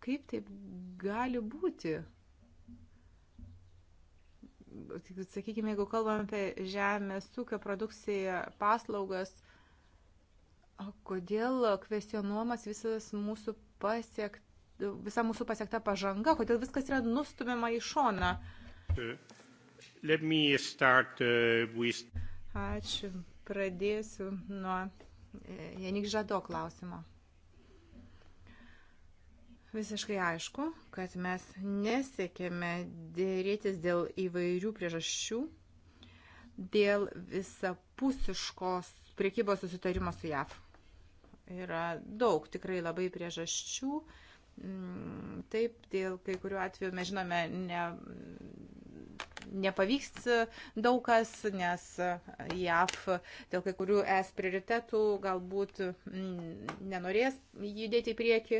Kaip taip gali būti? Sakykime, jeigu kalbam apie žemės ūkio produkciją, paslaugas, kodėl kvestionuomas visas mūsų pasiektas visa mūsų pasiekta pažanga, kodėl viskas yra nustumiama į šoną. Start, uh, with... Ačiū. Pradėsiu nuo e, Janik Žado klausimo. Visiškai aišku, kad mes nesiekėme dėrėtis dėl įvairių priežasčių, dėl visapusiškos priekybos susitarimo su JAV. Yra daug tikrai labai priežasčių, uh, Mm, taip, dėl kai kurių atvejų mes žinome, ne, nepavyks daug kas, nes JAF dėl kai kurių es prioritetų galbūt mm, nenorės judėti į priekį.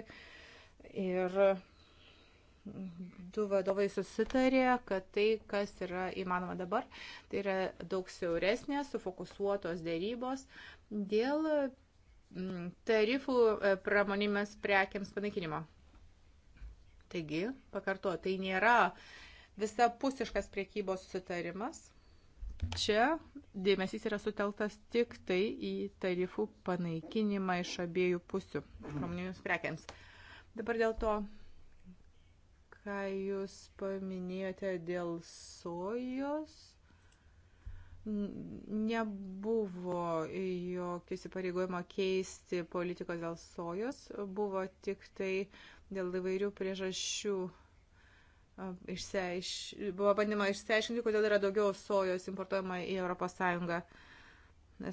Ir du vadovai susitarė, kad tai, kas yra įmanoma dabar, tai yra daug siauresnės, sufokusuotos dėrybos dėl mm, tarifų e, pramonimės prekiams panaikinimo. Taigi, pakartoju, tai nėra visapusiškas priekybos susitarimas. Čia dėmesys yra suteltas tik tai į tarifų panaikinimą iš abiejų pusių pramoninėms prekiams. Dabar dėl to, ką jūs paminėjote dėl sojos, nebuvo jokio įsipareigojimo keisti politikos dėl sojos, buvo tik tai uh, dėl įvairių priežasčių išsiaiš... buvo bandima išsiaiškinti, kodėl yra daugiau sojos importuojama į ES.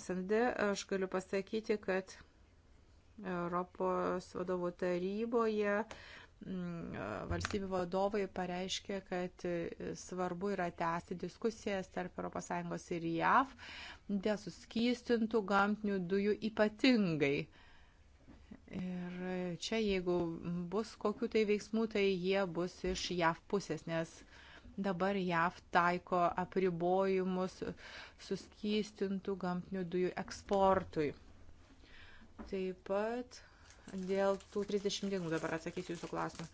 SND aš galiu pasakyti, kad Europos vadovų taryboje mm, valstybių vadovai pareiškė, kad e, svarbu yra tęsti diskusijas tarp ES ir JAV dėl suskystintų gamtinių dujų ypatingai. Ir čia, jeigu bus kokiu tai veiksmu, tai jie bus iš JAV pusės, nes dabar JAV taiko apribojimus suskystintų gamtinių dujų eksportui. Taip pat dėl tų 30 dienų dabar atsakysiu jūsų klausimą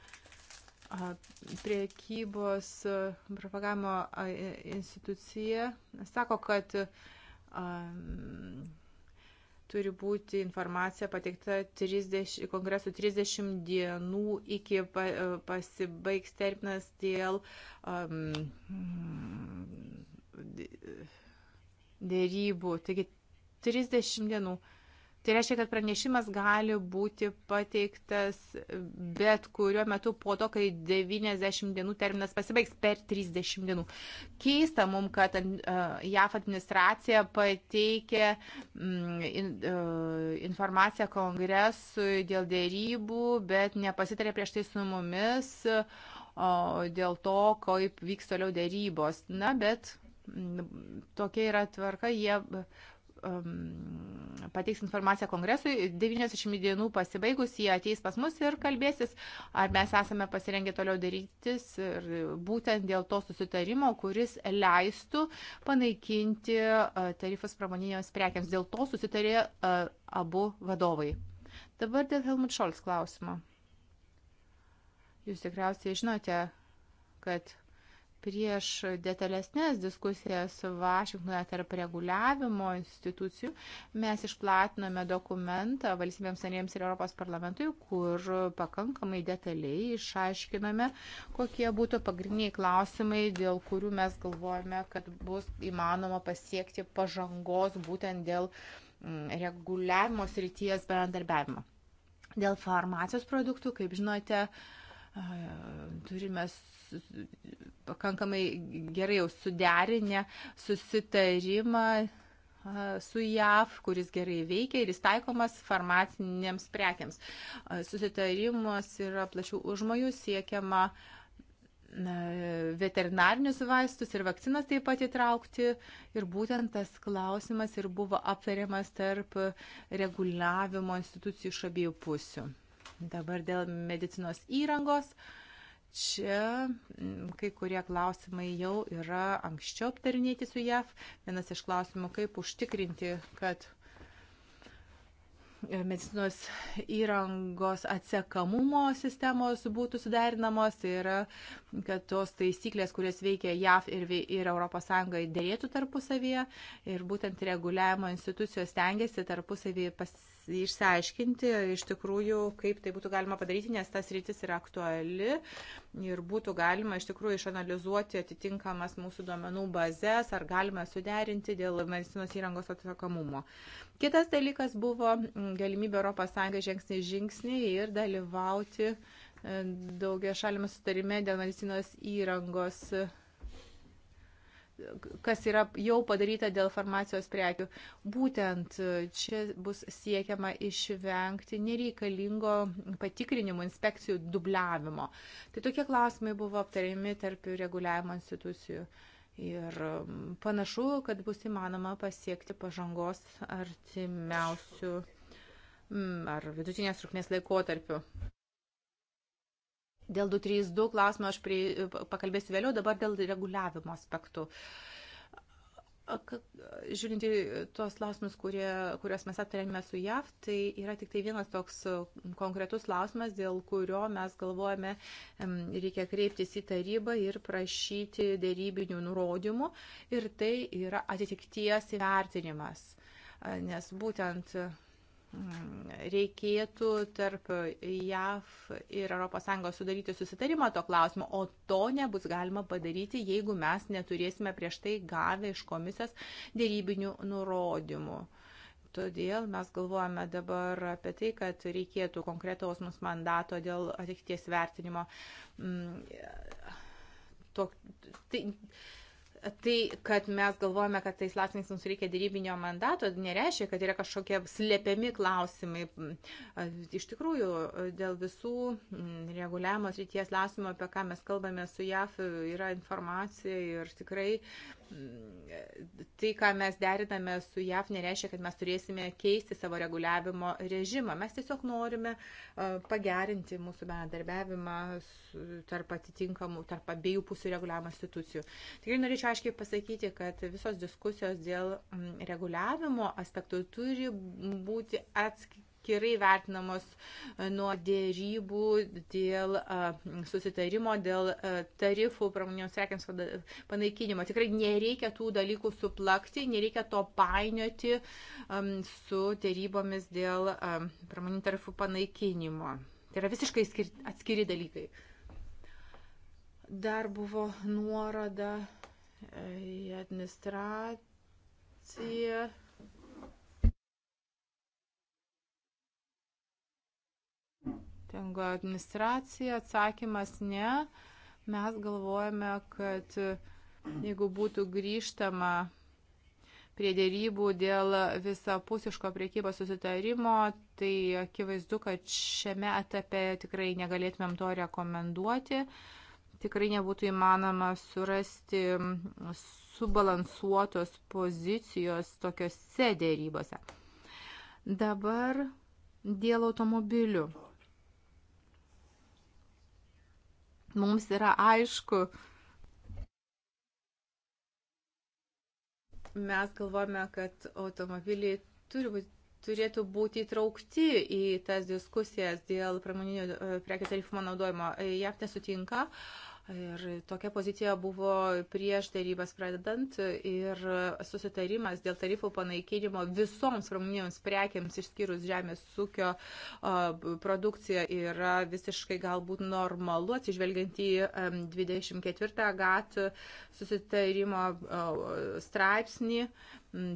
priekybos propagavimo institucija sako, kad turi būti informacija pateikta 30, kongresu 30 dienų iki pa, pasibaigs terminas dėl um, dėrybų. Taigi 30 dienų. Uh, Tai reiškia, kad pranešimas gali būti pateiktas bet kuriuo metu po to, kai 90 dienų terminas pasibaigs per 30 dienų. Keista mum, kad JAF administracija pateikė mm, informaciją kongresui dėl dėrybų, bet nepasitarė prieš tai su mumis dėl to, kaip vyks toliau dėrybos. Na, bet mm, tokia yra tvarka, jie um, pateiks informaciją kongresui, 90 dienų pasibaigus jie ateis pas mus ir kalbėsis, ar mes esame pasirengę toliau darytis ir būtent dėl to susitarimo, kuris leistų panaikinti uh, tarifus pramoninėms prekiams. Dėl to susitarė uh, abu vadovai. Dabar dėl Helmut Scholz klausimo. Jūs tikriausiai žinote, kad prieš detalesnės diskusijas Vašingtoje tarp reguliavimo institucijų mes išplatinome dokumentą valstybėms narėms ir Europos parlamentui, kur pakankamai detaliai išaiškiname, kokie būtų pagrindiniai klausimai, dėl kurių mes galvojame, kad bus įmanoma pasiekti pažangos būtent dėl mm, reguliavimo srities bendradarbiavimo. Dėl farmacijos produktų, kaip žinote, turime pakankamai gerai jau suderinę susitarimą su JAV, kuris gerai veikia ir jis taikomas farmacinėms prekiams. Susitarimas yra plačių užmojų siekiama veterinarinius vaistus ir vakcinas taip pat įtraukti. Ir būtent tas klausimas ir buvo aptariamas tarp reguliavimo institucijų iš abiejų pusių. Dabar dėl medicinos įrangos. Uh, čia kai kurie klausimai jau yra anksčiau aptarinėti su JAV. Vienas iš klausimų, kaip užtikrinti, kad e, medicinos įrangos atsekamumo sistemos būtų suderinamos ir tai kad tos taisyklės, kurias veikia JAV ir, ir ES dėrėtų tarpusavyje ir būtent reguliavimo institucijos tengiasi tarpusavyje pasiekti išsiaiškinti iš tikrųjų, kaip tai būtų galima padaryti, nes tas rytis yra aktuali ir būtų galima iš tikrųjų išanalizuoti atitinkamas mūsų duomenų bazės, ar galima suderinti dėl medicinos įrangos atsakomumo. Kitas dalykas buvo galimybė ES žingsnį žingsnį ir dalyvauti e, daugia šalime sutarime dėl medicinos įrangos kas yra jau padaryta dėl farmacijos prekių. Būtent e, čia bus siekiama išvengti nereikalingo patikrinimo inspekcijų dubliavimo. Tai tokie klausimai buvo aptariami tarp reguliavimo institucijų. Ir panašu, kad bus įmanoma pasiekti pažangos artimiausių ar vidutinės trukmės laikotarpių. Dėl 232 klausimo aš prie, pakalbėsiu vėliau, dabar dėl reguliavimo aspektų. Žiūrint į tuos klausimus, kurie, kuriuos mes aptarėme su JAV, tai yra tik tai vienas toks konkretus klausimas, dėl kurio mes galvojame, reikia kreiptis į tarybą ir prašyti dėrybinių nurodymų. Ir tai yra atitikties įvertinimas. Nes būtent reikėtų tarp JAV ir ES sudaryti susitarimą to klausimo, o to nebus galima padaryti, jeigu mes neturėsime prieš tai gavę iš komisijos dėrybinių nurodymų. Todėl mes galvojame dabar apie tai, kad reikėtų konkretaus mums mandato dėl ateities vertinimo. Mm, to, tai, Tai, kad mes galvojame, kad tais lasnais mums reikia dėrybinio mandato, nereiškia, kad yra kažkokie slėpiami klausimai. Mm, iš tikrųjų, dėl visų mm, reguliavimo srities klausimų, apie ką mes kalbame su JAF, yra informacija ir tikrai mm, tai, ką mes deriname su JAF, nereiškia, kad mes turėsime keisti savo reguliavimo režimą. Mes tiesiog norime pagerinti mūsų bendarbiavimą tarp atitinkamų, tarp abiejų pusių reguliavimo institucijų. Tikrai norėčiau aiškiai pasakyti, kad visos diskusijos dėl mm, reguliavimo aspektų turi būti atskirai vertinamos e, nuo dėrybų dėl e, susitarimo, dėl e, tarifų pramonėms prekiams panaikinimo. Tikrai nereikia tų dalykų suplakti, nereikia to painioti mm, su dėrybomis dėl pramoninių tarifų panaikinimo. Tai yra visiškai atskiri dalykai dar buvo nuoroda į administraciją. Tengo administracija, atsakymas ne. Mes galvojame, kad jeigu būtų grįžtama prie dėrybų dėl visapusiško priekybos susitarimo, tai akivaizdu, kad šiame etape tikrai negalėtumėm to rekomenduoti. Uh, tikrai nebūtų įmanoma surasti subalansuotos pozicijos tokiuose dėrybose. Dabar dėl automobilių. Mums yra aišku, mes galvojame, kad automobiliai turi būti turėtų būti įtraukti į tas diskusijas dėl pramoninio e, prekių tarifų naudojimo. E, JAV nesutinka. Uh, Ir tokia pozicija buvo prieš darybas pradedant ir susitarimas dėl tarifų panaikinimo visoms pramoninėms prekiams išskyrus žemės ūkio produkciją yra visiškai galbūt normalu atsižvelgiant į 24 GAT susitarimo straipsnį,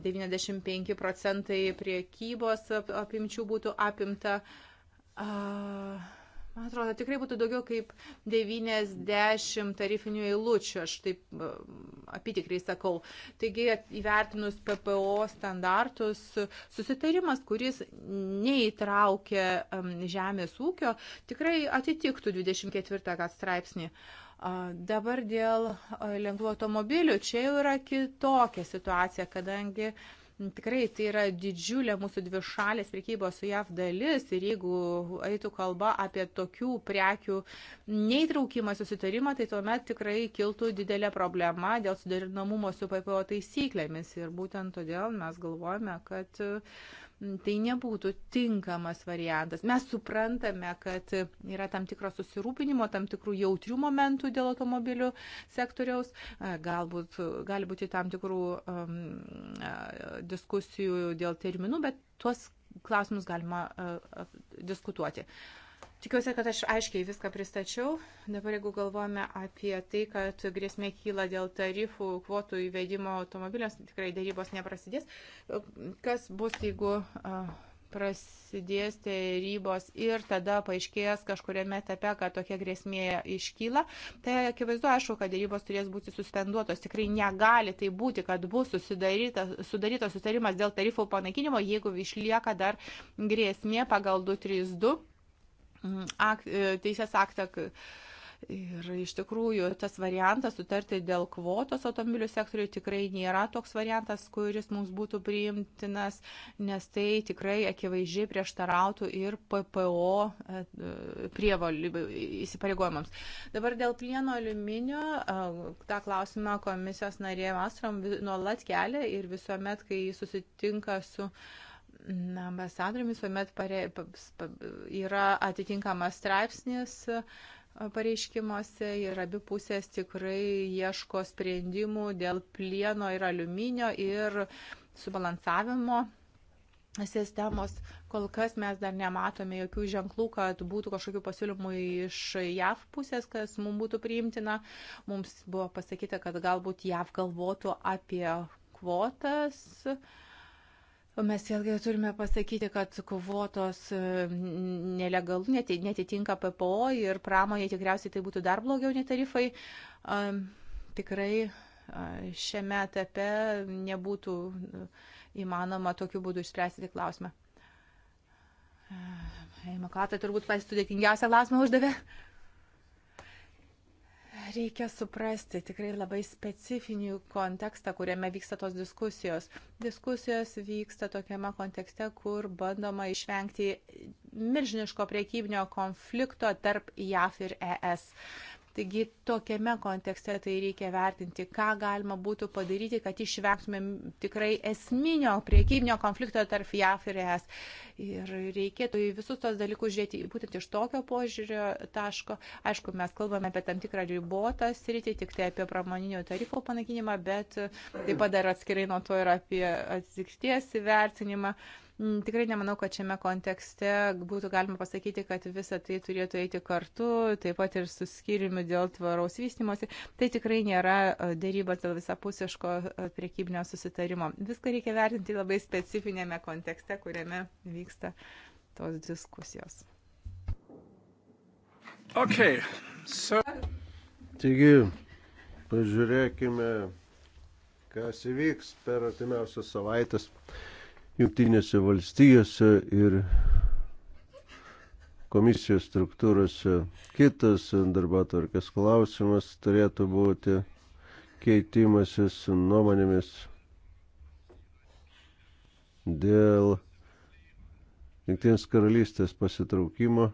95 procentai priekybos apimčių būtų apimta. Uh, Man atrodo, tikrai būtų daugiau kaip 90 tarifinių eilučių, aš taip apitikrai sakau. Taigi, įvertinus PPO standartus, susitarimas, kuris neįtraukia žemės ūkio, tikrai atitiktų 24 straipsnį. Dabar dėl lengvų automobilių, čia jau yra kitokia situacija, kadangi uh, Tikrai tai yra didžiulė mūsų dvišalės priekybos su JAV dalis ir jeigu eitų kalba apie tokių prekių neįtraukimą į susitarimą, tai tuomet tikrai kiltų didelė problema dėl sudarinamumo su PPO taisyklėmis ir būtent todėl mes galvojame, kad uh, Mm, tai nebūtų tinkamas variantas. Mes suprantame, kad yra tam tikro susirūpinimo, tam tikrų jautrių momentų dėl automobilių sektoriaus, galbūt gali būti tam tikrų um, diskusijų dėl terminų, bet tuos klausimus galima uh, diskutuoti. Uh, Tikiuosi, kad aš aiškiai viską pristačiau. Dabar jeigu galvojame apie tai, kad grėsmė kyla dėl tarifų kvotų įvedimo automobiliams, tai tikrai dėrybos neprasidės. Kas bus, jeigu prasidės dėrybos ir tada paaiškės kažkuriame etape, kad tokia grėsmė iškyla, tai akivaizdu, aišku, kad dėrybos turės būti suspenduotos. Tikrai negali tai būti, kad bus sudarytas sutarimas dėl tarifų panaikinimo, jeigu išlieka dar grėsmė pagal 232 Mhm. ak, e, teisės aktą. Ir iš tikrųjų tas variantas sutarti dėl kvotos automobilių sektoriui tikrai nėra toks variantas, kuris mums būtų priimtinas, nes tai tikrai akivaizdžiai prieštarautų ir PPO e, e, prievalių įsipareigojimams. Dabar dėl plieno aliuminio, tą klausimą komisijos narė Mastrom nuolat kelia ir visuomet, kai susitinka su uh, ambasadoriumi, visuomet pare... yra atitinkamas straipsnis e, pareiškimuose ir abi pusės tikrai ieško sprendimų dėl plieno ir aliuminio ir subalansavimo sistemos. Kol kas mes dar nematome jokių ženklų, kad būtų kažkokių pasiūlymų iš JAV pusės, kas mums būtų priimtina. Mums buvo pasakyta, kad galbūt JAV galvotų apie kvotas. Uh, Mes vėlgi turime pasakyti, kad kovotos e, nelegalų netitinka PPO ir pramonė tikriausiai tai būtų dar blogiau nei tarifai. Tikrai šiame etape nebūtų e, įmanoma tokiu būdu išspręsti klausimą. E, Makata turbūt pats sudėtingiausią klausimą uždavė. Reikia suprasti tikrai labai specifinį kontekstą, kuriame vyksta tos diskusijos. Diskusijos vyksta tokiame kontekste, kur bandoma išvengti milžiniško priekybinio konflikto tarp JAF ir ES. Taigi tokiame kontekste tai reikia vertinti, ką galima būtų padaryti, kad išvengtumėm tikrai esminio priekybinio konflikto tarp JAF ir ES. Ir reikėtų į visus tos dalykus žiūrėti būtent iš tokio požiūrio taško. Aišku, mes kalbame apie tam tikrą ribotą sritį, tik tai apie pramoninio tarifo panaikinimą, bet taip pat dar atskirai nuo to ir apie atsikties įvertinimą. Uh, Mm, tikrai nemanau, kad šiame kontekste būtų galima pasakyti, kad visa tai turėtų eiti kartu, taip pat ir su skiriumi dėl tvaraus vystimosi. Tai tikrai nėra e, dėrybas dėl visapusiško e, priekybinio susitarimo. Viską reikia vertinti labai specifinėme kontekste, kuriame vyksta tos diskusijos. Okay, so... Taigi, pažiūrėkime, kas įvyks per atimiausias savaitės. Junktinėse valstijose ir komisijos struktūrose. Kitas darbatvarkės klausimas turėtų būti keitimasis nuomonėmis dėl Junktinės karalystės pasitraukimo,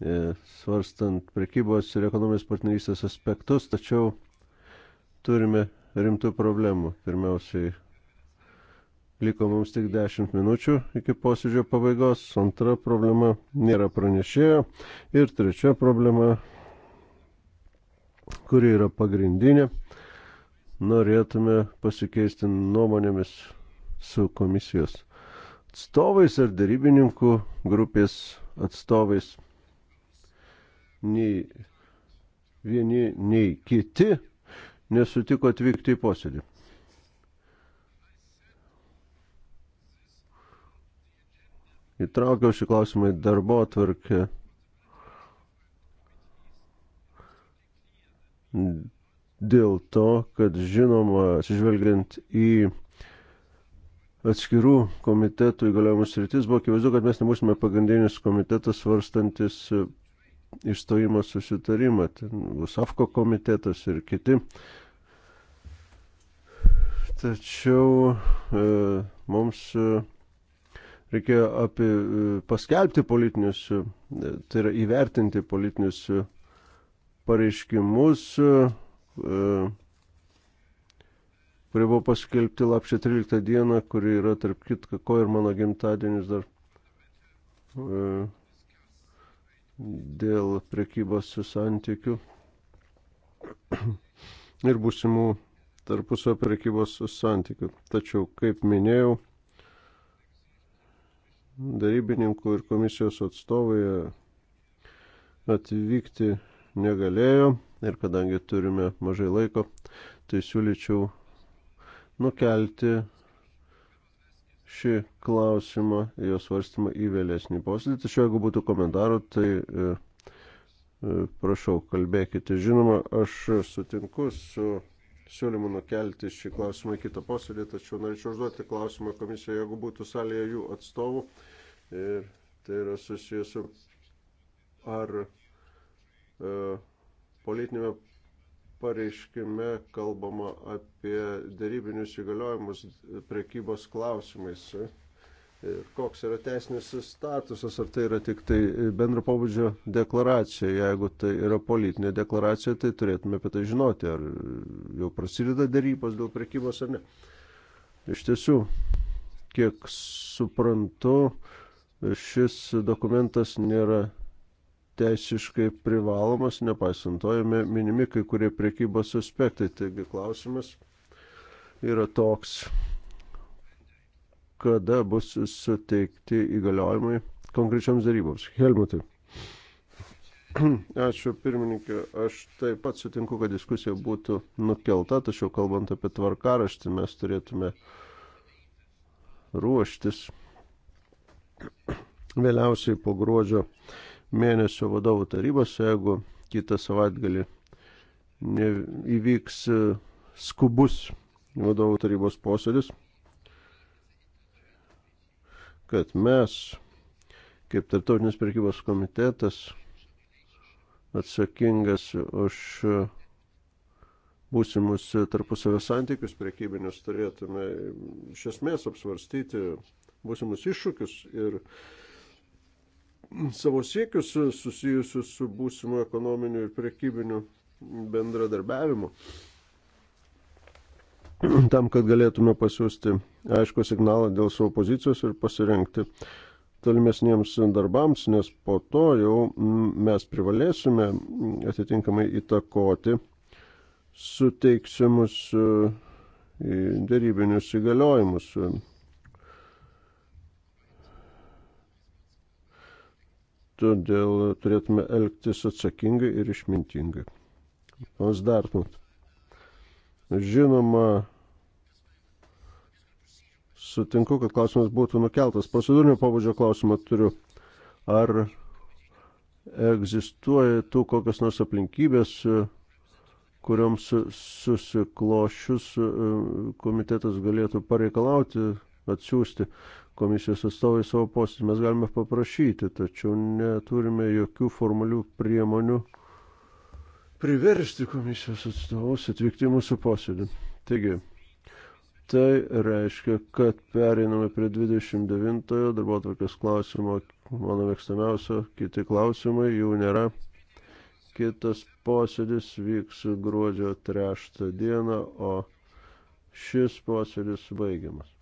e, svarstant prekybos ir ekonomijos partnerystės aspektus, tačiau turime rimtų problemų. Pirmiausiai Liko mums tik 10 minučių iki posėdžio pabaigos. Antra problema nėra pranešėjo. Ir trečia problema, kuri yra pagrindinė, norėtume pasikeisti nuomonėmis su komisijos atstovais ir darybininkų grupės atstovais. Nei vieni, nei kiti nesutiko atvykti į posėdį. įtraukiau šį klausimą į darbo atvarkę. Dėl to, kad žinoma, atsižvelgiant į atskirų komitetų įgaliojimus rytis, buvo akivaizdu, kad mes nebūsime pagrindinis komitetas svarstantis išstojimo susitarimą. Ten bus AFKO komitetas ir kiti. Tačiau e, mums e, reikėjo apie, e, paskelbti politinius, e, tai yra įvertinti politinius e, pareiškimus, kurie buvo paskelbti lapčio 13 dieną, kuri yra tarp kitko, ko ir mano gimtadienis dar dėl prekybos santykių ir būsimų tarpusio prekybos santykių. Tačiau, kaip minėjau, darybininkų ir komisijos atstovai atvykti negalėjo ir kadangi turime mažai laiko, tai siūlyčiau nukelti šį klausimą, jos svarstymą į vėlesnį posėdį. Tačiau jeigu būtų komentarų, tai e, e, prašau, kalbėkite. Žinoma, aš sutinku su siūlymų nukelti šį klausimą į kitą posėdį, tačiau norėčiau užduoti klausimą komisijoje, jeigu būtų salėje jų atstovų. Ir tai yra susijęs su ar e, politinėme pareiškime kalbama apie darybinius įgaliojimus prekybos klausimais. E, koks yra teisinis statusas, ar tai yra tik tai bendro pobūdžio deklaracija. Jeigu tai yra politinė deklaracija, tai turėtume apie tai žinoti, ar jau prasideda darybos dėl prekybos ar ne. Iš tiesų, kiek suprantu, šis dokumentas nėra teisiškai privalomas, nepaisantojame minimi kai kurie prekybos aspektai. Taigi klausimas yra toks, kada bus suteikti įgaliojimai konkrečioms daryboms. Helmutai. [CLEARS THROAT] Ačiū pirmininkė. Aš taip pat sutinku, kad diskusija būtų nukelta, tačiau kalbant apie tvarkaraštį mes turėtume ruoštis [CLEARS THROAT] vėliausiai po gruodžio mėnesio vadovų tarybos, jeigu kitą savaitgalį įvyks skubus vadovų tarybos posėdis kad mes, kaip Tartautinės prekybos komitetas, atsakingas už būsimus tarpusavio santykius prekybinius, turėtume iš esmės apsvarstyti būsimus iššūkius ir savo siekius susijusius su būsimu ekonominiu ir prekybiniu bendradarbiavimu. [CLEARS THROAT] tam, kad galėtume pasiūsti aišku signalą dėl savo pozicijos ir pasirengti tolimesniems darbams, nes po to jau mm, mes privalėsime mm, atitinkamai įtakoti suteiksimus e, dėrybinius įgaliojimus. Todėl turėtume elgtis atsakingai ir išmintingai. Pans Dartmut. Žinoma, sutinku, kad klausimas būtų nukeltas. Procedūrinio pabudžio klausimą turiu. Ar egzistuoja tų kokios nors aplinkybės, kurioms susiklošius e, komitetas galėtų pareikalauti atsiųsti komisijos atstovai savo posėdį. Mes galime paprašyti, tačiau neturime jokių formalių priemonių priversti komisijos atstovus atvykti į mūsų posėdį. Taigi, Tai reiškia, kad pereiname prie 29-ojo darbo tokios klausimo, mano mėgstamiausio, kiti klausimai jų nėra. Kitas posėdis vyks gruodžio 3 dieną, o šis posėdis baigiamas.